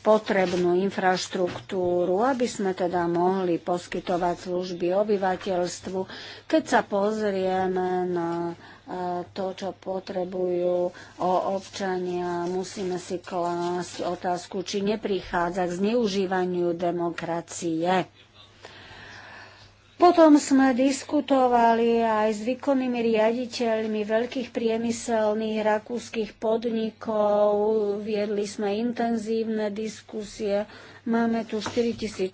potrebnú infraštruktúru, aby sme teda mohli poskytovať služby obyvateľstvu. Keď sa pozrieme na eh, to, čo potrebujú o občania, musíme si klásť otázku, či neprichádza k zneužívaniu demokracie. Potom sme diskutovali aj s výkonnými riaditeľmi veľkých priemyselných rakúskych podnikov, viedli sme intenzívne diskusie Máme tu 4400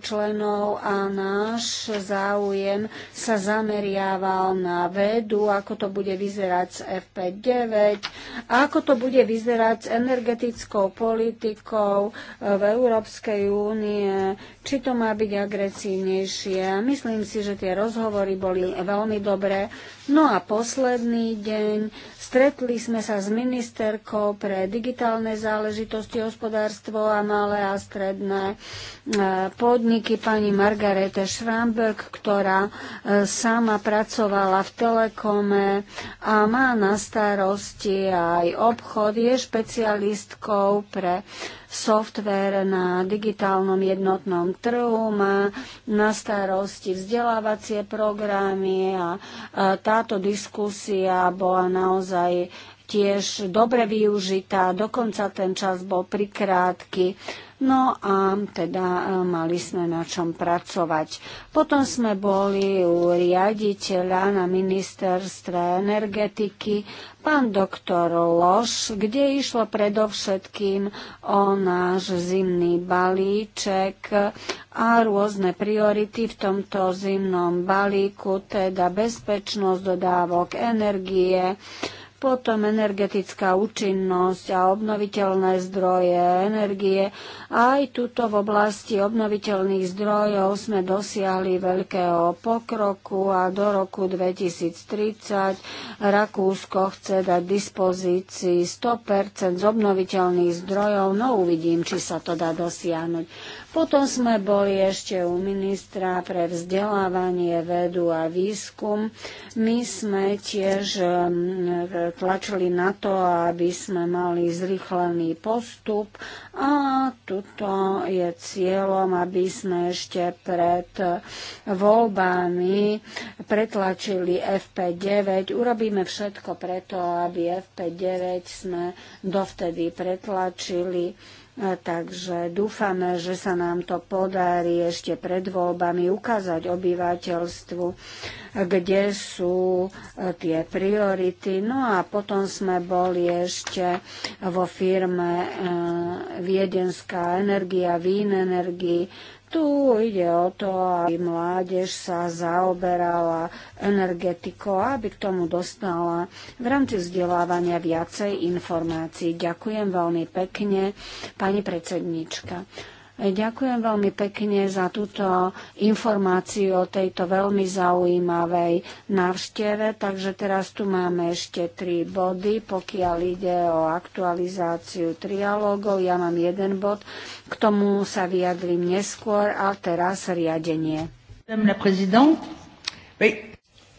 členov a náš záujem sa zameriaval na vedu, ako to bude vyzerať s FP9, ako to bude vyzerať s energetickou politikou eh, v Európskej únie, či to má byť agresívnejšie. Myslím si, že tie rozhovory boli veľmi dobré. No a posledný deň Stretli sme sa s ministerkou pre digitálne záležitosti, hospodárstvo a malé a stredné e, podniky pani Margarete Schramberg, ktorá e, sama pracovala v Telekome a má na starosti aj obchod, je špecialistkou pre software na digitálnom jednotnom trhu, má na starosti vzdelávacie programy a táto diskusia bola naozaj tiež dobre využitá, dokonca ten čas bol prikrátky. No a teda e, mali sme na čom pracovať. Potom sme boli u riaditeľa na ministerstve energetiky, pán doktor Loš, kde išlo predovšetkým o náš zimný balíček a rôzne priority v tomto zimnom balíku, teda bezpečnosť dodávok energie, potom energetická účinnosť a obnoviteľné zdroje energie. Aj tuto v oblasti obnoviteľných zdrojov sme dosiahli veľkého pokroku a do roku 2030 Rakúsko chce dať dispozícii 100% z obnoviteľných zdrojov, no uvidím, či sa to dá dosiahnuť. Potom sme boli ešte u ministra pre vzdelávanie, vedu a výskum. My sme tiež mm, tlačili na to, aby sme mali zrychlený postup a tuto je cieľom, aby sme ešte pred voľbami pretlačili FP9. Urobíme všetko preto, aby FP9 sme dovtedy pretlačili E, takže dúfame, že sa nám to podarí ešte pred voľbami ukázať obyvateľstvu, kde sú e, tie priority. No a potom sme boli ešte vo firme e, Viedenská energia, Vín energii, tu ide o to, aby mládež sa zaoberala energetikou, aby k tomu dostala v rámci vzdelávania viacej informácií. Ďakujem veľmi pekne, pani predsednička. Ďakujem veľmi pekne za túto informáciu o tejto veľmi zaujímavej návšteve. Takže teraz tu máme ešte tri body, pokiaľ ide o aktualizáciu trialógov. Ja mám jeden bod, k tomu sa vyjadrím neskôr a teraz riadenie.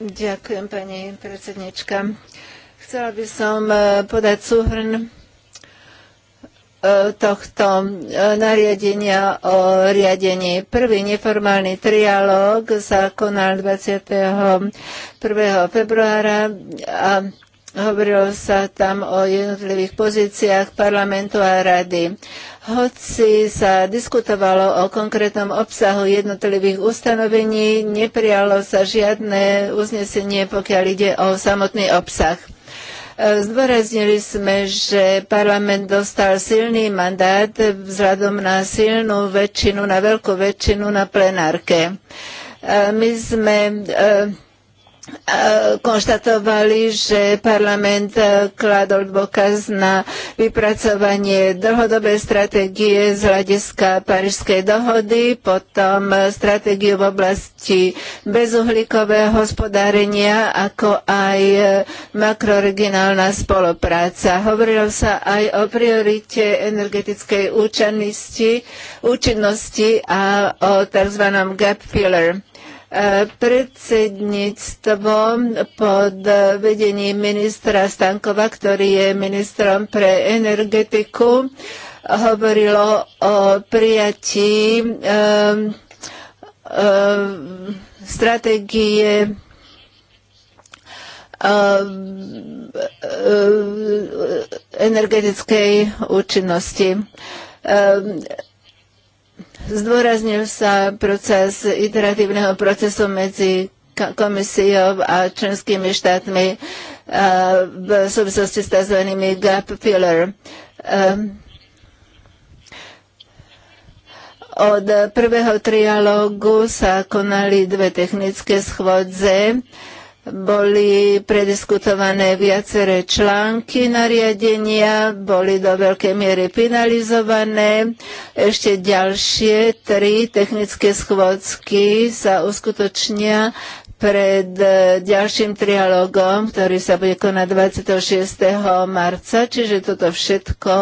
Ďakujem, pani predsednička. Chcela by som eh, podať súhrn tohto e, nariadenia o riadení. Prvý neformálny trialóg sa konal 21. februára a Hovorilo sa tam o jednotlivých pozíciách parlamentu a rady. Hoci sa diskutovalo o konkrétnom obsahu jednotlivých ustanovení, neprijalo sa žiadne uznesenie, pokiaľ ide o samotný obsah. Zdôraznili sme, že parlament dostal silný mandát vzhľadom na silnú väčšinu, na veľkú väčšinu na plenárke. My sme e, konštatovali, že parlament e, kladol dôkaz na vypracovanie dlhodobej stratégie z hľadiska Parížskej dohody, potom stratégiu v oblasti bezuhlíkového hospodárenia, ako aj e, makroregionálna spolupráca. Hovorilo sa aj o priorite energetickej účinnosti, účinnosti a o tzv. gap filler predsedníctvo pod vedením ministra Stankova, ktorý je ministrom pre energetiku, hovorilo o prijatí stratégie energetickej účinnosti. Zdôraznil sa proces iteratívneho procesu medzi komisiou a členskými štátmi v súvislosti s tzv. gap filler. Ehm, od prvého trialógu sa konali dve technické schôdze boli prediskutované viaceré články nariadenia, boli do veľkej miery finalizované. Ešte ďalšie tri technické schôdzky sa uskutočnia pred e, ďalším trialogom, ktorý sa bude konať 26. marca, čiže toto všetko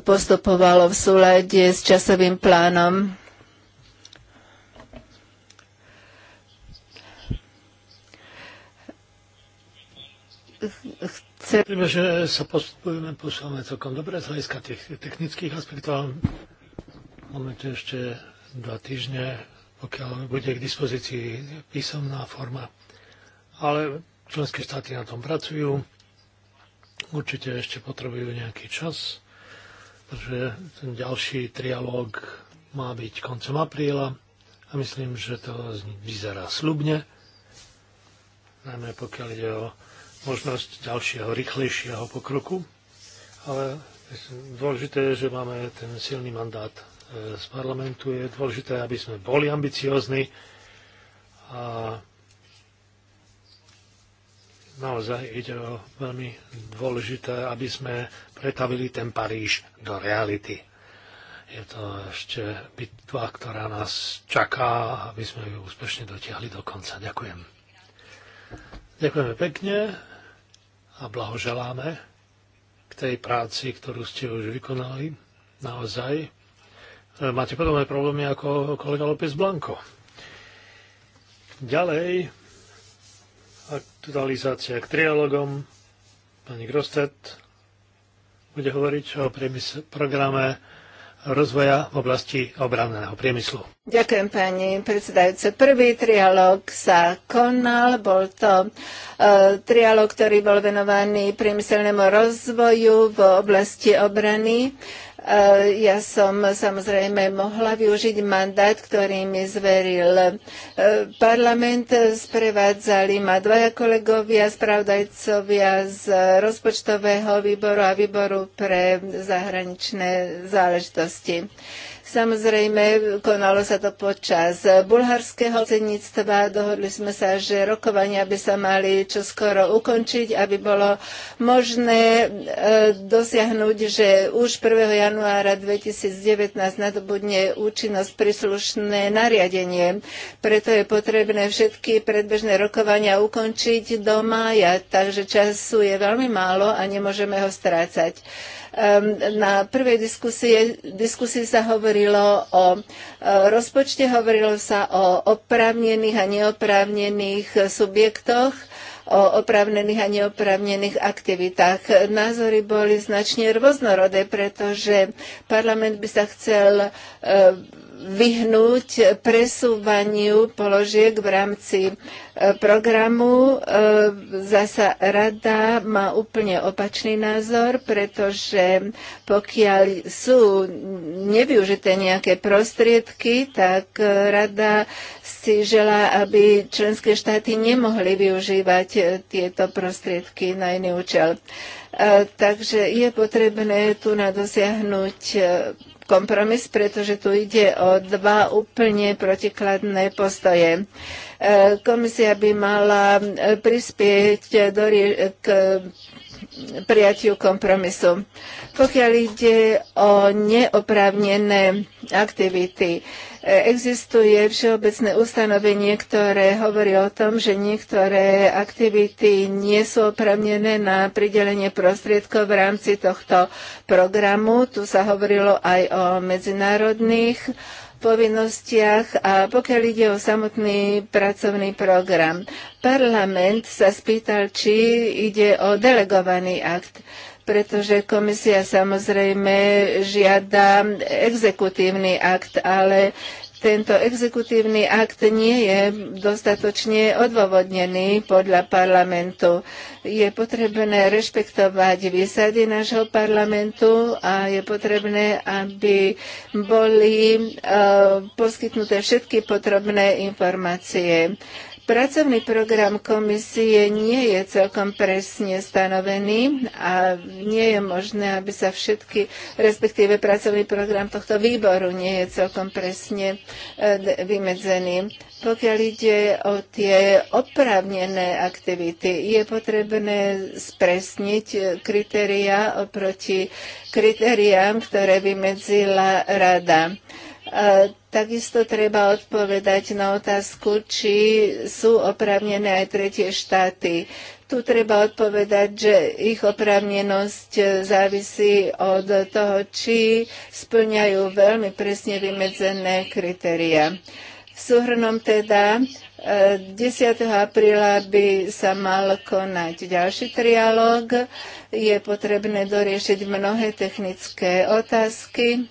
postupovalo v súlade s časovým plánom. chcem... Príme, že sa postupujeme, posúvame celkom dobre z hľadiska tých technických aspektov. Máme tu ešte dva týždne, pokiaľ bude k dispozícii písomná forma. Ale členské štáty na tom pracujú. Určite ešte potrebujú nejaký čas, pretože ten ďalší trialóg má byť koncom apríla a myslím, že to vyzerá slubne najmä pokiaľ ide o možnosť ďalšieho, rýchlejšieho pokroku, ale dôležité je, že máme ten silný mandát e, z parlamentu. Je dôležité, aby sme boli ambiciozni a naozaj ide o veľmi dôležité, aby sme pretavili ten Paríž do reality. Je to ešte bitva, ktorá nás čaká, aby sme ju úspešne dotiahli do konca. Ďakujem. Ďakujeme pekne a blahoželáme k tej práci, ktorú ste už vykonali. Naozaj e, máte podobné problémy ako kolega López Blanko. Ďalej, aktualizácia k trialogom. Pani Grostet bude hovoriť o programe rozvoja v oblasti obranného priemyslu. Ďakujem pani predsedajúce. Prvý trialog sa konal, bol to e, trialog, ktorý bol venovaný priemyselnému rozvoju v oblasti obrany. Eh, ja som samozrejme mohla využiť mandát, ktorý mi zveril eh, parlament. Eh, sprevádzali ma dvaja kolegovia, spravdajcovia z rozpočtového výboru a výboru pre zahraničné záležitosti. Samozrejme, konalo sa to počas bulharského cenníctva. Dohodli sme sa, že rokovania by sa mali čoskoro ukončiť, aby bolo možné e, dosiahnuť, že už 1. januára 2019 nadobudne účinnosť príslušné nariadenie. Preto je potrebné všetky predbežné rokovania ukončiť do mája, takže času je veľmi málo a nemôžeme ho strácať. Na prvej diskusie, diskusii sa hovorilo o e, rozpočte, hovorilo sa o oprávnených a neoprávnených subjektoch o oprávnených a neoprávnených aktivitách. Názory boli značne rôznorodé, pretože parlament by sa chcel e, vyhnúť presúvaniu položiek v rámci e, programu. E, zasa rada má úplne opačný názor, pretože pokiaľ sú nevyužité nejaké prostriedky, tak e, rada si želá, aby členské štáty nemohli využívať tieto prostriedky na iný účel. Takže je potrebné tu nadosiahnuť kompromis, pretože tu ide o dva úplne protikladné postoje. E, komisia by mala e, prispieť do, k prijatiu kompromisu. Pokiaľ ide o neoprávnené aktivity, Existuje všeobecné ustanovenie, ktoré hovorí o tom, že niektoré aktivity nie sú opravnené na pridelenie prostriedkov v rámci tohto programu. Tu sa hovorilo aj o medzinárodných povinnostiach a pokiaľ ide o samotný pracovný program. Parlament sa spýtal, či ide o delegovaný akt pretože komisia samozrejme žiada exekutívny akt, ale tento exekutívny akt nie je dostatočne odôvodnený podľa parlamentu. Je potrebné rešpektovať výsady nášho parlamentu a je potrebné, aby boli uh, poskytnuté všetky potrebné informácie. Uh, Pracovný program komisie nie je celkom presne stanovený a nie je možné, aby sa všetky, respektíve pracovný program tohto výboru nie je celkom presne e, vymedzený. Pokiaľ ide o tie oprávnené aktivity, je potrebné spresniť e, kritéria oproti kritériám, ktoré vymedzila rada. Takisto treba odpovedať na otázku, či sú oprávnené aj tretie štáty. Tu treba odpovedať, že ich oprávnenosť závisí od toho, či splňajú veľmi presne vymedzené kritéria. V súhrnom teda 10. E, apríla by sa mal konať ďalší trialóg. Je potrebné doriešiť mnohé technické otázky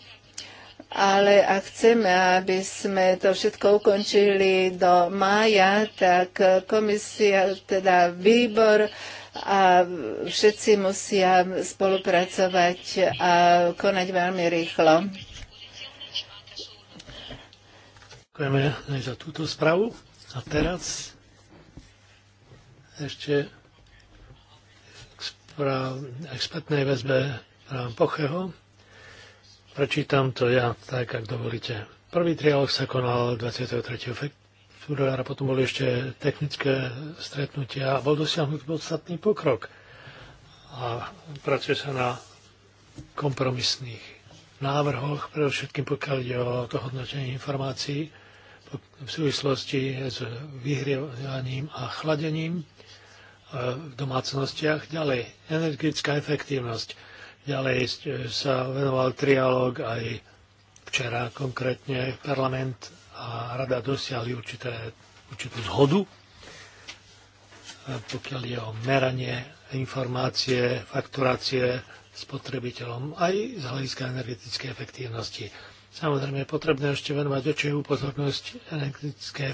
ale ak chceme, aby sme to všetko ukončili do mája, tak komisia, teda výbor a všetci musia spolupracovať a konať veľmi rýchlo. Ďakujeme aj za túto správu. A teraz ešte k expertnej väzbe Pocheho Prečítam to ja, tak ak dovolíte. Prvý trialog sa konal 23. februára, potom boli ešte technické stretnutia a bol dosiahnut podstatný pokrok. A pracuje sa na kompromisných návrhoch, pre všetkým pokiaľ ide o to hodnotenie informácií v súvislosti s vyhrievaním a chladením e, v domácnostiach. Ďalej, energetická efektívnosť Ďalej sa venoval trialóg aj včera konkrétne parlament a rada dosiahli určité, určitú zhodu, pokiaľ je o meranie informácie, fakturácie spotrebiteľom aj z hľadiska energetickej efektívnosti. Samozrejme je potrebné ešte venovať väčšiu pozornosť energetickej,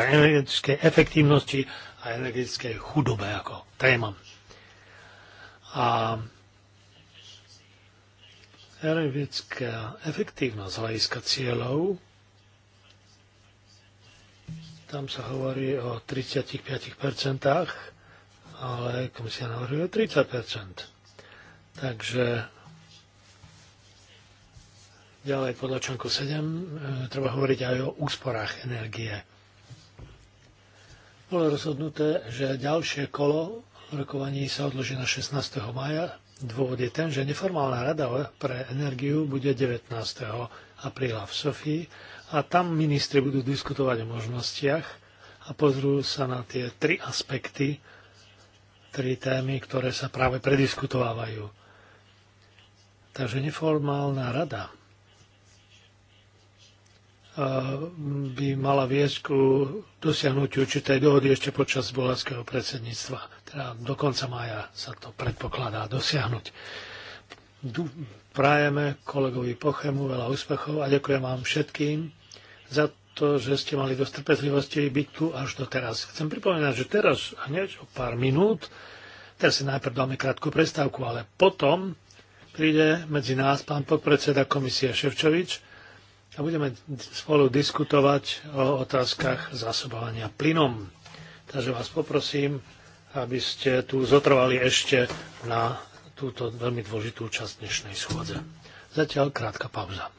energetickej efektívnosti a energetickej chudobe ako témam. A energetická efektívnosť hľadiska cieľov, tam sa hovorí o 35%, ale komisia navrhuje 30%. Takže ďalej podľa článku 7 e, treba hovoriť aj o úsporách energie. Bolo rozhodnuté, že ďalšie kolo rokovaní sa odloží na 16. maja. Dôvod je ten, že neformálna rada pre energiu bude 19. apríla v Sofii a tam ministri budú diskutovať o možnostiach a pozrú sa na tie tri aspekty, tri témy, ktoré sa práve prediskutovávajú. Takže neformálna rada by mala viesť ku dosiahnutiu určitej dohody ešte počas bulharského predsedníctva. Teda do konca mája sa to predpokladá dosiahnuť. Prajeme kolegovi Pochemu veľa úspechov a ďakujem vám všetkým za to, že ste mali dosť trpezlivosti byť tu až do teraz. Chcem pripomínať, že teraz hneď o pár minút, teraz si najprv dáme krátku prestávku, ale potom príde medzi nás pán podpredseda komisie Ševčovič, a budeme spolu diskutovať o otázkach zásobovania plynom. Takže vás poprosím, aby ste tu zotrvali ešte na túto veľmi dôležitú časť dnešnej schôdze. Zatiaľ krátka pauza.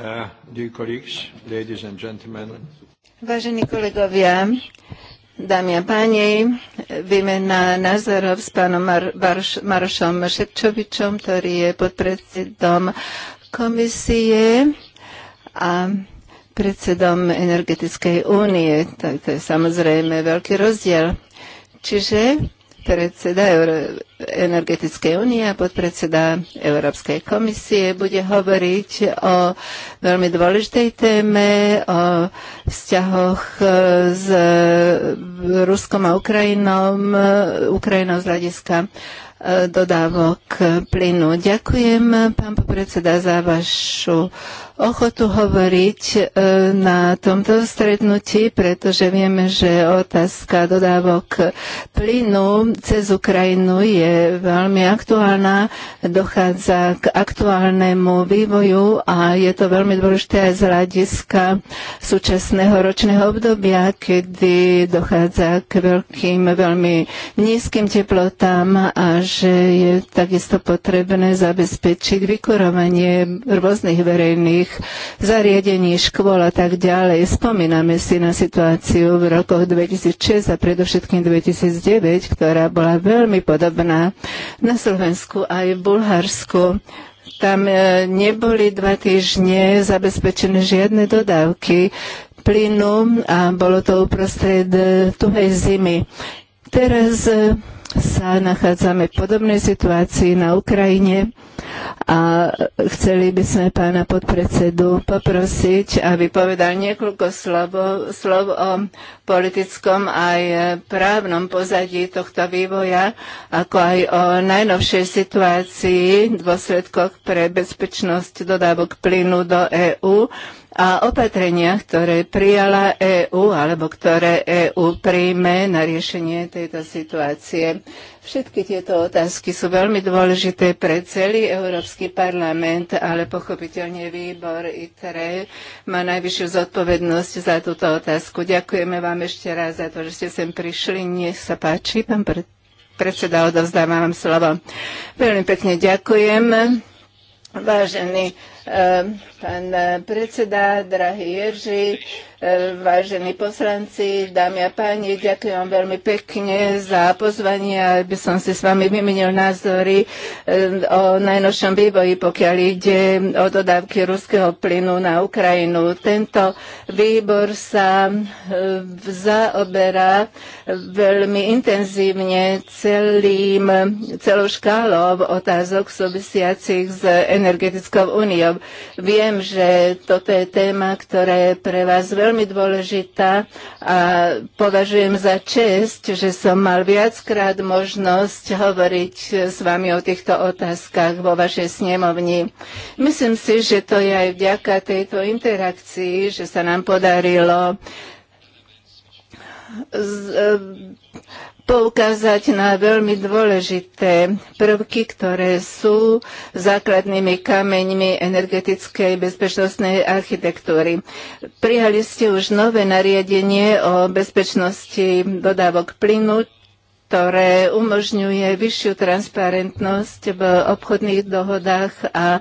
Uh, Vážení kolegovia, dámy a páni, výmena názorov s pánom Mar- Marošom Šepčovičom, ktorý je podpredsedom komisie a predsedom Energetickej únie. Tak to je samozrejme veľký rozdiel. Čiže predseda Euró- Energetickej únie a podpredseda Európskej komisie bude hovoriť o veľmi dôležitej téme, o vzťahoch e, s Ruskom a Ukrajinom, e, Ukrajinou z hľadiska e, dodávok plynu. Ďakujem, pán popredseda, za vašu ochotu hovoriť e, na tomto stretnutí, pretože vieme, že otázka dodávok plynu cez Ukrajinu je veľmi aktuálna, dochádza k aktuálnemu vývoju a je to veľmi dôležité aj z hľadiska súčasného ročného obdobia, kedy dochádza k veľkým, veľmi nízkym teplotám a že je takisto potrebné zabezpečiť vykurovanie rôznych verejných školských zariadení, škôl a tak ďalej. Spomíname si na situáciu v rokoch 2006 a predovšetkým 2009, ktorá bola veľmi podobná na Slovensku aj v Bulharsku. Tam e, neboli dva týždne zabezpečené žiadne dodávky plynu a bolo to uprostred e, tuhej zimy. Teraz e, sa nachádzame v podobnej situácii na Ukrajine a chceli by sme pána podpredsedu poprosiť, aby povedal niekoľko slov, slov o politickom aj právnom pozadí tohto vývoja, ako aj o najnovšej situácii, dôsledkoch pre bezpečnosť dodávok plynu do EÚ a opatrenia, ktoré prijala EÚ alebo ktoré EÚ príjme na riešenie tejto situácie. Všetky tieto otázky sú veľmi dôležité pre celý Európsky parlament, ale pochopiteľne výbor ITRE má najvyššiu zodpovednosť za túto otázku. Ďakujeme vám ešte raz za to, že ste sem prišli. Nech sa páči, pán predseda, odovzdávam vám slovo. Veľmi pekne ďakujem. Vážený Ehm, pán predseda, drahý Jerži, ehm, vážení poslanci, dámy a páni, ďakujem vám veľmi pekne za pozvanie, aby som si s vami vymenil názory ehm, o najnovšom vývoji, pokiaľ ide o dodávky ruského plynu na Ukrajinu. Tento výbor sa zaoberá veľmi intenzívne celým, celou škálou otázok súvisiacich s energetickou úniou. Viem, že toto je téma, ktorá je pre vás veľmi dôležitá a považujem za čest, že som mal viackrát možnosť hovoriť s vami o týchto otázkach vo vašej snemovni. Myslím si, že to je aj vďaka tejto interakcii, že sa nám podarilo z, poukázať na veľmi dôležité prvky, ktoré sú základnými kameňmi energetickej bezpečnostnej architektúry. Prijali ste už nové nariadenie o bezpečnosti dodávok plynu, ktoré umožňuje vyššiu transparentnosť v obchodných dohodách a e,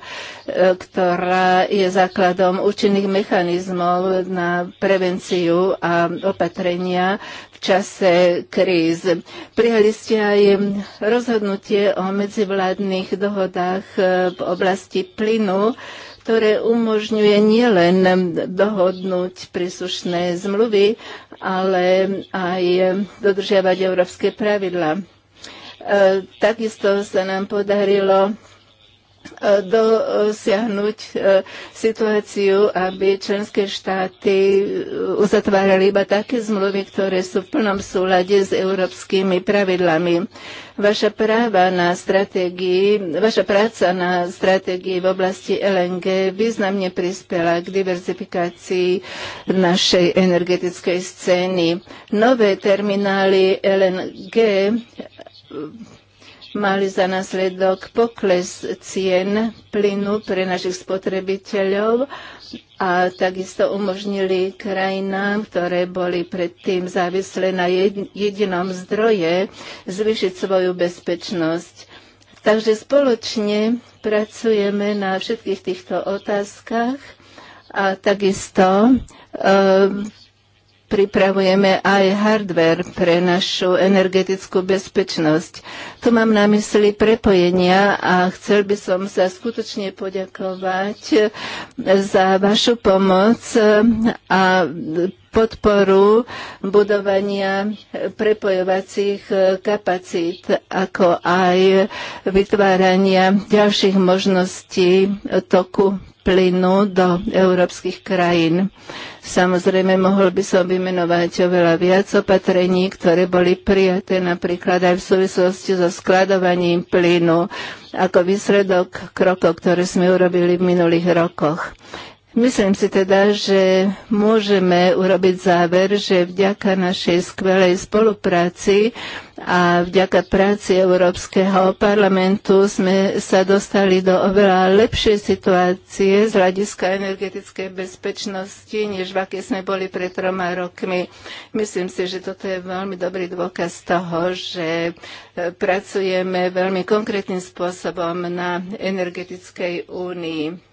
ktorá je základom účinných mechanizmov na prevenciu a opatrenia v čase kríz. Prijali ste aj rozhodnutie o medzivládnych dohodách e, v oblasti plynu, ktoré umožňuje nielen dohodnúť príslušné zmluvy, ale aj dodržiavať európske pravidla. E, takisto sa nám podarilo Eh, dosiahnuť eh, situáciu, aby členské štáty eh, uzatvárali iba také zmluvy, ktoré sú v plnom súlade s európskymi pravidlami. Vaša, práva na stratégii, vaša práca na stratégii v oblasti LNG významne prispela k diverzifikácii našej energetickej scény. Nové terminály LNG mali za následok pokles cien plynu pre našich spotrebiteľov a takisto umožnili krajinám, ktoré boli predtým závislé na jedinom zdroje, zvyšiť svoju bezpečnosť. Takže spoločne pracujeme na všetkých týchto otázkach a takisto e, pripravujeme aj hardware pre našu energetickú bezpečnosť. Tu mám na mysli prepojenia a chcel by som sa skutočne poďakovať za vašu pomoc a podporu budovania prepojovacích e, kapacít, ako aj vytvárania ďalších možností toku plynu do európskych krajín. Samozrejme, mohol by som vymenovať oveľa viac opatrení, ktoré boli prijaté napríklad aj v súvislosti so skladovaním plynu ako výsledok krokov, ktoré sme urobili v minulých rokoch. Myslím si teda, že môžeme urobiť záver, že vďaka našej skvelej spolupráci a vďaka práci Európskeho parlamentu sme sa dostali do oveľa lepšej situácie z hľadiska energetickej bezpečnosti, než v aké sme boli pred troma rokmi. Myslím si, že toto je veľmi dobrý dôkaz toho, že e, pracujeme veľmi konkrétnym spôsobom na energetickej únii.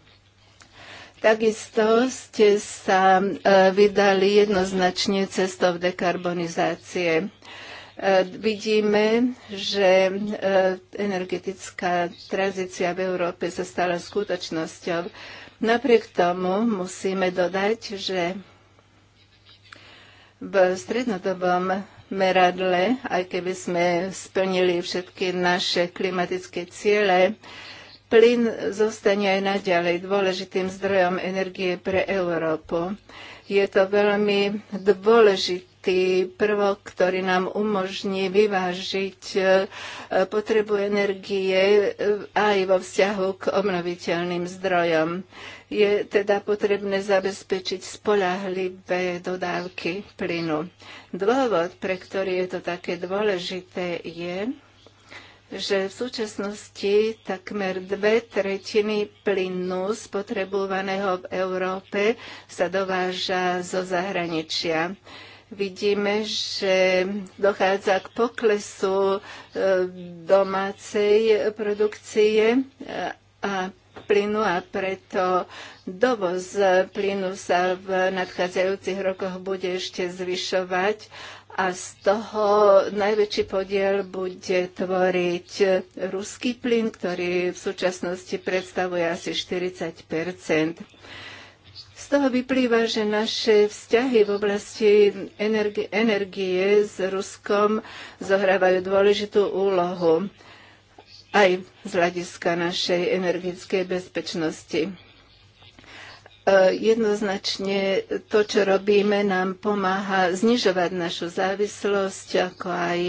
Takisto ste sa e, vydali jednoznačne cestou dekarbonizácie e, vidíme, že e, energetická tranzícia v Európe sa stala skutočnosťou. Napriek tomu musíme dodať, že v strednodobom meradle, aj keby sme splnili všetky naše klimatické ciele, Plyn zostane aj naďalej dôležitým zdrojom energie pre Európu. Je to veľmi dôležitý prvok, ktorý nám umožní vyvážiť e, potrebu energie e, aj vo vzťahu k obnoviteľným zdrojom. Je teda potrebné zabezpečiť spolahlivé dodávky plynu. Dôvod, pre ktorý je to také dôležité, je, že v súčasnosti takmer dve tretiny plynu spotrebovaného v Európe sa dováža zo zahraničia vidíme, že dochádza k poklesu e, domácej produkcie e, a plynu a preto dovoz plynu sa v nadchádzajúcich rokoch bude ešte zvyšovať a z toho najväčší podiel bude tvoriť ruský plyn, ktorý v súčasnosti predstavuje asi 40 Z toho vyplýva, že naše vzťahy v oblasti energie, energie s Ruskom zohrávajú dôležitú úlohu aj z hľadiska našej energetickej bezpečnosti. E, jednoznačne to, čo robíme, nám pomáha znižovať našu závislosť, ako aj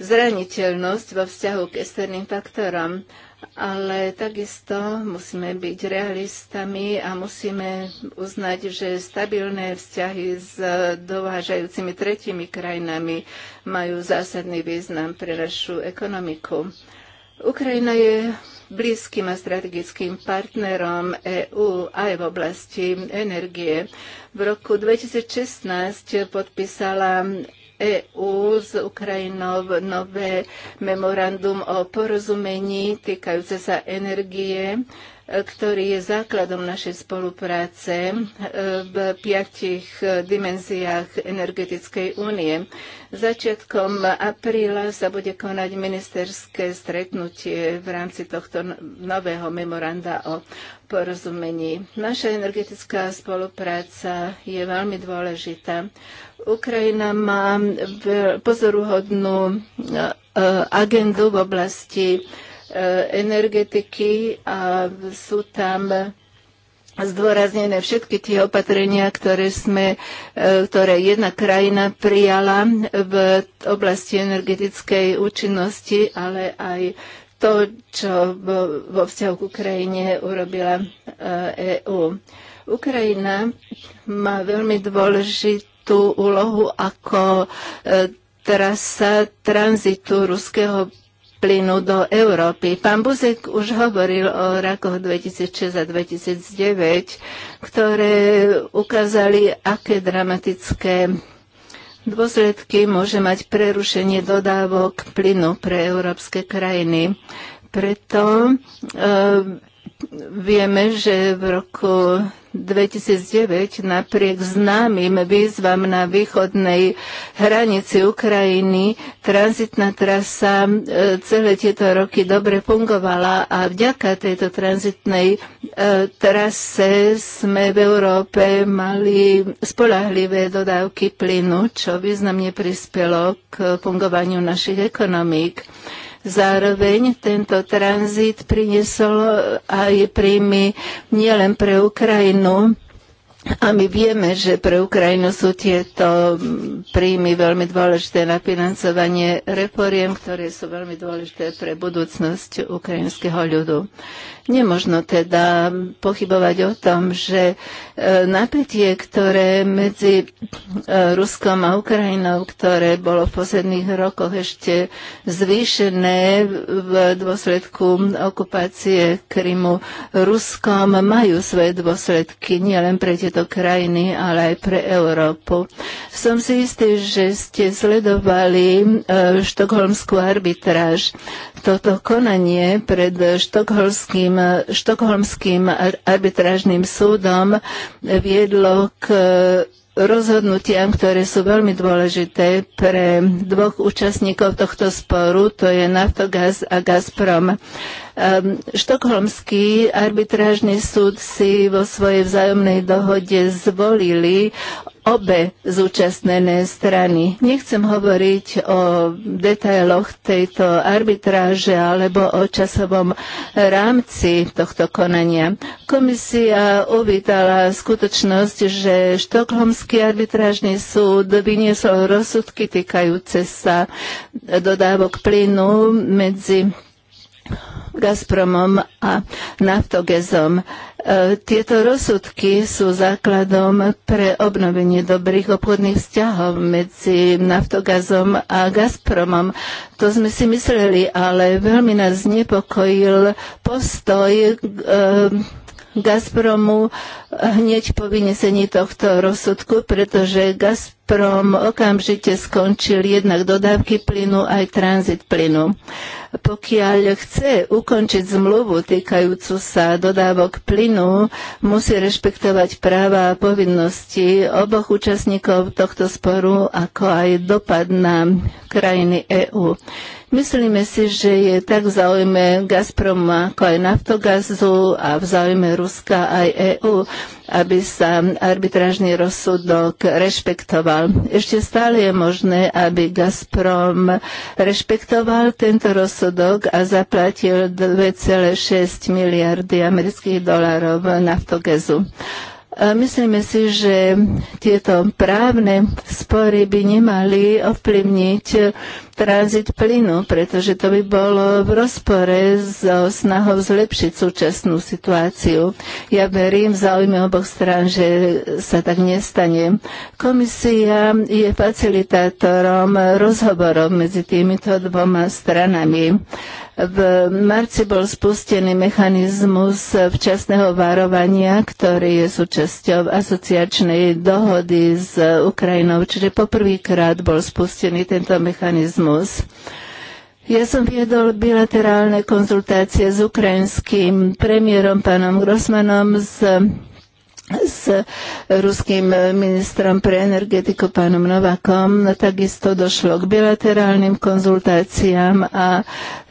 zraniteľnosť vo vzťahu k externým faktorom. Ale takisto musíme byť realistami a musíme uznať, že stabilné vzťahy s dovážajúcimi tretimi krajinami majú zásadný význam pre našu ekonomiku. Ukrajina je blízkym a strategickým partnerom EÚ aj v oblasti energie. V roku 2016 podpísala EÚ s Ukrajinou nové memorandum o porozumení týkajúce sa energie ktorý je základom našej spolupráce e, v piatich dimenziách energetickej únie. Začiatkom apríla sa bude konať ministerské stretnutie v rámci tohto nového memoranda o porozumení. Naša energetická spolupráca je veľmi dôležitá. Ukrajina má pozoruhodnú e, e, agendu v oblasti Eh, energetiky a sú tam zdôraznené všetky tie opatrenia, ktoré, sme, eh, ktoré jedna krajina prijala v oblasti energetickej účinnosti, ale aj to, čo vo, vzťahu k Ukrajine urobila EÚ. Eh, e Ukrajina má veľmi dôležitú úlohu ako trasa tranzitu ruského plynu do Európy. Pán Buzek už hovoril o rakoch 2006 a 2009, ktoré ukázali, aké dramatické dôsledky môže mať prerušenie dodávok plynu pre európske krajiny. Preto e, vieme, že v roku 2009 napriek známym výzvam na východnej hranici Ukrajiny tranzitná trasa e, celé tieto roky dobre fungovala a vďaka tejto tranzitnej e, trase sme v Európe mali spolahlivé dodávky plynu, čo významne prispelo k fungovaniu našich ekonomík. Zároveň tento tranzit priniesol aj príjmy nielen pre Ukrajinu, a my vieme, že pre Ukrajinu sú tieto príjmy veľmi dôležité na financovanie reforiem, ktoré sú veľmi dôležité pre budúcnosť ukrajinského ľudu. Nemožno teda pochybovať o tom, že e, napätie, ktoré medzi e, Ruskom a Ukrajinou, ktoré bolo v posledných rokoch ešte zvýšené v dôsledku okupácie Krymu Ruskom, majú svoje dôsledky nielen pre tieto krajiny, ale aj pre Európu. Som si istý, že ste sledovali e, štokholmskú arbitráž. Toto konanie pred štokholmským, štokholmským arbitrážnym súdom viedlo k rozhodnutiam, ktoré sú veľmi dôležité pre dvoch účastníkov tohto sporu, to je Naftogaz a Gazprom. Um, Štokholmský arbitrážny súd si vo svojej vzájomnej dohode zvolili obe zúčastnené strany. Nechcem hovoriť o detailoch tejto arbitráže alebo o časovom rámci tohto konania. Komisia uvítala skutočnosť, že Štokholmský arbitrážny súd vyniesol rozsudky týkajúce sa dodávok plynu medzi Gazpromom a Naftogezom. E, tieto rozsudky sú základom pre obnovenie dobrých obchodných vzťahov medzi Naftogazom a Gazpromom. To sme si mysleli, ale veľmi nás znepokojil postoj e, Gazpromu hneď po vynesení tohto rozsudku, pretože Gazprom okamžite skončil jednak dodávky plynu aj tranzit plynu. Pokiaľ chce ukončiť zmluvu týkajúcu sa dodávok plynu, musí rešpektovať práva a povinnosti oboch účastníkov tohto sporu, ako aj dopad na krajiny EÚ. Myslíme si, že je tak v záujme Gazprom ako aj Naftogazu a v záujme Ruska aj EÚ, aby sa arbitrážny rozsudok rešpektoval. Ešte stále je možné, aby Gazprom rešpektoval tento rozsudok rozsudok a zaplatil 2,6 miliardy amerických dolárov naftogezu. Myslíme si, že tieto právne spory by nemali ovplyvniť tranzit plynu, pretože to by bolo v rozpore so snahou zlepšiť súčasnú situáciu. Ja verím v záujme oboch strán, že sa tak nestane. Komisia je facilitátorom rozhovorov medzi týmito dvoma stranami. V marci bol spustený mechanizmus včasného varovania, ktorý je súčasťou asociačnej dohody s Ukrajinou, čiže poprvýkrát bol spustený tento mechanizmus terorizmus. Ja som viedol bilaterálne konzultácie s ukrajinským premiérom pánom Grossmanom, s, s ruským ministrom pre energetiku pánom Novakom. No takisto došlo k bilaterálnym konzultáciám a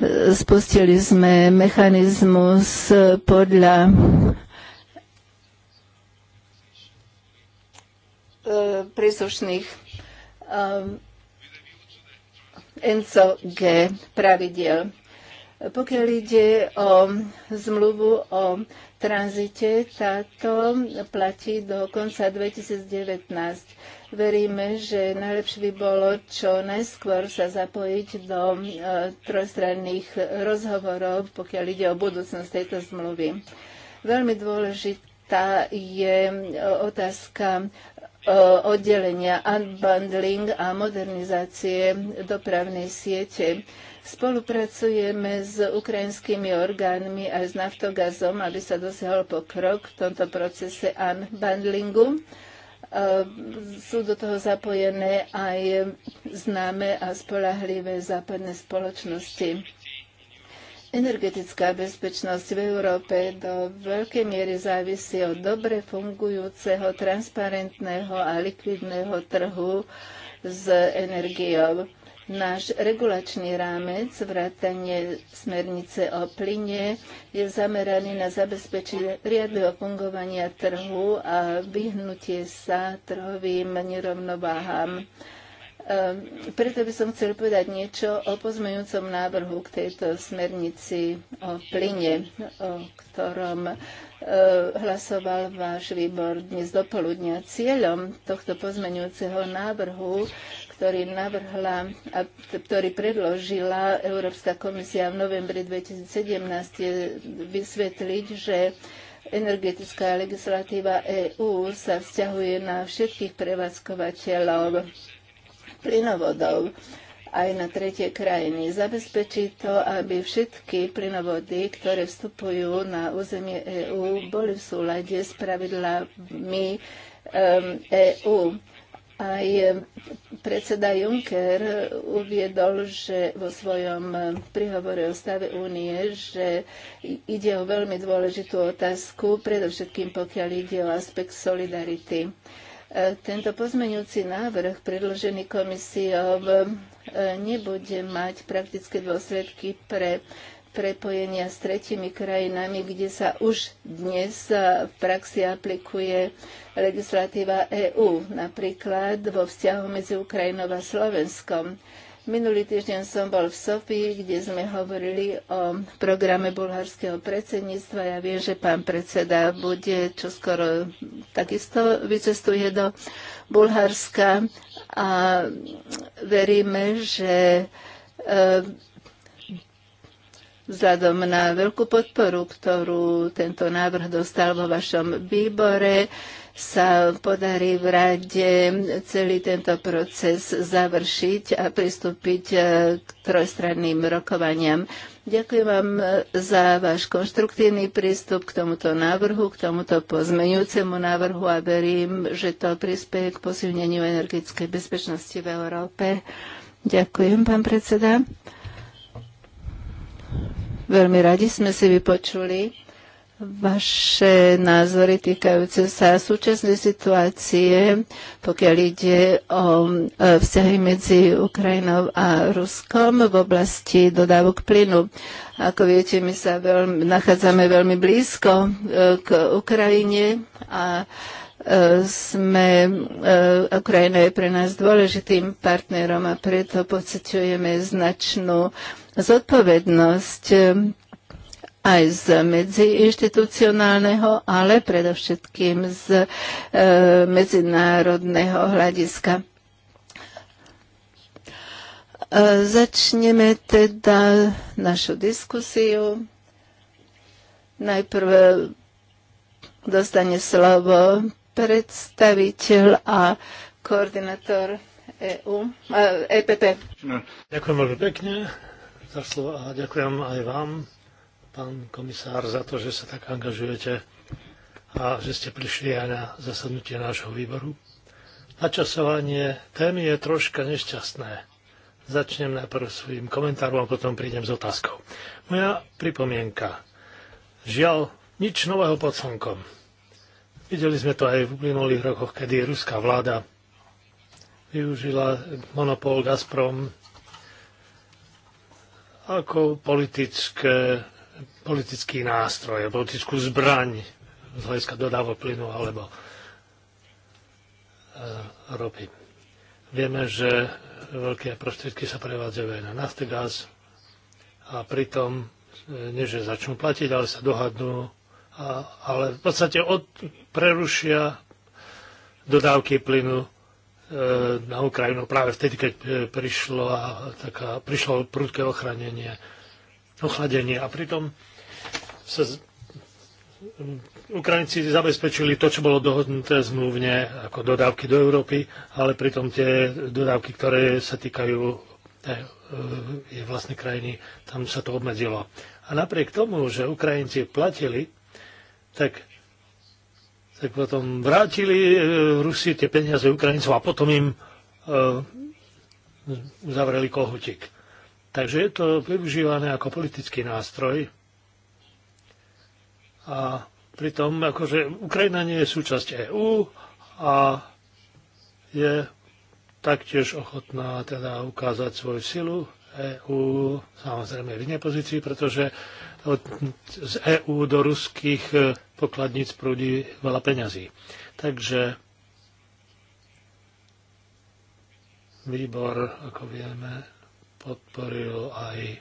e, spustili sme mechanizmus podľa e, príslušných e, ENCO G pravidel. Pokiaľ ide o zmluvu o tranzite, táto platí do konca 2019. Veríme, že najlepšie by bolo čo najskôr sa zapojiť do e, trojstranných rozhovorov, pokiaľ ide o budúcnosť tejto zmluvy. Veľmi dôležitá je e, otázka E, oddelenia unbundling a modernizácie dopravnej siete. Spolupracujeme s ukrajinskými orgánmi a s naftogazom, aby sa dosiahol pokrok v tomto procese unbundlingu. E, sú do toho zapojené aj známe a spolahlivé západné spoločnosti. Energetická bezpečnosť v Európe do veľkej miery závisí od dobre fungujúceho, transparentného a likvidného trhu s energiou. Náš regulačný rámec, vrátanie smernice o plyne, je zameraný na zabezpečenie riadneho fungovania trhu a vyhnutie sa trhovým nerovnováhám. Ehm, preto by som chcel povedať niečo o pozmeňujúcom návrhu k tejto smernici o plyne, o ktorom e, hlasoval váš výbor dnes dopoludnia. Cieľom tohto pozmeňujúceho návrhu ktorý navrhla a ktorý predložila Európska komisia v novembri 2017, je vysvetliť, že energetická legislatíva EÚ sa vzťahuje na všetkých prevádzkovateľov plynovodov aj na tretie krajiny. Zabezpečí to, aby všetky plynovody, ktoré vstupujú na územie EÚ, boli v súlade s pravidlami EÚ. E aj predseda Juncker uviedol, že vo svojom prihovore o stave únie, že ide o veľmi dôležitú otázku, predovšetkým pokiaľ ide o aspekt solidarity. Tento pozmeňujúci návrh predložený komisiou e, nebude mať praktické dôsledky pre prepojenia s tretimi krajinami, kde sa už dnes e, v praxi aplikuje legislatíva EÚ, napríklad vo vzťahu medzi Ukrajinou a Slovenskom. Minulý týždeň som bol v Sofii, kde sme hovorili o programe bulharského predsedníctva. Ja viem, že pán predseda bude čoskoro takisto vycestuje do Bulharska a veríme, že eh, vzhľadom na veľkú podporu, ktorú tento návrh dostal vo vašom výbore, sa podarí v rade celý tento proces završiť a pristúpiť e, k trojstranným rokovaniam. Ďakujem vám e, za váš konštruktívny prístup k tomuto návrhu, k tomuto pozmeňujúcemu návrhu a verím, že to prispieje k posilneniu energetickej bezpečnosti v Európe. Ďakujem, pán predseda. Veľmi radi sme si vypočuli vaše názory týkajúce sa súčasnej situácie, pokiaľ ide o e, vzťahy medzi Ukrajinou a Ruskom v oblasti dodávok plynu. Ako viete, my sa veľmi, nachádzame veľmi blízko e, k Ukrajine a e, sme, Ukrajina je pre nás dôležitým partnerom a preto pociťujeme značnú zodpovednosť aj z medziinstitucionálneho, ale predovšetkým z e, medzinárodného hľadiska. E, začneme teda našu diskusiu. Najprv dostane slovo predstaviteľ a koordinátor EU, e, EPP. E ďakujem veľmi pekne za slovo a ďakujem aj vám pán komisár, za to, že sa tak angažujete a že ste prišli aj na zasadnutie nášho výboru. Načasovanie témy je troška nešťastné. Začnem najprv svojim komentárom a potom prídem s otázkou. Moja pripomienka. Žiaľ, nič nového pod slnkom. Videli sme to aj v uplynulých rokoch, kedy ruská vláda využila monopol Gazprom ako politické politický nástroj, politickú zbraň z hľadiska dodávok plynu alebo e, ropy. Vieme, že veľké prostriedky sa prevádzajú aj na naftegaz a pritom e, nie, že začnú platiť, ale sa dohadnú, a, ale v podstate od, prerušia dodávky plynu e, na Ukrajinu práve vtedy, keď e, prišlo, a, taká, prišlo prudké ochranenie ochladenie. A pritom sa Ukrajinci zabezpečili to, čo bolo dohodnuté zmluvne ako dodávky do Európy, ale pritom tie dodávky, ktoré sa týkajú e, e, jej vlastnej krajiny, tam sa to obmedzilo. A napriek tomu, že Ukrajinci platili, tak, tak potom vrátili e, Rusi tie peniaze Ukrajincov a potom im e, uzavreli kohutík. Takže je to využívané ako politický nástroj a pritom akože Ukrajina nie je súčasť EÚ a je taktiež ochotná teda ukázať svoju silu EÚ, samozrejme v inej pozícii, pretože od, z EÚ do ruských e, pokladníc prúdi veľa peňazí. Takže výbor, ako vieme, podporil aj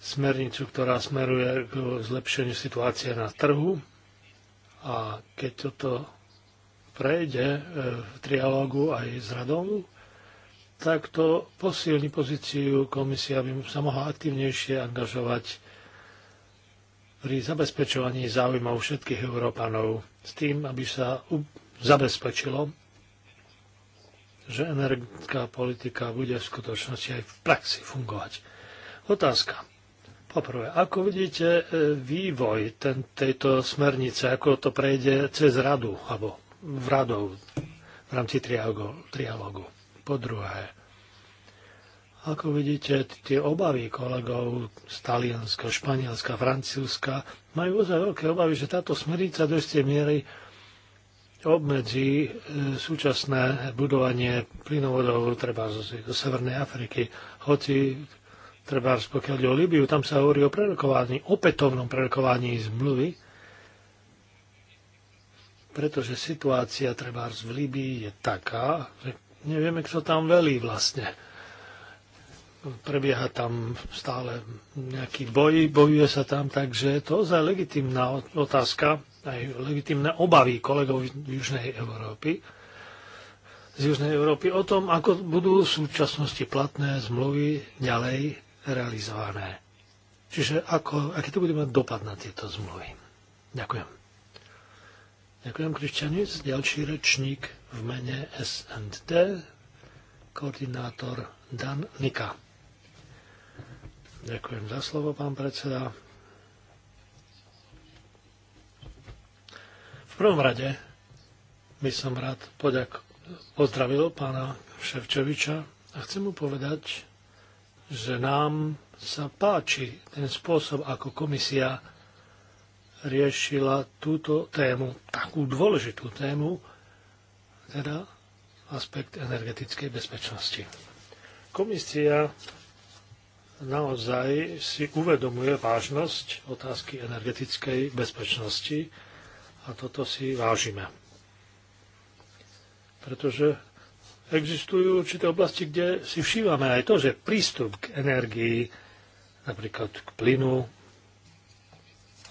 smernicu, ktorá smeruje k zlepšeniu situácie na trhu. A keď toto prejde e, v trialógu aj s radou, tak to posilní pozíciu komisia, aby sa mohla aktívnejšie angažovať pri zabezpečovaní záujmov všetkých Európanov s tým, aby sa zabezpečilo, že energetická politika bude v skutočnosti aj v praxi fungovať. Otázka. Poprvé, ako vidíte e, vývoj ten, tejto smernice, ako to prejde cez radu, alebo v radov v rámci trialógu? Po druhé, ako vidíte, tie obavy kolegov z Talianska, Španielska, Francúzska majú ozaj veľké obavy, že táto smernica do istej miery obmedzí e, súčasné budovanie plynovodov treba do Severnej Afriky. Hoci treba pokiaľ o Libiu, tam sa hovorí o prerokovaní, opätovnom prerokovaní zmluvy, pretože situácia treba v Libii je taká, že nevieme, kto tam velí vlastne. Prebieha tam stále nejaký boj, bojuje sa tam, takže to je to legitimná otázka, aj legitimné obavy kolegov z Južnej Európy, z Južnej Európy o tom, ako budú v súčasnosti platné zmluvy ďalej realizované. Čiže ako, aký to bude mať dopad na tieto zmluvy. Ďakujem. Ďakujem, Krišťanic. Ďalší rečník v mene SND, koordinátor Dan Nika. Ďakujem za slovo, pán predseda. V prvom rade by som rád poďak pozdravil pána Ševčoviča a chcem mu povedať, že nám sa páči ten spôsob, ako komisia riešila túto tému, takú dôležitú tému, teda aspekt energetickej bezpečnosti. Komisia naozaj si uvedomuje vážnosť otázky energetickej bezpečnosti a toto si vážime. Pretože existujú určité oblasti, kde si všívame aj to, že prístup k energii, napríklad k plynu,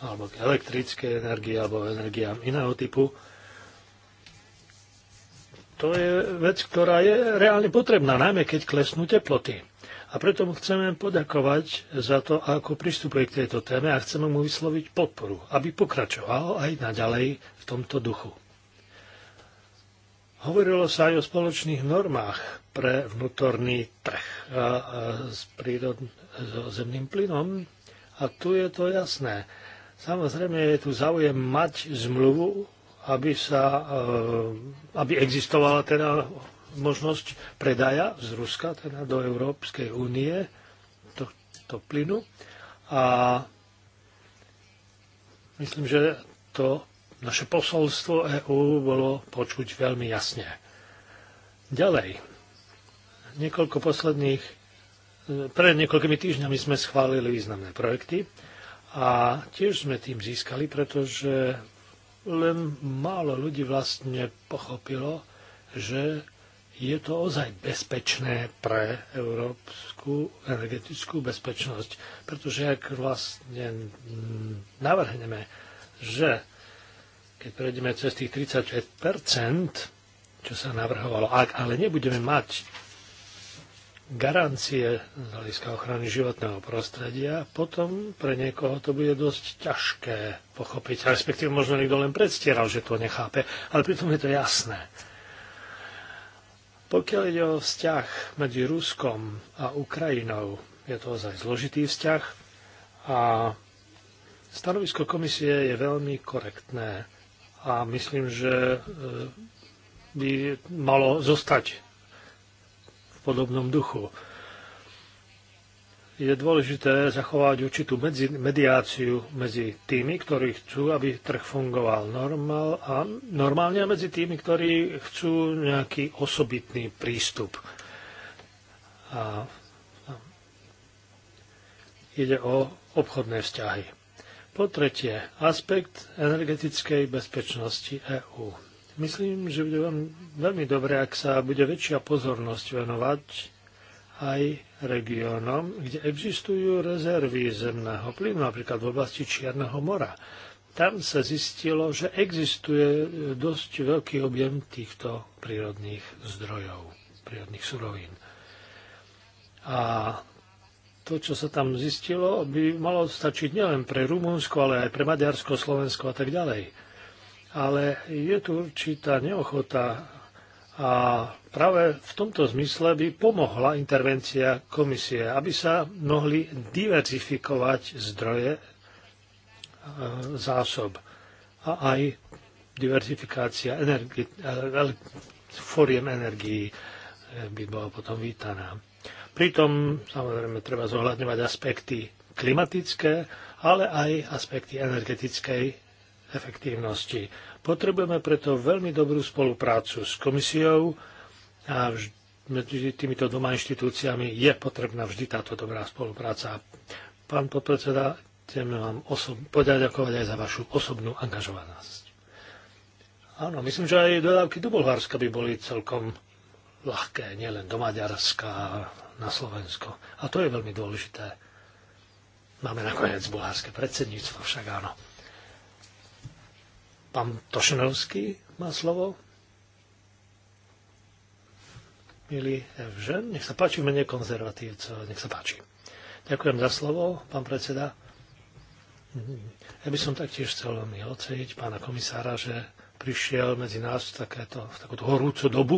alebo k elektrickej energii, alebo energiám iného typu, to je vec, ktorá je reálne potrebná, najmä keď klesnú teploty. A preto mu chceme podakovať za to, ako pristupuje k tejto téme a chceme mu vysloviť podporu, aby pokračoval aj naďalej v tomto duchu. Hovorilo sa aj o spoločných normách pre vnútorný trh a, a s, prírod, so zemným plynom a tu je to jasné. Samozrejme je tu záujem mať zmluvu, aby, sa, e, aby existovala teda možnosť predaja z Ruska teda do Európskej únie to plynu a myslím, že to naše posolstvo EÚ bolo počuť veľmi jasne. Ďalej, niekoľko posledných, pred niekoľkými týždňami sme schválili významné projekty a tiež sme tým získali, pretože len málo ľudí vlastne pochopilo, že je to ozaj bezpečné pre európsku energetickú bezpečnosť. Pretože ak vlastne navrhneme, že keď prejdeme cez tých 35%, čo sa navrhovalo, ak ale nebudeme mať garancie z hľadiska ochrany životného prostredia, potom pre niekoho to bude dosť ťažké pochopiť. Respektíve možno niekto len predstieral, že to nechápe, ale pritom je to jasné. Pokiaľ ide o vzťah medzi Ruskom a Ukrajinou, je to ozaj zložitý vzťah a stanovisko komisie je veľmi korektné a myslím, že e, by malo zostať v podobnom duchu je dôležité zachovať určitú medzi, mediáciu medzi tými, ktorí chcú, aby trh fungoval normál a normálne a medzi tými, ktorí chcú nejaký osobitný prístup. A, a ide o obchodné vzťahy. Po tretie, aspekt energetickej bezpečnosti EÚ. Myslím, že bude veľmi, dobré, ak sa bude väčšia pozornosť venovať aj regiónom, kde existujú rezervy zemného plynu, napríklad v oblasti Čierneho mora. Tam sa zistilo, že existuje dosť veľký objem týchto prírodných zdrojov, prírodných surovín. A to, čo sa tam zistilo, by malo stačiť nielen pre Rumunsko, ale aj pre Maďarsko, Slovensko a tak ďalej. Ale je tu určitá neochota a práve v tomto zmysle by pomohla intervencia komisie, aby sa mohli diverzifikovať zdroje e, zásob a aj diverzifikácia fóriem foriem energií e, by bola potom vítaná. Pritom samozrejme treba zohľadňovať aspekty klimatické, ale aj aspekty energetickej efektívnosti. Potrebujeme preto veľmi dobrú spoluprácu s komisiou a medzi týmito dvoma inštitúciami je potrebná vždy táto dobrá spolupráca. Pán podpredseda, chcem vám osob- poďakovať aj za vašu osobnú angažovanosť. Áno, myslím, že aj dodávky do Bulharska by boli celkom ľahké, nielen do Maďarska a na Slovensko. A to je veľmi dôležité. Máme nakoniec bulharské predsedníctvo, však áno. Pán Tošenovský má slovo. Milý Evžen, nech sa páči v mene konzervatívca, nech sa páči. Ďakujem za slovo, pán predseda. Ja by som taktiež chcel veľmi oceniť pána komisára, že prišiel medzi nás v, takéto, v takúto horúcu dobu.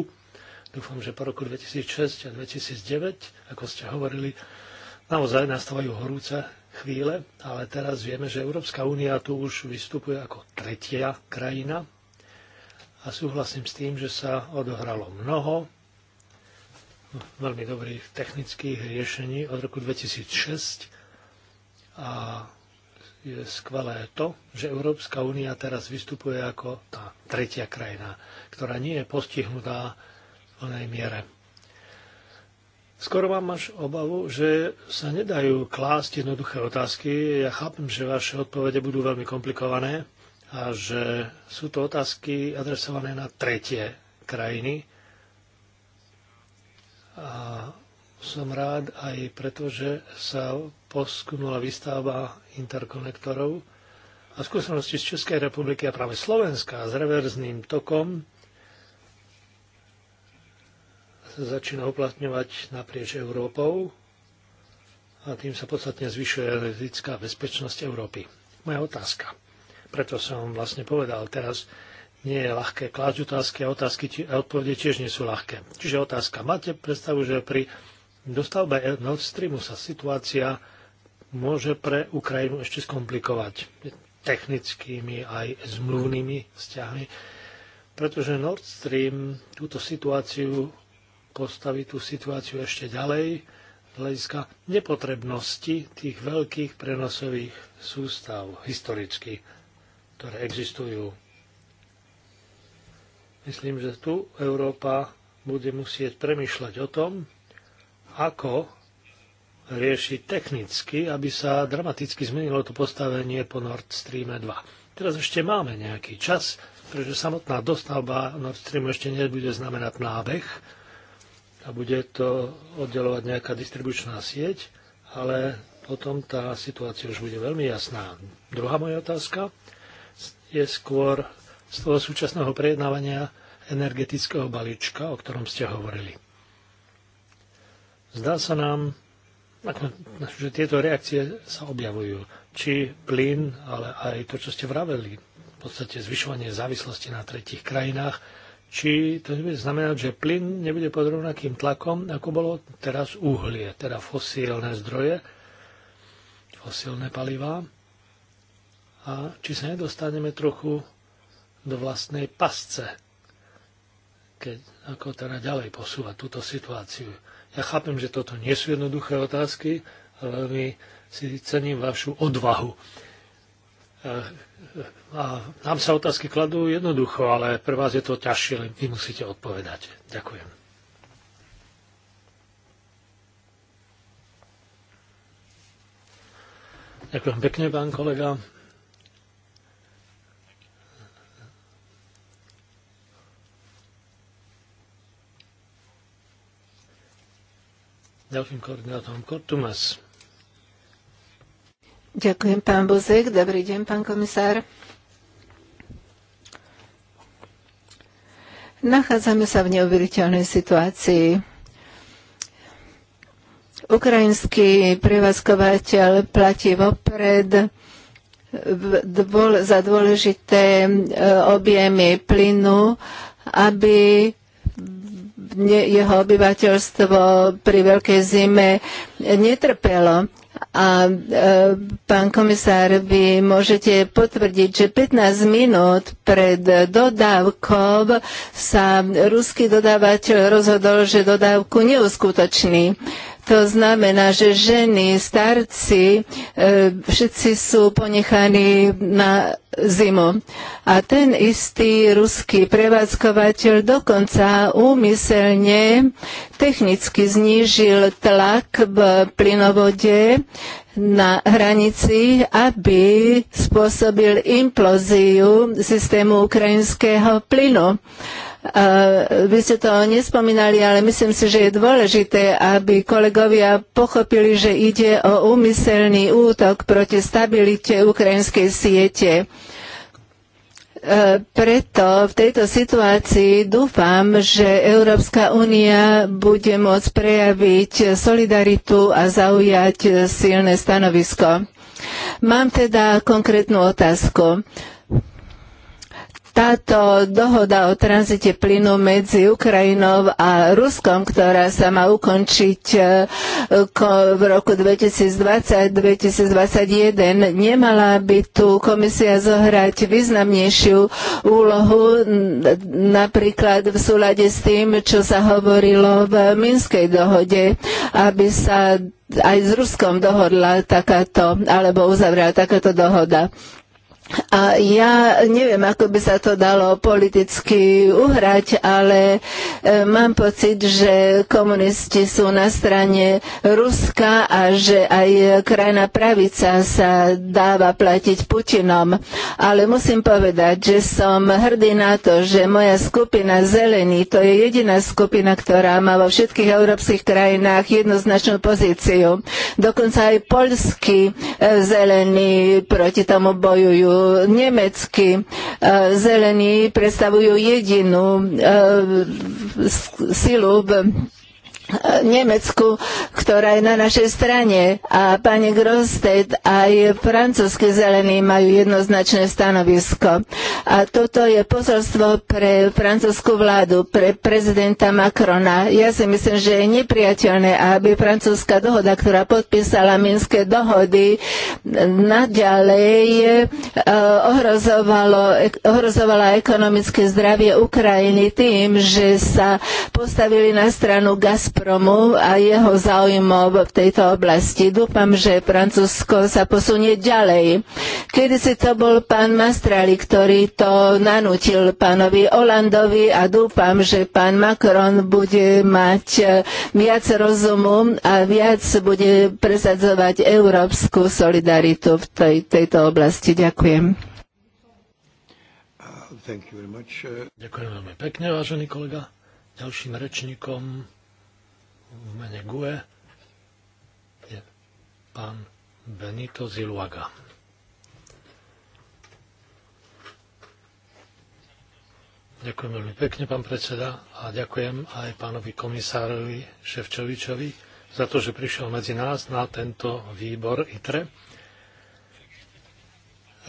Dúfam, že po roku 2006 a 2009, ako ste hovorili, naozaj nastávajú horúce chvíle, ale teraz vieme, že Európska únia tu už vystupuje ako tretia krajina a súhlasím s tým, že sa odohralo mnoho veľmi dobrých technických riešení od roku 2006 a je skvelé to, že Európska únia teraz vystupuje ako tá tretia krajina, ktorá nie je postihnutá v plnej miere Skoro mám až obavu, že sa nedajú klásť jednoduché otázky. Ja chápem, že vaše odpovede budú veľmi komplikované a že sú to otázky adresované na tretie krajiny. A som rád aj preto, že sa poskúmala výstavba interkonektorov a skúsenosti z Českej republiky a práve Slovenska s reverzným tokom sa začína uplatňovať naprieč Európou a tým sa podstatne zvyšuje energetická bezpečnosť Európy. Moja otázka. Preto som vlastne povedal teraz, nie je ľahké klásť otázky a otázky a odpovede tiež nie sú ľahké. Čiže otázka. Máte predstavu, že pri dostavbe Nord Streamu sa situácia môže pre Ukrajinu ešte skomplikovať technickými aj zmluvnými vzťahmi, pretože Nord Stream túto situáciu postaviť tú situáciu ešte ďalej z hľadiska nepotrebnosti tých veľkých prenosových sústav historicky, ktoré existujú. Myslím, že tu Európa bude musieť premyšľať o tom, ako riešiť technicky, aby sa dramaticky zmenilo to postavenie po Nord Stream 2. Teraz ešte máme nejaký čas, pretože samotná dostavba Nord Streamu ešte nebude znamenať nábeh, a bude to oddelovať nejaká distribučná sieť, ale potom tá situácia už bude veľmi jasná. Druhá moja otázka je skôr z toho súčasného prejednávania energetického balíčka, o ktorom ste hovorili. Zdá sa nám, že tieto reakcie sa objavujú. Či plyn, ale aj to, čo ste vraveli, v podstate zvyšovanie závislosti na tretich krajinách, či to bude znamenať, že plyn nebude pod rovnakým tlakom, ako bolo teraz uhlie, teda fosílne zdroje, fosílne palivá. A či sa nedostaneme trochu do vlastnej pasce, keď, ako teda ďalej posúvať túto situáciu. Ja chápem, že toto nie sú jednoduché otázky, ale veľmi si cením vašu odvahu Eh, eh, a nám sa otázky kladú jednoducho, ale pre vás je to ťažšie, len vy musíte odpovedať. Ďakujem. Ďakujem pekne, pán kolega. Ďalším koordinátorom Kortumas. Ďakujem, pán Bozek. Dobrý deň, pán komisár. Nachádzame sa v neuveriteľnej situácii. Ukrajinský prevádzkovateľ platí vopred za dôležité e, objemy plynu, aby jeho obyvateľstvo pri veľkej zime netrpelo. A e, pán komisár, vy môžete potvrdiť, že 15 minút pred dodávkou sa ruský dodávateľ rozhodol, že dodávku neuskutoční. To znamená, že ženy, starci, e, všetci sú ponechaní na zimu. A ten istý ruský prevádzkovateľ dokonca úmyselne technicky znížil tlak v plynovode na hranici, aby spôsobil implóziu systému ukrajinského plynu. Vy ste to nespomínali, ale myslím si, že je dôležité, aby kolegovia pochopili, že ide o úmyselný útok proti stabilite ukrajinskej siete. E, preto v tejto situácii dúfam, že Európska únia bude môcť prejaviť solidaritu a zaujať silné stanovisko. Mám teda konkrétnu otázku. Táto dohoda o tranzite plynu medzi Ukrajinou a Ruskom, ktorá sa má ukončiť e, v roku 2020-2021, nemala by tu komisia zohrať významnejšiu úlohu, napríklad v súlade s tým, čo sa hovorilo v Minskej dohode, aby sa aj s Ruskom dohodla takáto, alebo uzavrela takáto dohoda. A ja neviem, ako by sa to dalo politicky uhrať, ale e, mám pocit, že komunisti sú na strane Ruska a že aj krajná pravica sa dáva platiť Putinom. Ale musím povedať, že som hrdý na to, že moja skupina Zelený, to je jediná skupina, ktorá má vo všetkých európskych krajinách jednoznačnú pozíciu. Dokonca aj polskí e, zelení proti tomu bojujú nemecky. E, zelení predstavujú jedinú e, silu v Nemecku, ktorá je na našej strane. A pani Grosted aj francúzsky zelení majú jednoznačné stanovisko. A toto je posolstvo pre francúzsku vládu, pre prezidenta Macrona. Ja si myslím, že je nepriateľné, aby francúzska dohoda, ktorá podpísala Minské dohody, naďalej eh, ohrozovala ekonomické zdravie Ukrajiny tým, že sa postavili na stranu Gazprom Gazpromu a jeho záujmov v tejto oblasti. Dúfam, že Francúzsko sa posunie ďalej. Kedy si to bol pán Mastrali, ktorý to nanútil pánovi Olandovi a dúfam, že pán Macron bude mať e, viac rozumu a viac bude presadzovať európsku solidaritu v tej, tejto oblasti. Ďakujem. Uh, uh, Ďakujem veľmi pekne, vážený kolega. Ďalším rečníkom v mene GUE je pán Benito Ziluaga. Ďakujem veľmi pekne, pán predseda, a ďakujem aj pánovi komisárovi Ševčovičovi za to, že prišiel medzi nás na tento výbor ITRE.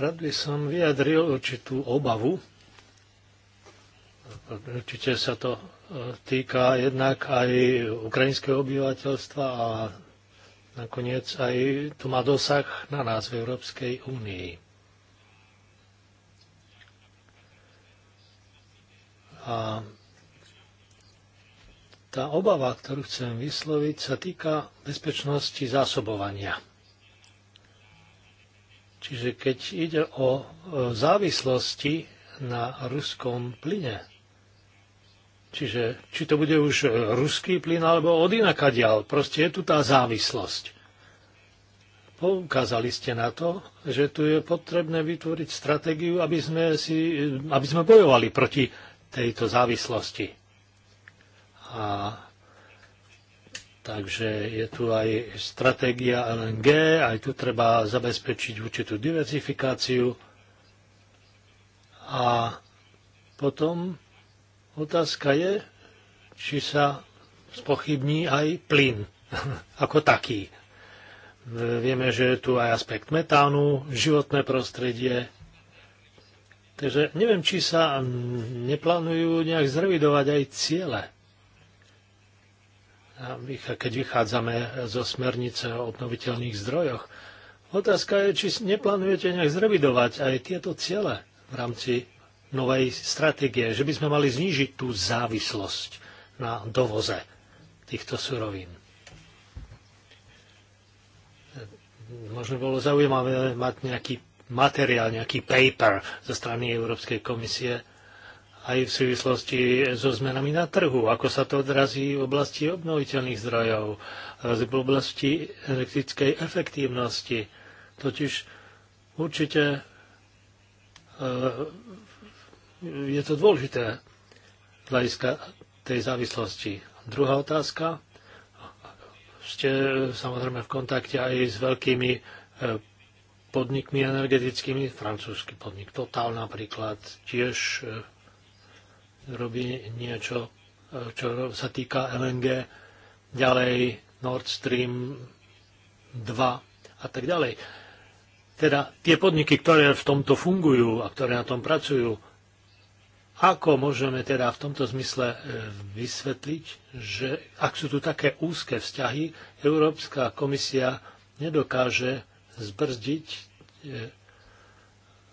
Rád by som vyjadril určitú obavu. Určite sa to týka jednak aj ukrajinského obyvateľstva a nakoniec aj to má dosah na nás v Európskej únii. A tá obava, ktorú chcem vysloviť, sa týka bezpečnosti zásobovania. Čiže keď ide o e, závislosti na ruskom plyne, Čiže či to bude už e, ruský plyn alebo od inakadial, proste je tu tá závislosť. Poukázali ste na to, že tu je potrebné vytvoriť stratégiu, aby sme, si, aby sme bojovali proti tejto závislosti. A Takže je tu aj stratégia LNG, aj tu treba zabezpečiť určitú diverzifikáciu. A potom Otázka je, či sa spochybní aj plyn *laughs* ako taký. Vieme, že je tu aj aspekt metánu, životné prostredie. Takže neviem, či sa neplánujú nejak zrevidovať aj ciele. Keď vychádzame zo smernice o obnoviteľných zdrojoch, otázka je, či neplánujete nejak zrevidovať aj tieto ciele v rámci novej stratégie, že by sme mali znížiť tú závislosť na dovoze týchto surovín. Možno bolo zaujímavé mať nejaký materiál, nejaký paper zo strany Európskej komisie aj v súvislosti so zmenami na trhu, ako sa to odrazí v oblasti obnoviteľných zdrojov, v oblasti elektrickej efektívnosti. Totiž určite eh, je to dôležité z hľadiska tej závislosti. Druhá otázka. Ste samozrejme v kontakte aj s veľkými e, podnikmi energetickými, francúzsky podnik Total napríklad, tiež e, robí niečo, e, čo sa týka LNG, ďalej Nord Stream 2 a tak ďalej. Teda tie podniky, ktoré v tomto fungujú a ktoré na tom pracujú, ako môžeme teda v tomto zmysle e, vysvetliť, že ak sú tu také úzke vzťahy, Európska komisia nedokáže zbrzdiť e,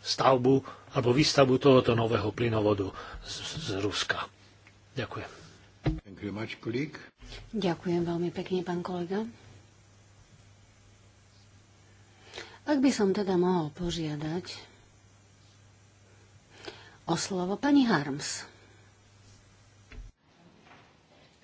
stavbu alebo výstavbu tohoto nového plynovodu z, z Ruska. Ďakujem. Ďakujem veľmi pekne, pán kolega. Ak by som teda mohol požiadať o slovo pani Harms. Uh,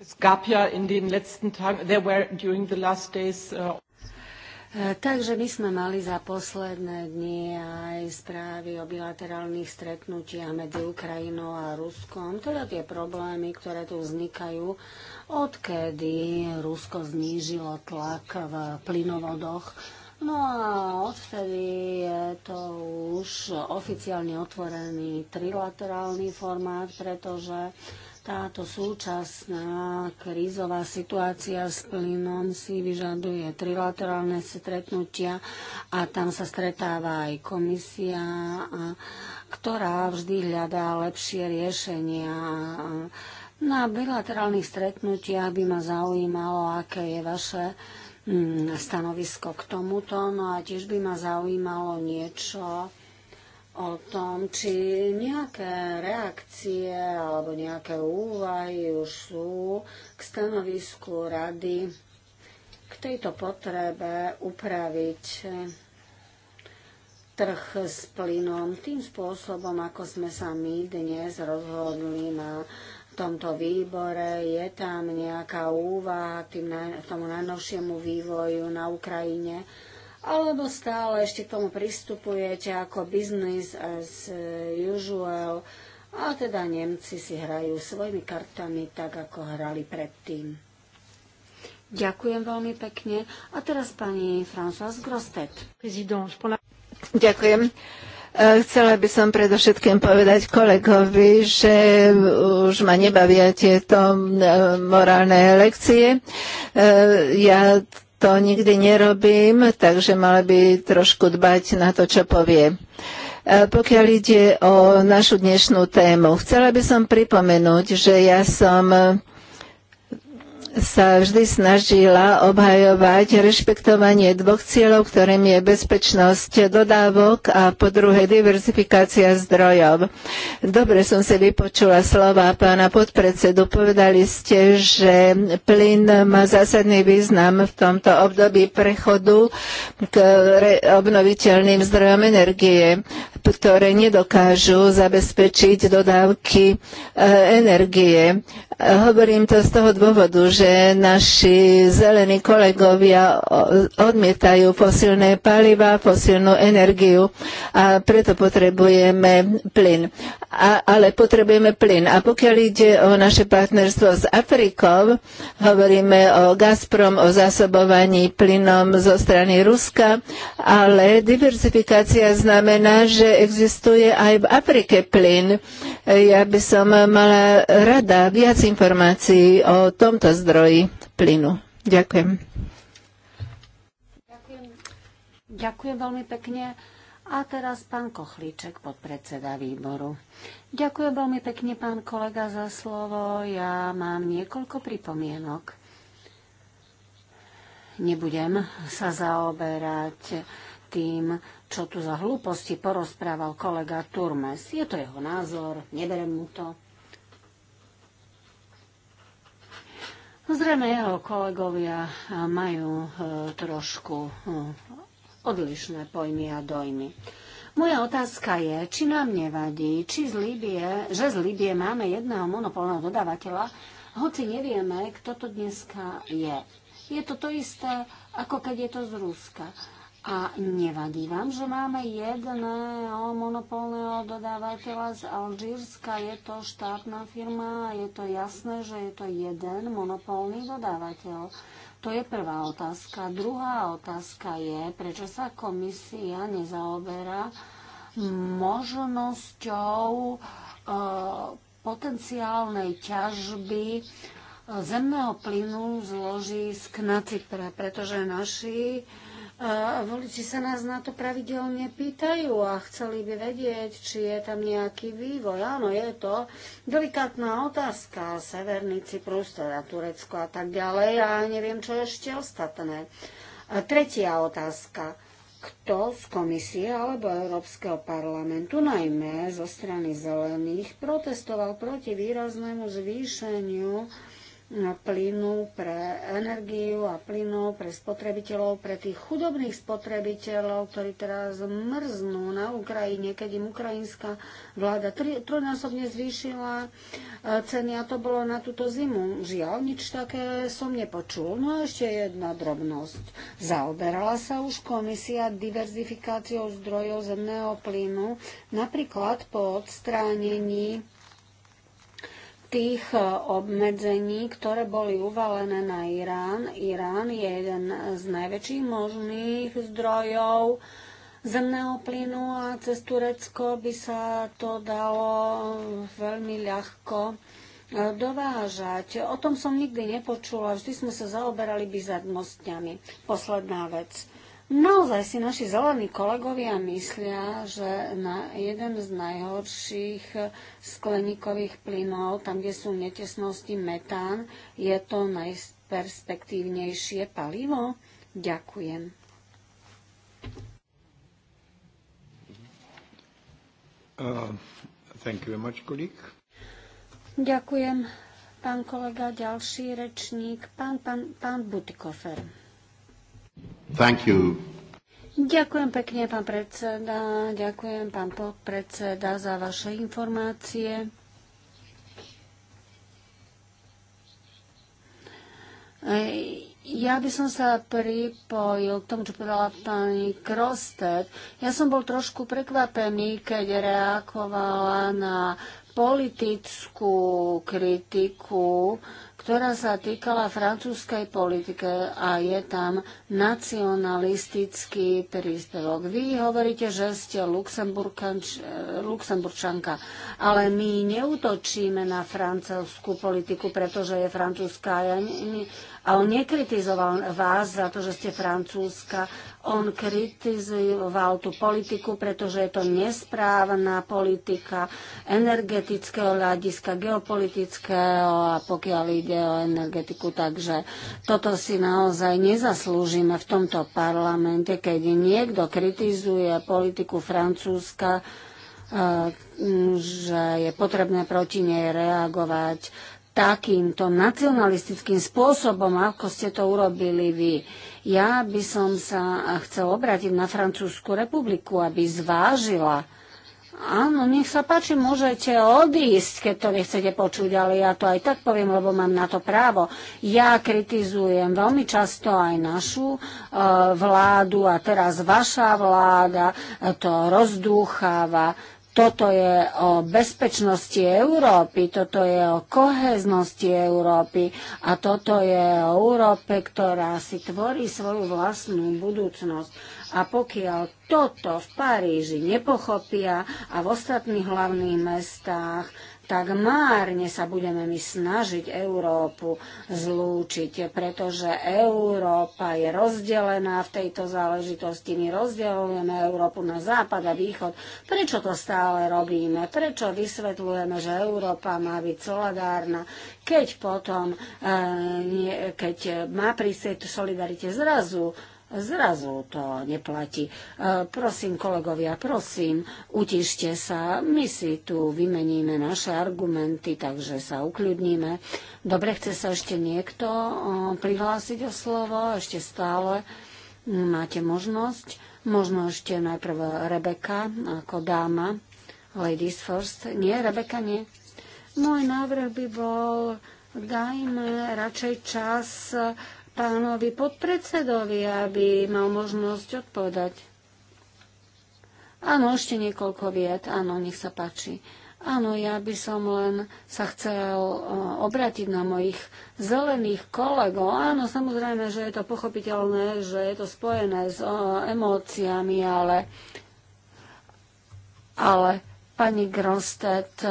e, takže my sme mali za posledné dni aj správy o bilaterálnych stretnutiach medzi Ukrajinou a Ruskom, teda tie problémy, ktoré tu vznikajú, odkedy Rusko znížilo tlak v plynovodoch No a odtedy je to už oficiálne otvorený trilaterálny formát, pretože táto súčasná krízová situácia s plynom si vyžaduje trilaterálne stretnutia a tam sa stretáva aj komisia, ktorá vždy hľadá lepšie riešenia. Na bilaterálnych stretnutiach by ma zaujímalo, aké je vaše Mm, stanovisko k tomuto. No a tiež by ma zaujímalo niečo o tom, či nejaké reakcie alebo nejaké úvahy už sú k stanovisku rady k tejto potrebe upraviť trh s plynom tým spôsobom, ako sme sa my dnes rozhodli na tomto výbore, je tam nejaká úvaha k, tým, tomu najnovšiemu vývoju na Ukrajine, alebo stále ešte k tomu pristupujete ako business as usual a teda Nemci si hrajú svojimi kartami tak, ako hrali predtým. Ďakujem veľmi pekne. A teraz pani Françoise Grostet. Ďakujem. E, chcela by som predovšetkým povedať kolegovi, že už ma nebavia tieto e, morálne lekcie. E, ja to nikdy nerobím, takže mala by trošku dbať na to, čo povie pokiaľ ide o našu dnešnú tému. Chcela by som pripomenúť, že ja som sa vždy snažila obhajovať rešpektovanie dvoch cieľov, ktorým je bezpečnosť dodávok a po druhé diverzifikácia zdrojov. Dobre som si vypočula slova pána podpredsedu. Povedali ste, že plyn má zásadný význam v tomto období prechodu k obnoviteľným zdrojom energie, ktoré nedokážu zabezpečiť dodávky e, energie. Hovorím to z toho dôvodu, že že naši zelení kolegovia odmietajú fosilné paliva, fosilnú energiu a preto potrebujeme plyn. A, ale potrebujeme plyn. A pokiaľ ide o naše partnerstvo s Afrikou, hovoríme o Gazprom, o zásobovaní plynom zo strany Ruska, ale diversifikácia znamená, že existuje aj v Afrike plyn. Ja by som mala rada viac informácií o tomto zdroji zdroji plynu. Ďakujem. Ďakujem, Ďakujem veľmi pekne. A teraz pán Kochlíček, podpredseda výboru. Ďakujem veľmi pekne, pán kolega, za slovo. Ja mám niekoľko pripomienok. Nebudem sa zaoberať tým, čo tu za hlúposti porozprával kolega Turmes. Je to jeho názor, neberem mu to. No zrejme jeho kolegovia eh, majú eh, trošku hm, odlišné pojmy a dojmy. Moja otázka je, či nám nevadí, či z Líbie, že z Líbie máme jedného monopolného dodávateľa, hoci nevieme, kto to dneska je. Je to to isté, ako keď je to z Ruska. A nevadí vám, že máme jedného monopolného dodávateľa z Alžírska. Je to štátna firma a je to jasné, že je to jeden monopolný dodávateľ. To je prvá otázka. Druhá otázka je, prečo sa komisia nezaoberá možnosťou e, potenciálnej ťažby e, zemného plynu zloží z Knacipra, pretože naši a voliči sa nás na to pravidelne pýtajú a chceli by vedieť, či je tam nejaký vývoj. Áno, je to delikátna otázka. Severný Cyprus, teda Turecko a tak ďalej. A neviem, čo ešte ostatné. A tretia otázka. Kto z komisie alebo Európskeho parlamentu, najmä zo strany zelených, protestoval proti výraznému zvýšeniu plynu pre energiu a plynu pre spotrebiteľov, pre tých chudobných spotrebiteľov, ktorí teraz mrznú na Ukrajine, keď im ukrajinská vláda trojnásobne zvýšila e, ceny a to bolo na túto zimu. Žiaľ, nič také som nepočul. No a ešte jedna drobnosť. Zaoberala sa už komisia diverzifikáciou zdrojov zemného plynu, napríklad po odstránení tých e, obmedzení, ktoré boli uvalené na Irán. Irán je jeden z najväčších možných zdrojov zemného plynu a cez Turecko by sa to dalo veľmi ľahko e, dovážať. O tom som nikdy nepočula, vždy sme sa zaoberali bizarnostiami. Posledná vec. Naozaj si naši zelení kolegovia myslia, že na jeden z najhorších skleníkových plynov, tam, kde sú netesnosti metán, je to najperspektívnejšie palivo? Ďakujem. Uh, thank you very much, Ďakujem, pán kolega. Ďalší rečník, pán, pán, pán Butikofer. Thank you. Ďakujem pekne, pán predseda. Ďakujem, pán podpredseda, za vaše informácie. Ja by som sa pripojil k tomu, čo povedala pani Krostet. Ja som bol trošku prekvapený, keď reagovala na politickú kritiku ktorá sa týkala francúzskej politike a je tam nacionalistický príspevok. Vy hovoríte, že ste eh, Luxemburčanka, ale my neutočíme na francúzskú politiku, pretože je francúzska. a on nekritizoval vás za to, že ste francúzska. On kritizoval tú politiku, pretože je to nesprávna politika energetického hľadiska, geopolitického a pokiaľ ide ide o energetiku. Takže toto si naozaj nezaslúžime v tomto parlamente, keď niekto kritizuje politiku Francúzska, e, že je potrebné proti nej reagovať takýmto nacionalistickým spôsobom, ako ste to urobili vy. Ja by som sa chcel obrátiť na Francúzsku republiku, aby zvážila Áno, nech sa páči, môžete odísť, keď to nechcete počuť, ale ja to aj tak poviem, lebo mám na to právo. Ja kritizujem veľmi často aj našu e, vládu a teraz vaša vláda to rozdúcháva. Toto je o bezpečnosti Európy, toto je o koheznosti Európy a toto je o Európe, ktorá si tvorí svoju vlastnú budúcnosť. A pokiaľ toto v Paríži nepochopia a v ostatných hlavných mestách, tak márne sa budeme my snažiť Európu zlúčiť, pretože Európa je rozdelená v tejto záležitosti. My rozdelujeme Európu na západ a východ. Prečo to stále robíme? Prečo vysvetľujeme, že Európa má byť solidárna, keď potom, eh, keď má prísť solidarite zrazu zrazu to neplatí. E, prosím, kolegovia, prosím, utište sa. My si tu vymeníme naše argumenty, takže sa ukľudníme. Dobre, chce sa ešte niekto e, prihlásiť o slovo? Ešte stále máte možnosť. Možno ešte najprv Rebeka ako dáma. Ladies first. Nie, Rebeka nie. Môj návrh by bol, dajme radšej čas uh, pánovi podpredsedovi, aby mal možnosť odpovedať. Áno, ešte niekoľko viet. Áno, nech sa páči. Áno, ja by som len sa chcel e, obratiť na mojich zelených kolegov. Áno, samozrejme, že je to pochopiteľné, že je to spojené s o, e, emóciami, ale, ale pani Grostet, e,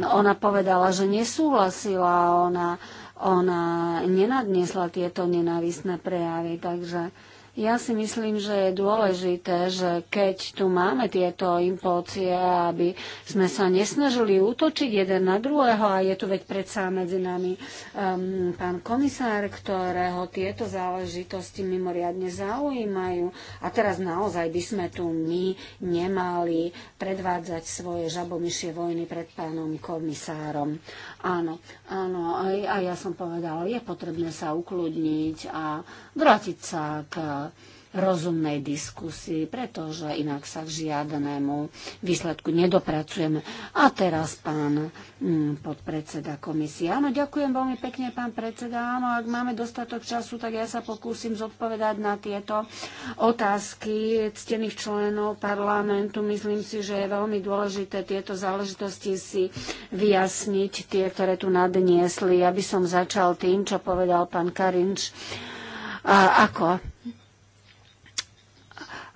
ona povedala, že nesúhlasila, ona ona nenadniesla tieto nenávisné prejavy. Takže ja si myslím, že je dôležité, že keď tu máme tieto impócie, aby sme sa nesnažili útočiť jeden na druhého a je tu veď predsa medzi nami um, pán komisár, ktorého tieto záležitosti mimoriadne zaujímajú a teraz naozaj by sme tu my nemali predvádzať svoje žabomyšie vojny pred pánom komisárom. Áno, áno, a, a ja som povedala, je potrebné sa ukludniť a vrátiť sa k rozumnej diskusii, pretože inak sa k žiadnemu výsledku nedopracujeme. A teraz pán hm, podpredseda komisie. Áno, ďakujem veľmi pekne, pán predseda. Áno, ak máme dostatok času, tak ja sa pokúsim zodpovedať na tieto otázky ctených členov parlamentu. Myslím si, že je veľmi dôležité tieto záležitosti si vyjasniť, tie, ktoré tu nadniesli. Ja by som začal tým, čo povedal pán Karinč. A ako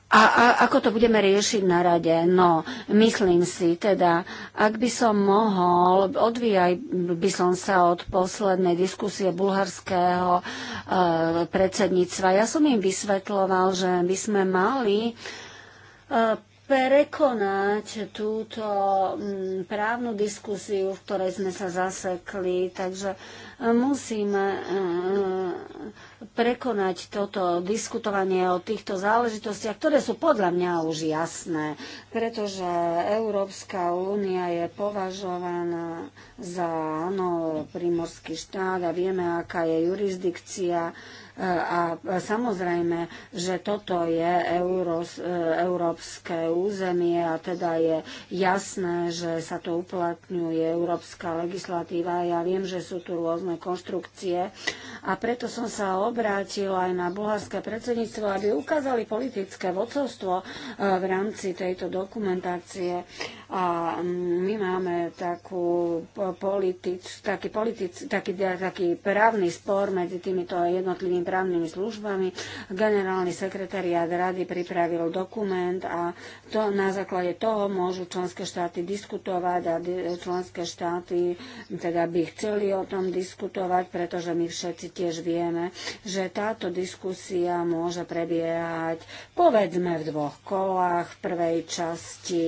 a, a ako to budeme riešiť na rade? No, myslím si teda, ak by som mohol, odvíjaj by som sa od poslednej diskusie bulharského e, predsedníctva. Ja som im vysvetloval, že by sme mali e, prekonať túto m, mm, právnu diskusiu, v ktorej sme sa zasekli. Takže musíme e, prekonať toto diskutovanie o týchto záležitostiach, ktoré sú podľa mňa už jasné, pretože Európska únia je považovaná za áno, primorský štát a vieme, aká je jurisdikcia a samozrejme, že toto je euros, e, európske územie a teda je jasné, že sa to uplatňuje európska legislatíva. Ja viem, že sú tu rôzne konštrukcie a preto som sa obrátil aj na bulharské predsedníctvo, aby ukázali politické vodcovstvo e, v rámci tejto dokumentácie. A my máme takú politic, taký, politic, taký, taký právny spor medzi týmito jednotlivými právnymi službami. Generálny sekretariat rady pripravil dokument a to, na základe toho môžu členské štáty diskutovať a členské štáty teda by chceli o tom diskutovať, pretože my všetci tiež vieme, že táto diskusia môže prebiehať povedzme v dvoch kolách v prvej časti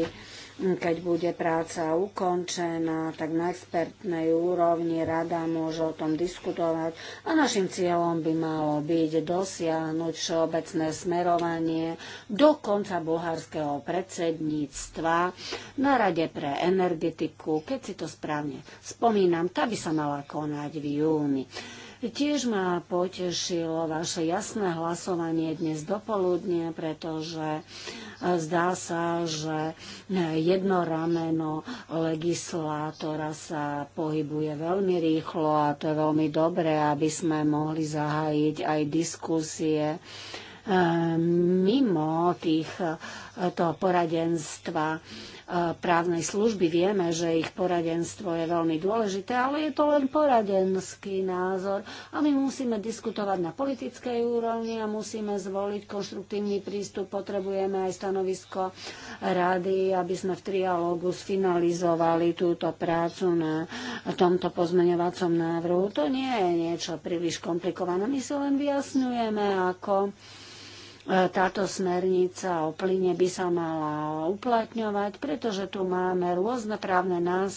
keď bude práca ukončená, tak na expertnej úrovni rada môže o tom diskutovať a našim cieľom by malo byť dosiahnuť všeobecné smerovanie do konca bulharského predsedníctva na Rade pre energetiku, keď si to správne spomínam, tá by sa mala konať v júni. Tiež ma potešilo vaše jasné hlasovanie dnes dopoludne, pretože e, zdá sa, že e, jedno rameno legislátora sa pohybuje veľmi rýchlo a to je veľmi dobré, aby sme mohli zahájiť aj diskusie e, mimo týchto toho poradenstva právnej služby. Vieme, že ich poradenstvo je veľmi dôležité, ale je to len poradenský názor. A my musíme diskutovať na politickej úrovni a musíme zvoliť konštruktívny prístup. Potrebujeme aj stanovisko rady, aby sme v trialógu sfinalizovali túto prácu na tomto pozmeňovacom návrhu. To nie je niečo príliš komplikované. My si len vyjasňujeme, ako E, táto smernica o plyne by sa mala uplatňovať, pretože tu máme rôzne právne e,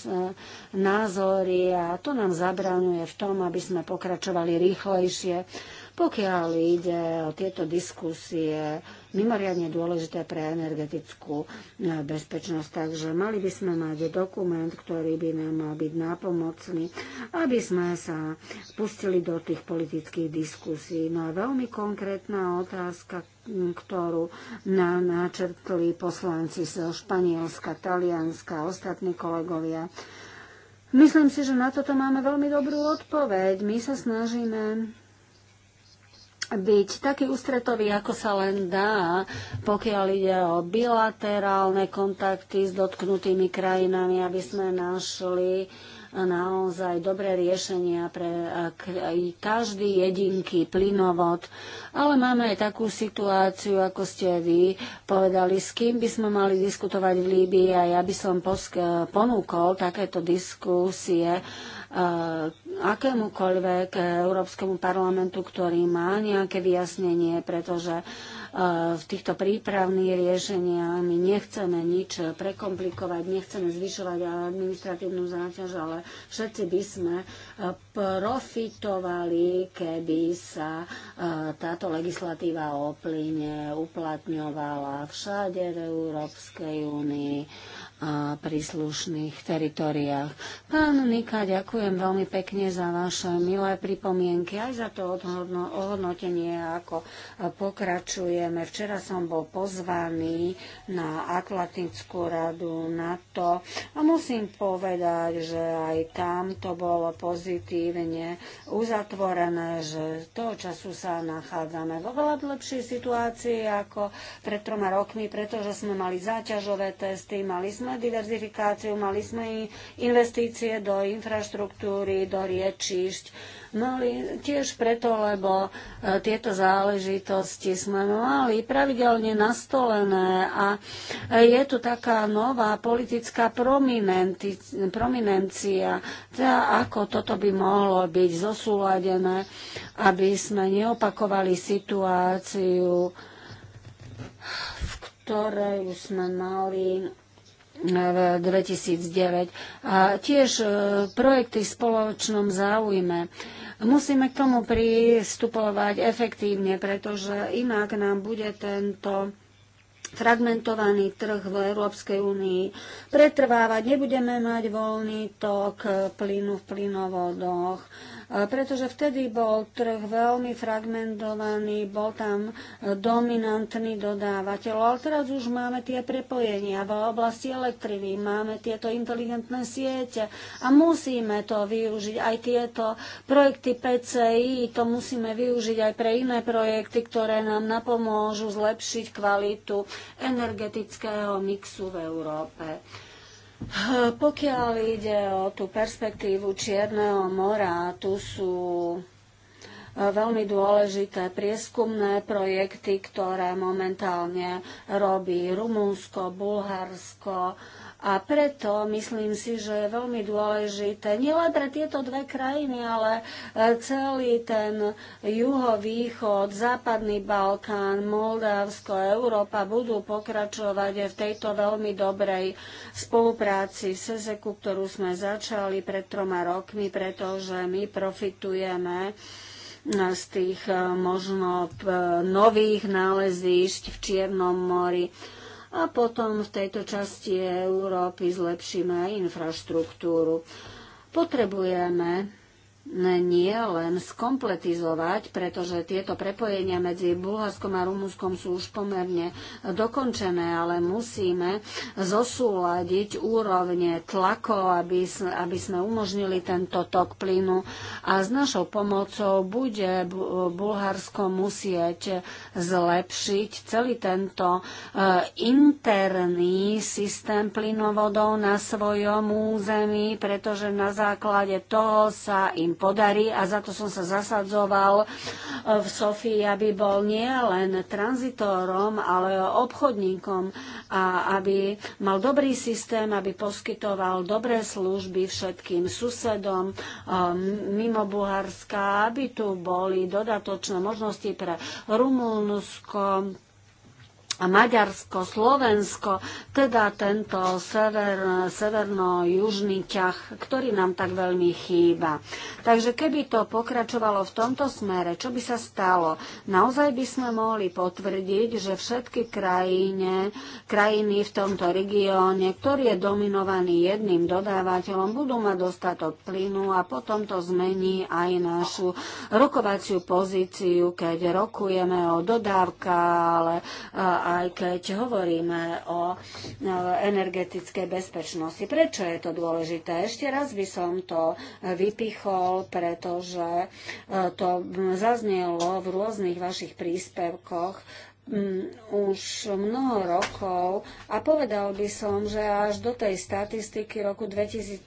názory a to nám zabraňuje v tom, aby sme pokračovali rýchlejšie. Pokiaľ ide o tieto diskusie mimoriadne dôležité pre energetickú e, bezpečnosť. Takže mali by sme mať dokument, ktorý by nám mal byť nápomocný, aby sme sa pustili do tých politických diskusí. No a veľmi konkrétna otázka, ktorú na, načrtli poslanci zo Španielska, Talianska a ostatní kolegovia. Myslím si, že na toto máme veľmi dobrú odpoveď. My sa snažíme byť taký ústretový, ako sa len dá, pokiaľ ide o bilaterálne kontakty s dotknutými krajinami, aby sme našli uh, naozaj dobré riešenia pre každý jedinky plynovod. Ale máme aj takú situáciu, ako ste vy povedali, s kým by sme mali diskutovať v Líbii a ja by som ponúkol takéto diskusie akémukoľvek Európskemu parlamentu, ktorý má nejaké vyjasnenie, pretože uh, v týchto prípravných riešeniach. My nechceme nič prekomplikovať, nechceme zvyšovať administratívnu záťaž, ale všetci by sme eh, profitovali, keby sa eh, táto legislatíva o plyne uplatňovala všade v Európskej únii a príslušných teritoriách. Pán Nika, ďakujem veľmi pekne za vaše milé pripomienky, aj za to odhodno, ohodnotenie, ako pokračujeme. Včera som bol pozvaný na Atlantickú radu NATO a musím povedať, že aj tam to bolo pozitívne uzatvorené, že toho času sa nachádzame vo veľa lepšej situácii ako pred troma rokmi, pretože sme mali záťažové testy, mali sme sme diverzifikáciu, mali sme investície do infraštruktúry, do riečišť. Mali no tiež preto, lebo e, tieto záležitosti sme mali pravidelne nastolené a e, je tu taká nová politická prominencia, teda ako toto by mohlo byť zosúladené, aby sme neopakovali situáciu, v ktorej už sme mali v 2009 a tiež e, projekty v spoločnom záujme. Musíme k tomu pristupovať efektívne, pretože inak nám bude tento fragmentovaný trh v Európskej únii pretrvávať. Nebudeme mať voľný tok plynu v plynovodoch pretože vtedy bol trh veľmi fragmentovaný, bol tam e, dominantný dodávateľ, ale teraz už máme tie prepojenia v oblasti elektriny, máme tieto inteligentné siete a musíme to využiť. Aj tieto projekty PCI to musíme využiť aj pre iné projekty, ktoré nám napomôžu zlepšiť kvalitu energetického mixu v Európe. Pokiaľ ide o tú perspektívu Čierneho mora, tu sú e, veľmi dôležité prieskumné projekty, ktoré momentálne robí Rumunsko, Bulharsko, a preto myslím si, že je veľmi dôležité nielen pre tieto dve krajiny, ale e, celý ten juhovýchod, západný Balkán, Moldavsko, Európa budú pokračovať v tejto veľmi dobrej spolupráci v Sezeku, ktorú sme začali pred troma rokmi, pretože my profitujeme e, z tých e, možno nových nálezíšť v Čiernom mori a potom v tejto časti Európy zlepšíme aj infraštruktúru. Potrebujeme nie len skompletizovať, pretože tieto prepojenia medzi Bulharskom a Rumunskom sú už pomerne dokončené, ale musíme zosúľadiť úrovne tlakov, aby, aby sme umožnili tento tok plynu a s našou pomocou bude Bulharsko musieť zlepšiť celý tento e, interný systém plynovodov na svojom území, pretože na základe toho sa im podarí a za to som sa zasadzoval e, v Sofii, aby bol nie len tranzitorom, ale obchodníkom a aby mal dobrý systém, aby poskytoval dobré služby všetkým susedom e, mimo Bulharska, aby tu boli dodatočné možnosti pre Rumúnsko, a Maďarsko, Slovensko, teda tento sever, severno-južný ťah, ktorý nám tak veľmi chýba. Takže keby to pokračovalo v tomto smere, čo by sa stalo? Naozaj by sme mohli potvrdiť, že všetky krajine, krajiny v tomto regióne, ktorý je dominovaný jedným dodávateľom, budú mať dostatok plynu a potom to zmení aj našu rokovaciu pozíciu, keď rokujeme o dodávka, ale aj keď hovoríme o energetickej bezpečnosti. Prečo je to dôležité? Ešte raz by som to vypichol, pretože e, to zaznelo v rôznych vašich príspevkoch Mm, už mnoho rokov a povedal by som, že až do tej statistiky roku 2015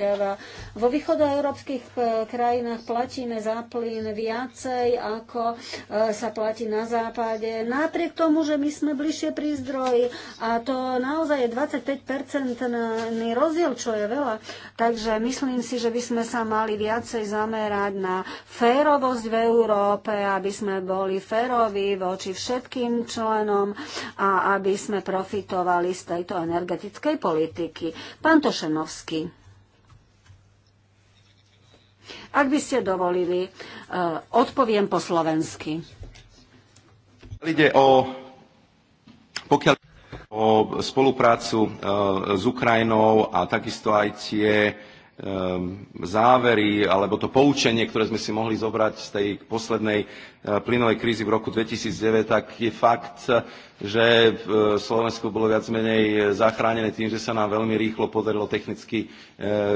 eh, vo východoeurópskych eh, krajinách platíme za plyn viacej, ako eh, sa platí na západe. Napriek tomu, že my sme bližšie pri zdroji a to naozaj je 25-percentný rozdiel, čo je veľa. Takže myslím si, že by sme sa mali viacej zamerať na férovosť v Európe, aby sme boli féroví voči všetkým všetkým členom a aby sme profitovali z tejto energetickej politiky. Pán Tošenovský. Ak by ste dovolili, e, odpoviem po slovensky. Ide o, pokiaľ o spoluprácu e, s Ukrajinou a takisto aj tie Ehm, závery alebo to poučenie, ktoré sme si mohli zobrať z tej poslednej eh, plynovej krízy v roku 2009, tak je fakt, že eh, Slovensko bolo viac menej eh, zachránené tým, že sa nám veľmi rýchlo podarilo technicky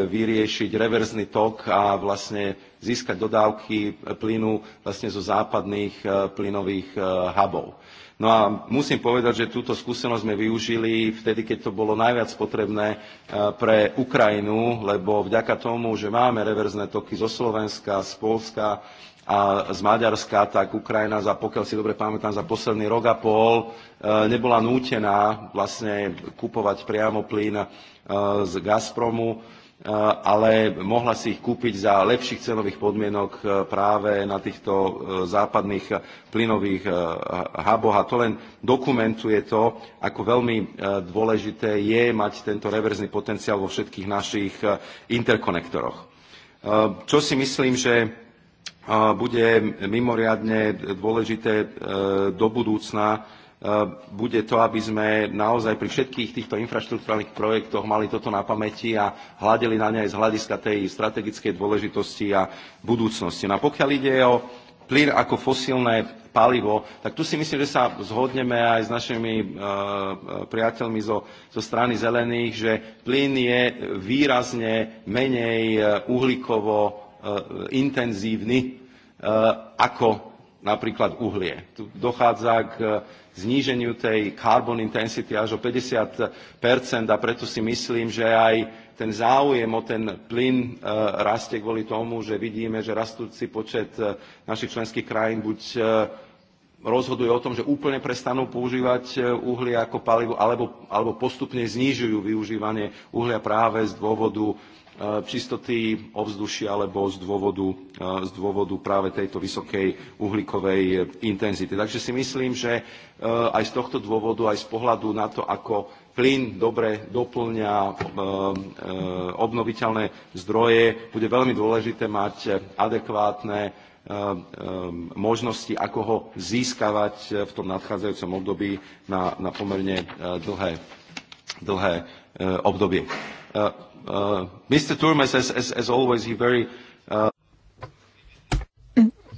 vyriešiť reverzný tok a vlastne získať dodávky plynu vlastne zo západných plynových hubov. No a musím povedať, že túto skúsenosť sme využili vtedy, keď to bolo najviac potrebné eh, pre Ukrajinu, lebo vďaka tomu, že máme reverzné toky zo Slovenska, z Polska, a z Maďarska, tak Ukrajina, za, pokiaľ si dobre pamätám, za posledný rok a pol eh, nebola nútená vlastne kupovať priamo plyn eh, z Gazpromu Eh, ale mohla si ich kúpiť za lepších cenových podmienok eh, práve na týchto eh, západných plynových huboch. A to len dokumentuje to, ako veľmi dôležité je mať tento reverzný potenciál vo všetkých našich interkonektoroch. Čo si myslím, že bude mimoriadne dôležité do budúcna, Eh, bude to, aby sme naozaj pri všetkých týchto infraštruktúrnych projektoch mali toto na pamäti a hľadeli na ne aj z hľadiska tej strategickej dôležitosti a budúcnosti. No a pokiaľ ide o plyn ako fosílne palivo, tak tu si myslím, že sa zhodneme aj s našimi eh, eh, priateľmi zo, zo strany zelených, že plyn je výrazne menej uhlíkovo intenzívny ako napríklad uhlie. Tu dochádza k e, zníženiu tej carbon intensity až o 50 a preto si myslím, že aj ten záujem o ten plyn e, rastie kvôli tomu, že vidíme, že rastúci počet e, našich členských krajín buď rozhoduje o tom, že úplne prestanú používať uhlie ako palivo, alebo, alebo postupne znižujú využívanie uhlia práve z dôvodu E, čistoty ovzdušia alebo z dôvodu, e, z dôvodu práve tejto vysokej uhlíkovej intenzity. Takže si myslím, že e, aj z tohto dôvodu, aj z pohľadu na to, ako plyn dobre doplňa obnoviteľné zdroje, bude veľmi dôležité mať adekvátne možnosti, ako ho získavať v tom nadchádzajúcom období na, na pomerne dlhé, dlhé obdobie uh, Mr. Turmes, as, as, as always, he very uh,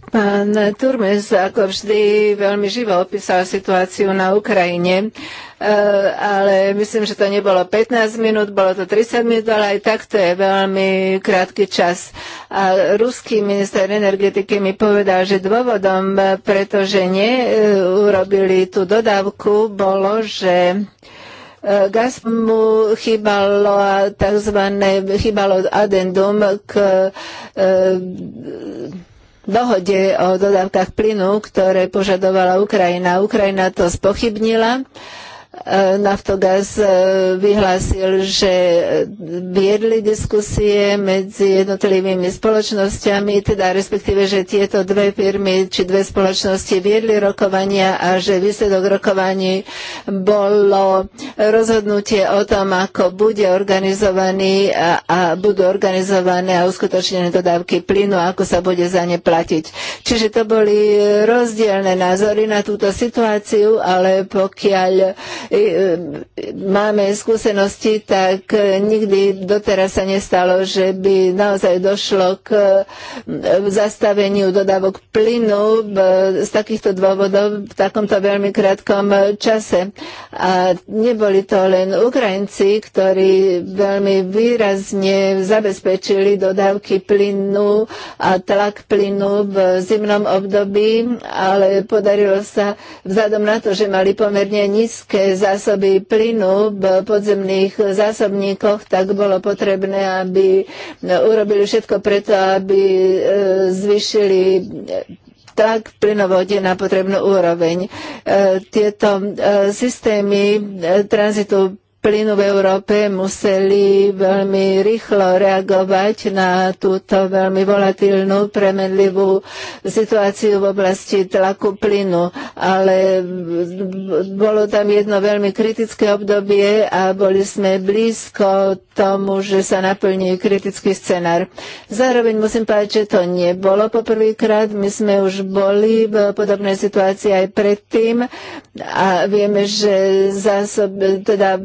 Pán Turmes ako vždy veľmi živo opísal situáciu na Ukrajine, uh, ale myslím, že to nebolo 15 minút, bolo to 30 minút, ale aj tak to je veľmi krátky čas. A ruský minister energetiky mi povedal, že dôvodom, pretože neurobili uh, tú dodávku, bolo, že Eh, Gazpromu chýbalo tzv. chýbalo adendum k eh, dohode o dodávkach plynu, ktoré požadovala Ukrajina. Ukrajina to spochybnila. E, Naftogaz e, vyhlásil, že viedli diskusie medzi jednotlivými spoločnosťami, teda respektíve, že tieto dve firmy či dve spoločnosti viedli rokovania a že výsledok rokovaní bolo rozhodnutie o tom, ako bude organizovaný a, a budú organizované a uskutočnené dodávky plynu, ako sa bude za ne platiť. Čiže to boli rozdielne názory na túto situáciu, ale pokiaľ E, e, máme skúsenosti, tak e, nikdy doteraz sa nestalo, že by naozaj došlo k zastaveniu dodávok plynu z takýchto dôvodov v takomto veľmi krátkom čase. A neboli to len Ukrajinci, ktorí veľmi výrazne zabezpečili dodávky plynu a tlak plynu v zimnom období, ale podarilo sa vzhľadom na to, že mali pomerne nízke zásoby plynu v podzemných zásobníkoch, tak bolo potrebné, aby urobili všetko preto, aby e, zvyšili tak plynovode na potrebnú úroveň. E, tieto e, systémy tranzitu plynu v Európe museli veľmi rýchlo reagovať na túto veľmi volatilnú, premenlivú situáciu v oblasti tlaku plynu. Ale bolo tam jedno veľmi kritické obdobie a boli sme blízko tomu, že sa naplní kritický scenár. Zároveň musím povedať, že to nebolo poprvýkrát. My sme už boli v podobnej situácii aj predtým a vieme, že zásob, teda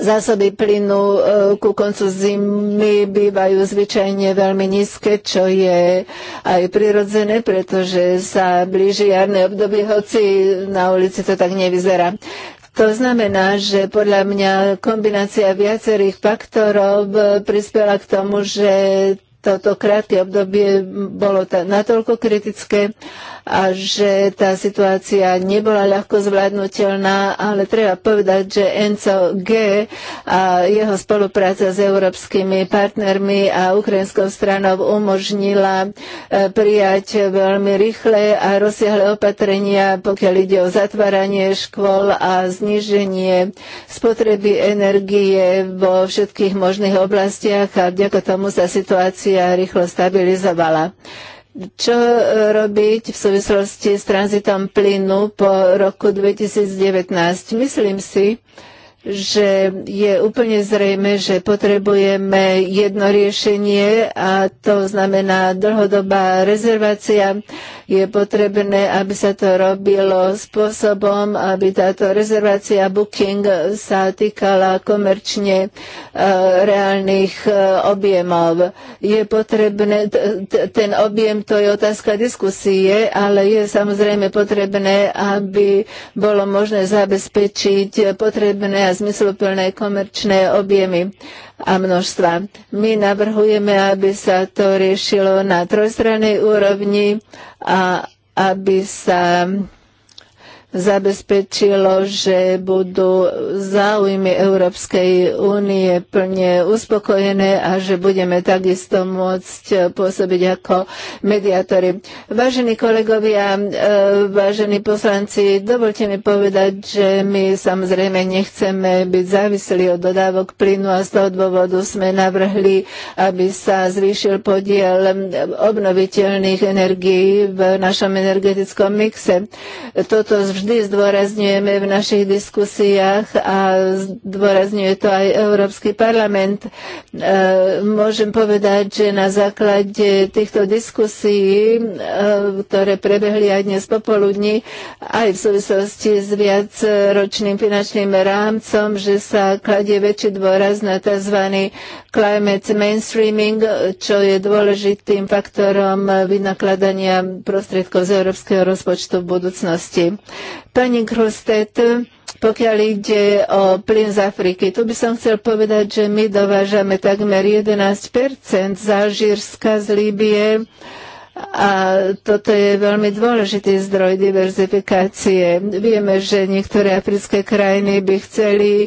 Zásoby plynu e, ku koncu zimy bývajú zvyčajne veľmi nízke, čo je aj prirodzené, pretože sa blíži jarné obdobie, hoci na ulici to tak nevyzerá. To znamená, že podľa mňa kombinácia viacerých faktorov e, prispela k tomu, že toto krátke obdobie bolo natoľko kritické a že tá situácia nebola ľahko zvládnutelná, ale treba povedať, že Enco G a jeho spolupráca s európskymi partnermi a ukrajinskou stranou umožnila e, prijať veľmi rýchle a rozsiahle opatrenia, pokiaľ ide o zatváranie škôl a zniženie spotreby energie vo všetkých možných oblastiach a vďaka tomu sa situácia situácia rýchlo stabilizovala čo e, robiť v súvislosti s tranzitom plynu po roku 2019. Myslím si, že je úplne zrejme, že potrebujeme jedno riešenie a to znamená dlhodobá rezervácia. Je potrebné, aby sa to robilo spôsobom, aby táto rezervácia booking sa týkala komerčne e, reálnych e, objemov. Je potrebné, ten objem to je otázka diskusie, ale je samozrejme potrebné, aby bolo možné zabezpečiť potrebné a zmysluplné komerčné objemy a množstva. My navrhujeme, aby sa to riešilo na trojstrannej úrovni a aby sa zabezpečilo, že budú záujmy Európskej únie plne uspokojené a že budeme takisto môcť pôsobiť ako mediátori. Vážení kolegovia, e, vážení poslanci, dovolte mi povedať, že my samozrejme nechceme byť závislí od dodávok plynu a z toho dôvodu sme navrhli, aby sa zvýšil podiel obnoviteľných energií v našom energetickom mixe. Toto vždy vždy zdôrazňujeme v našich diskusiách a zdôrazňuje to aj Európsky parlament. E, môžem povedať, že na základe týchto diskusí, e, ktoré prebehli aj dnes popoludní, aj v súvislosti s viacročným finančným rámcom, že sa kladie väčší dôraz na tzv. climate mainstreaming, čo je dôležitým faktorom vynakladania prostriedkov z európskeho rozpočtu v budúcnosti. Pani Krostet, pokiaľ ide o plyn z Afriky, tu by som chcel povedať, že my dovážame takmer 11 z Alžírska, z Líbie a toto je veľmi dôležitý zdroj diverzifikácie. Vieme, že niektoré africké krajiny by chceli e,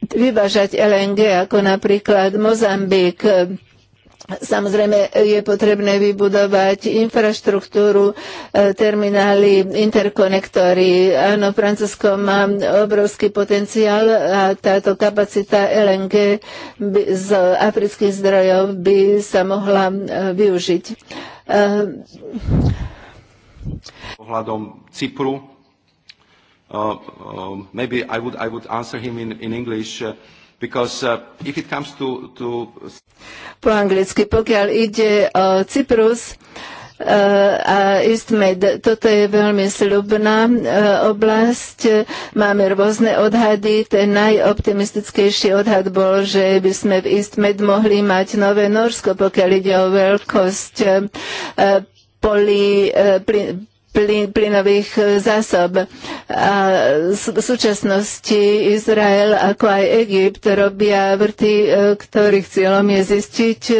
vyvážať LNG, ako napríklad Mozambik Samozrejme je potrebné vybudovať infraštruktúru, e, terminály, interkonektory. Áno, Francúzsko má obrovský potenciál a táto kapacita LNG z afrických zdrojov by sa mohla e, využiť. E, Ohľadom Cypru, uh, uh, maybe I would, I would answer him in, in English. Uh, Uh, po anglicky, pokiaľ ide o Cyprus, uh, a Istmed. Toto je veľmi slubná uh, oblasť. Máme rôzne odhady. Ten najoptimistickejší odhad bol, že by sme v Istmed mohli mať nové Norsko, pokiaľ ide o veľkosť poli, plyn, plynových e, zásob. A v súčasnosti Izrael ako aj Egypt robia vrty, e, ktorých cieľom je zistiť e,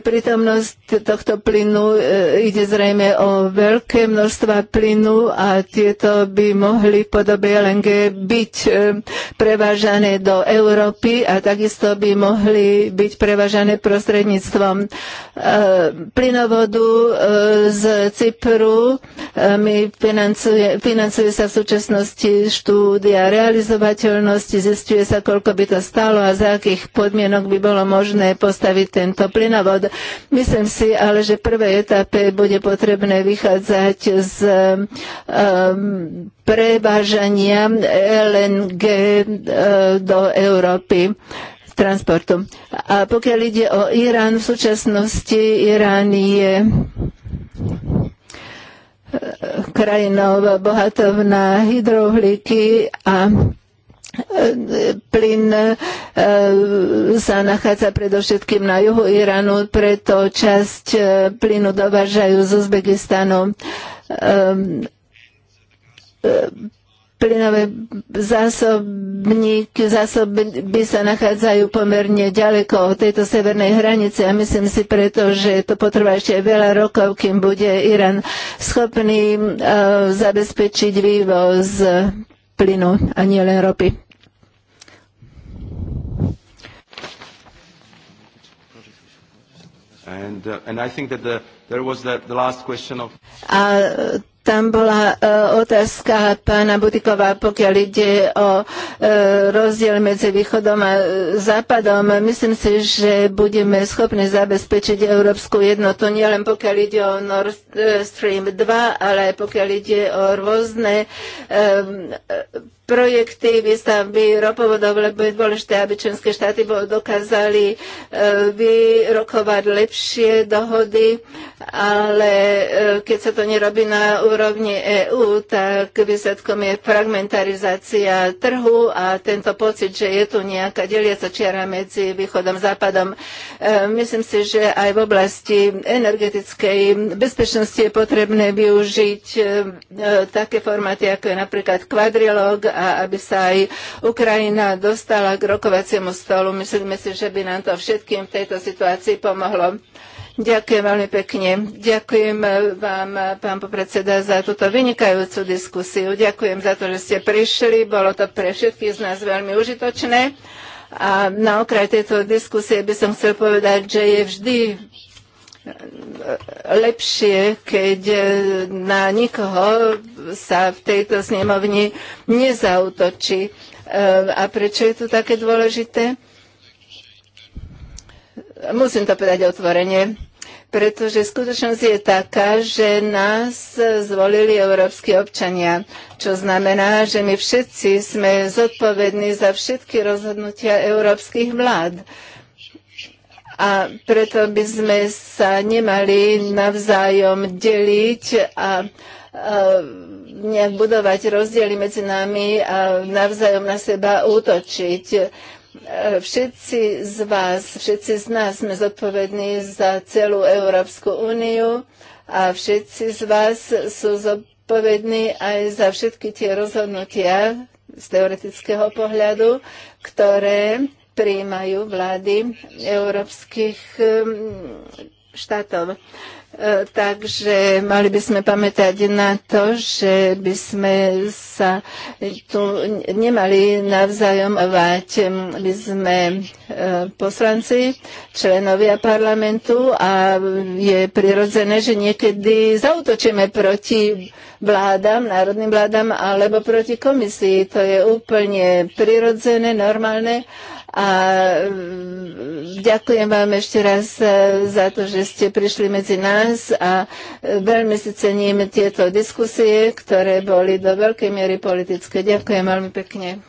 prítomnosť tohto plynu. Ide zrejme o veľké množstva plynu a tieto by mohli v podobe LNG byť prevážané do Európy a takisto by mohli byť prevážané prostredníctvom plynovodu z Cypru E, my financuje, financuje sa v súčasnosti štúdia realizovateľnosti, zistuje sa, koľko by to stalo a za akých podmienok by bolo možné postaviť tento plynovod. Myslím si ale, že v prvej etape bude potrebné vychádzať z um, prevážania LNG e, do Európy transportu. A pokiaľ ide o Irán, v súčasnosti Irán je krajinou bohatou na hydrohlíky a e, plyn e, sa nachádza predovšetkým na juhu Iránu, preto časť e, plynu dovážajú z Uzbekistanu plynové zásobník, zásoby by sa nachádzajú pomerne ďaleko od tejto severnej hranice a myslím si preto, že to potrvá ešte veľa rokov, kým bude Irán schopný uh, zabezpečiť vývoz plynu a nielen ropy. And, uh, and I think that the, there was the, the last question of... A tam bola e, otázka pána Butikova, pokiaľ ide o e, rozdiel medzi východom a západom. Myslím si, že budeme schopní zabezpečiť európsku jednotu nielen pokiaľ ide o Nord Stream 2, ale aj pokiaľ ide o rôzne e, projekty výstavby ropovodov, lebo je dôležité, aby členské štáty dokázali vyrokovať lepšie dohody, ale keď sa to nerobí na úrovni EÚ, tak výsledkom je fragmentarizácia trhu a tento pocit, že je tu nejaká deliaca čiara medzi východom a západom. E, myslím si, že aj v oblasti energetickej bezpečnosti je potrebné využiť e, e, také formáty, ako je napríklad kvadrilog a aby sa aj Ukrajina dostala k rokovaciemu stolu. Myslím si, že by nám to všetkým v tejto situácii pomohlo. Ďakujem veľmi pekne. Ďakujem vám, pán popredseda, za túto vynikajúcu diskusiu. Ďakujem za to, že ste prišli. Bolo to pre všetkých z nás veľmi užitočné. A na okraj tejto diskusie by som chcel povedať, že je vždy lepšie, keď na nikoho sa v tejto snemovni nezautočí. A prečo je to také dôležité? musím to povedať otvorene, pretože skutočnosť je taká, že nás zvolili európsky občania, čo znamená, že my všetci sme zodpovední za všetky rozhodnutia európskych vlád. A preto by sme sa nemali navzájom deliť a, a nejak budovať rozdiely medzi nami a navzájom na seba útočiť E, všetci z vás, všetci z nás sme zodpovední za celú Európsku úniu a všetci z vás sú zodpovední aj za všetky tie rozhodnutia z teoretického pohľadu, ktoré prijímajú vlády európskych e, štátov. E, takže mali by sme pamätať na to, že by sme sa tu nemali navzájom vať. My sme e, poslanci, členovia parlamentu a je prirodzené, že niekedy zautočíme proti vládam, národným vládam alebo proti komisii. To je úplne prirodzené, normálne a mm, ďakujem vám ešte raz e, za to, že ste prišli medzi nás a e, veľmi si cením tieto diskusie, ktoré boli do veľkej miery politické. Ďakujem veľmi pekne.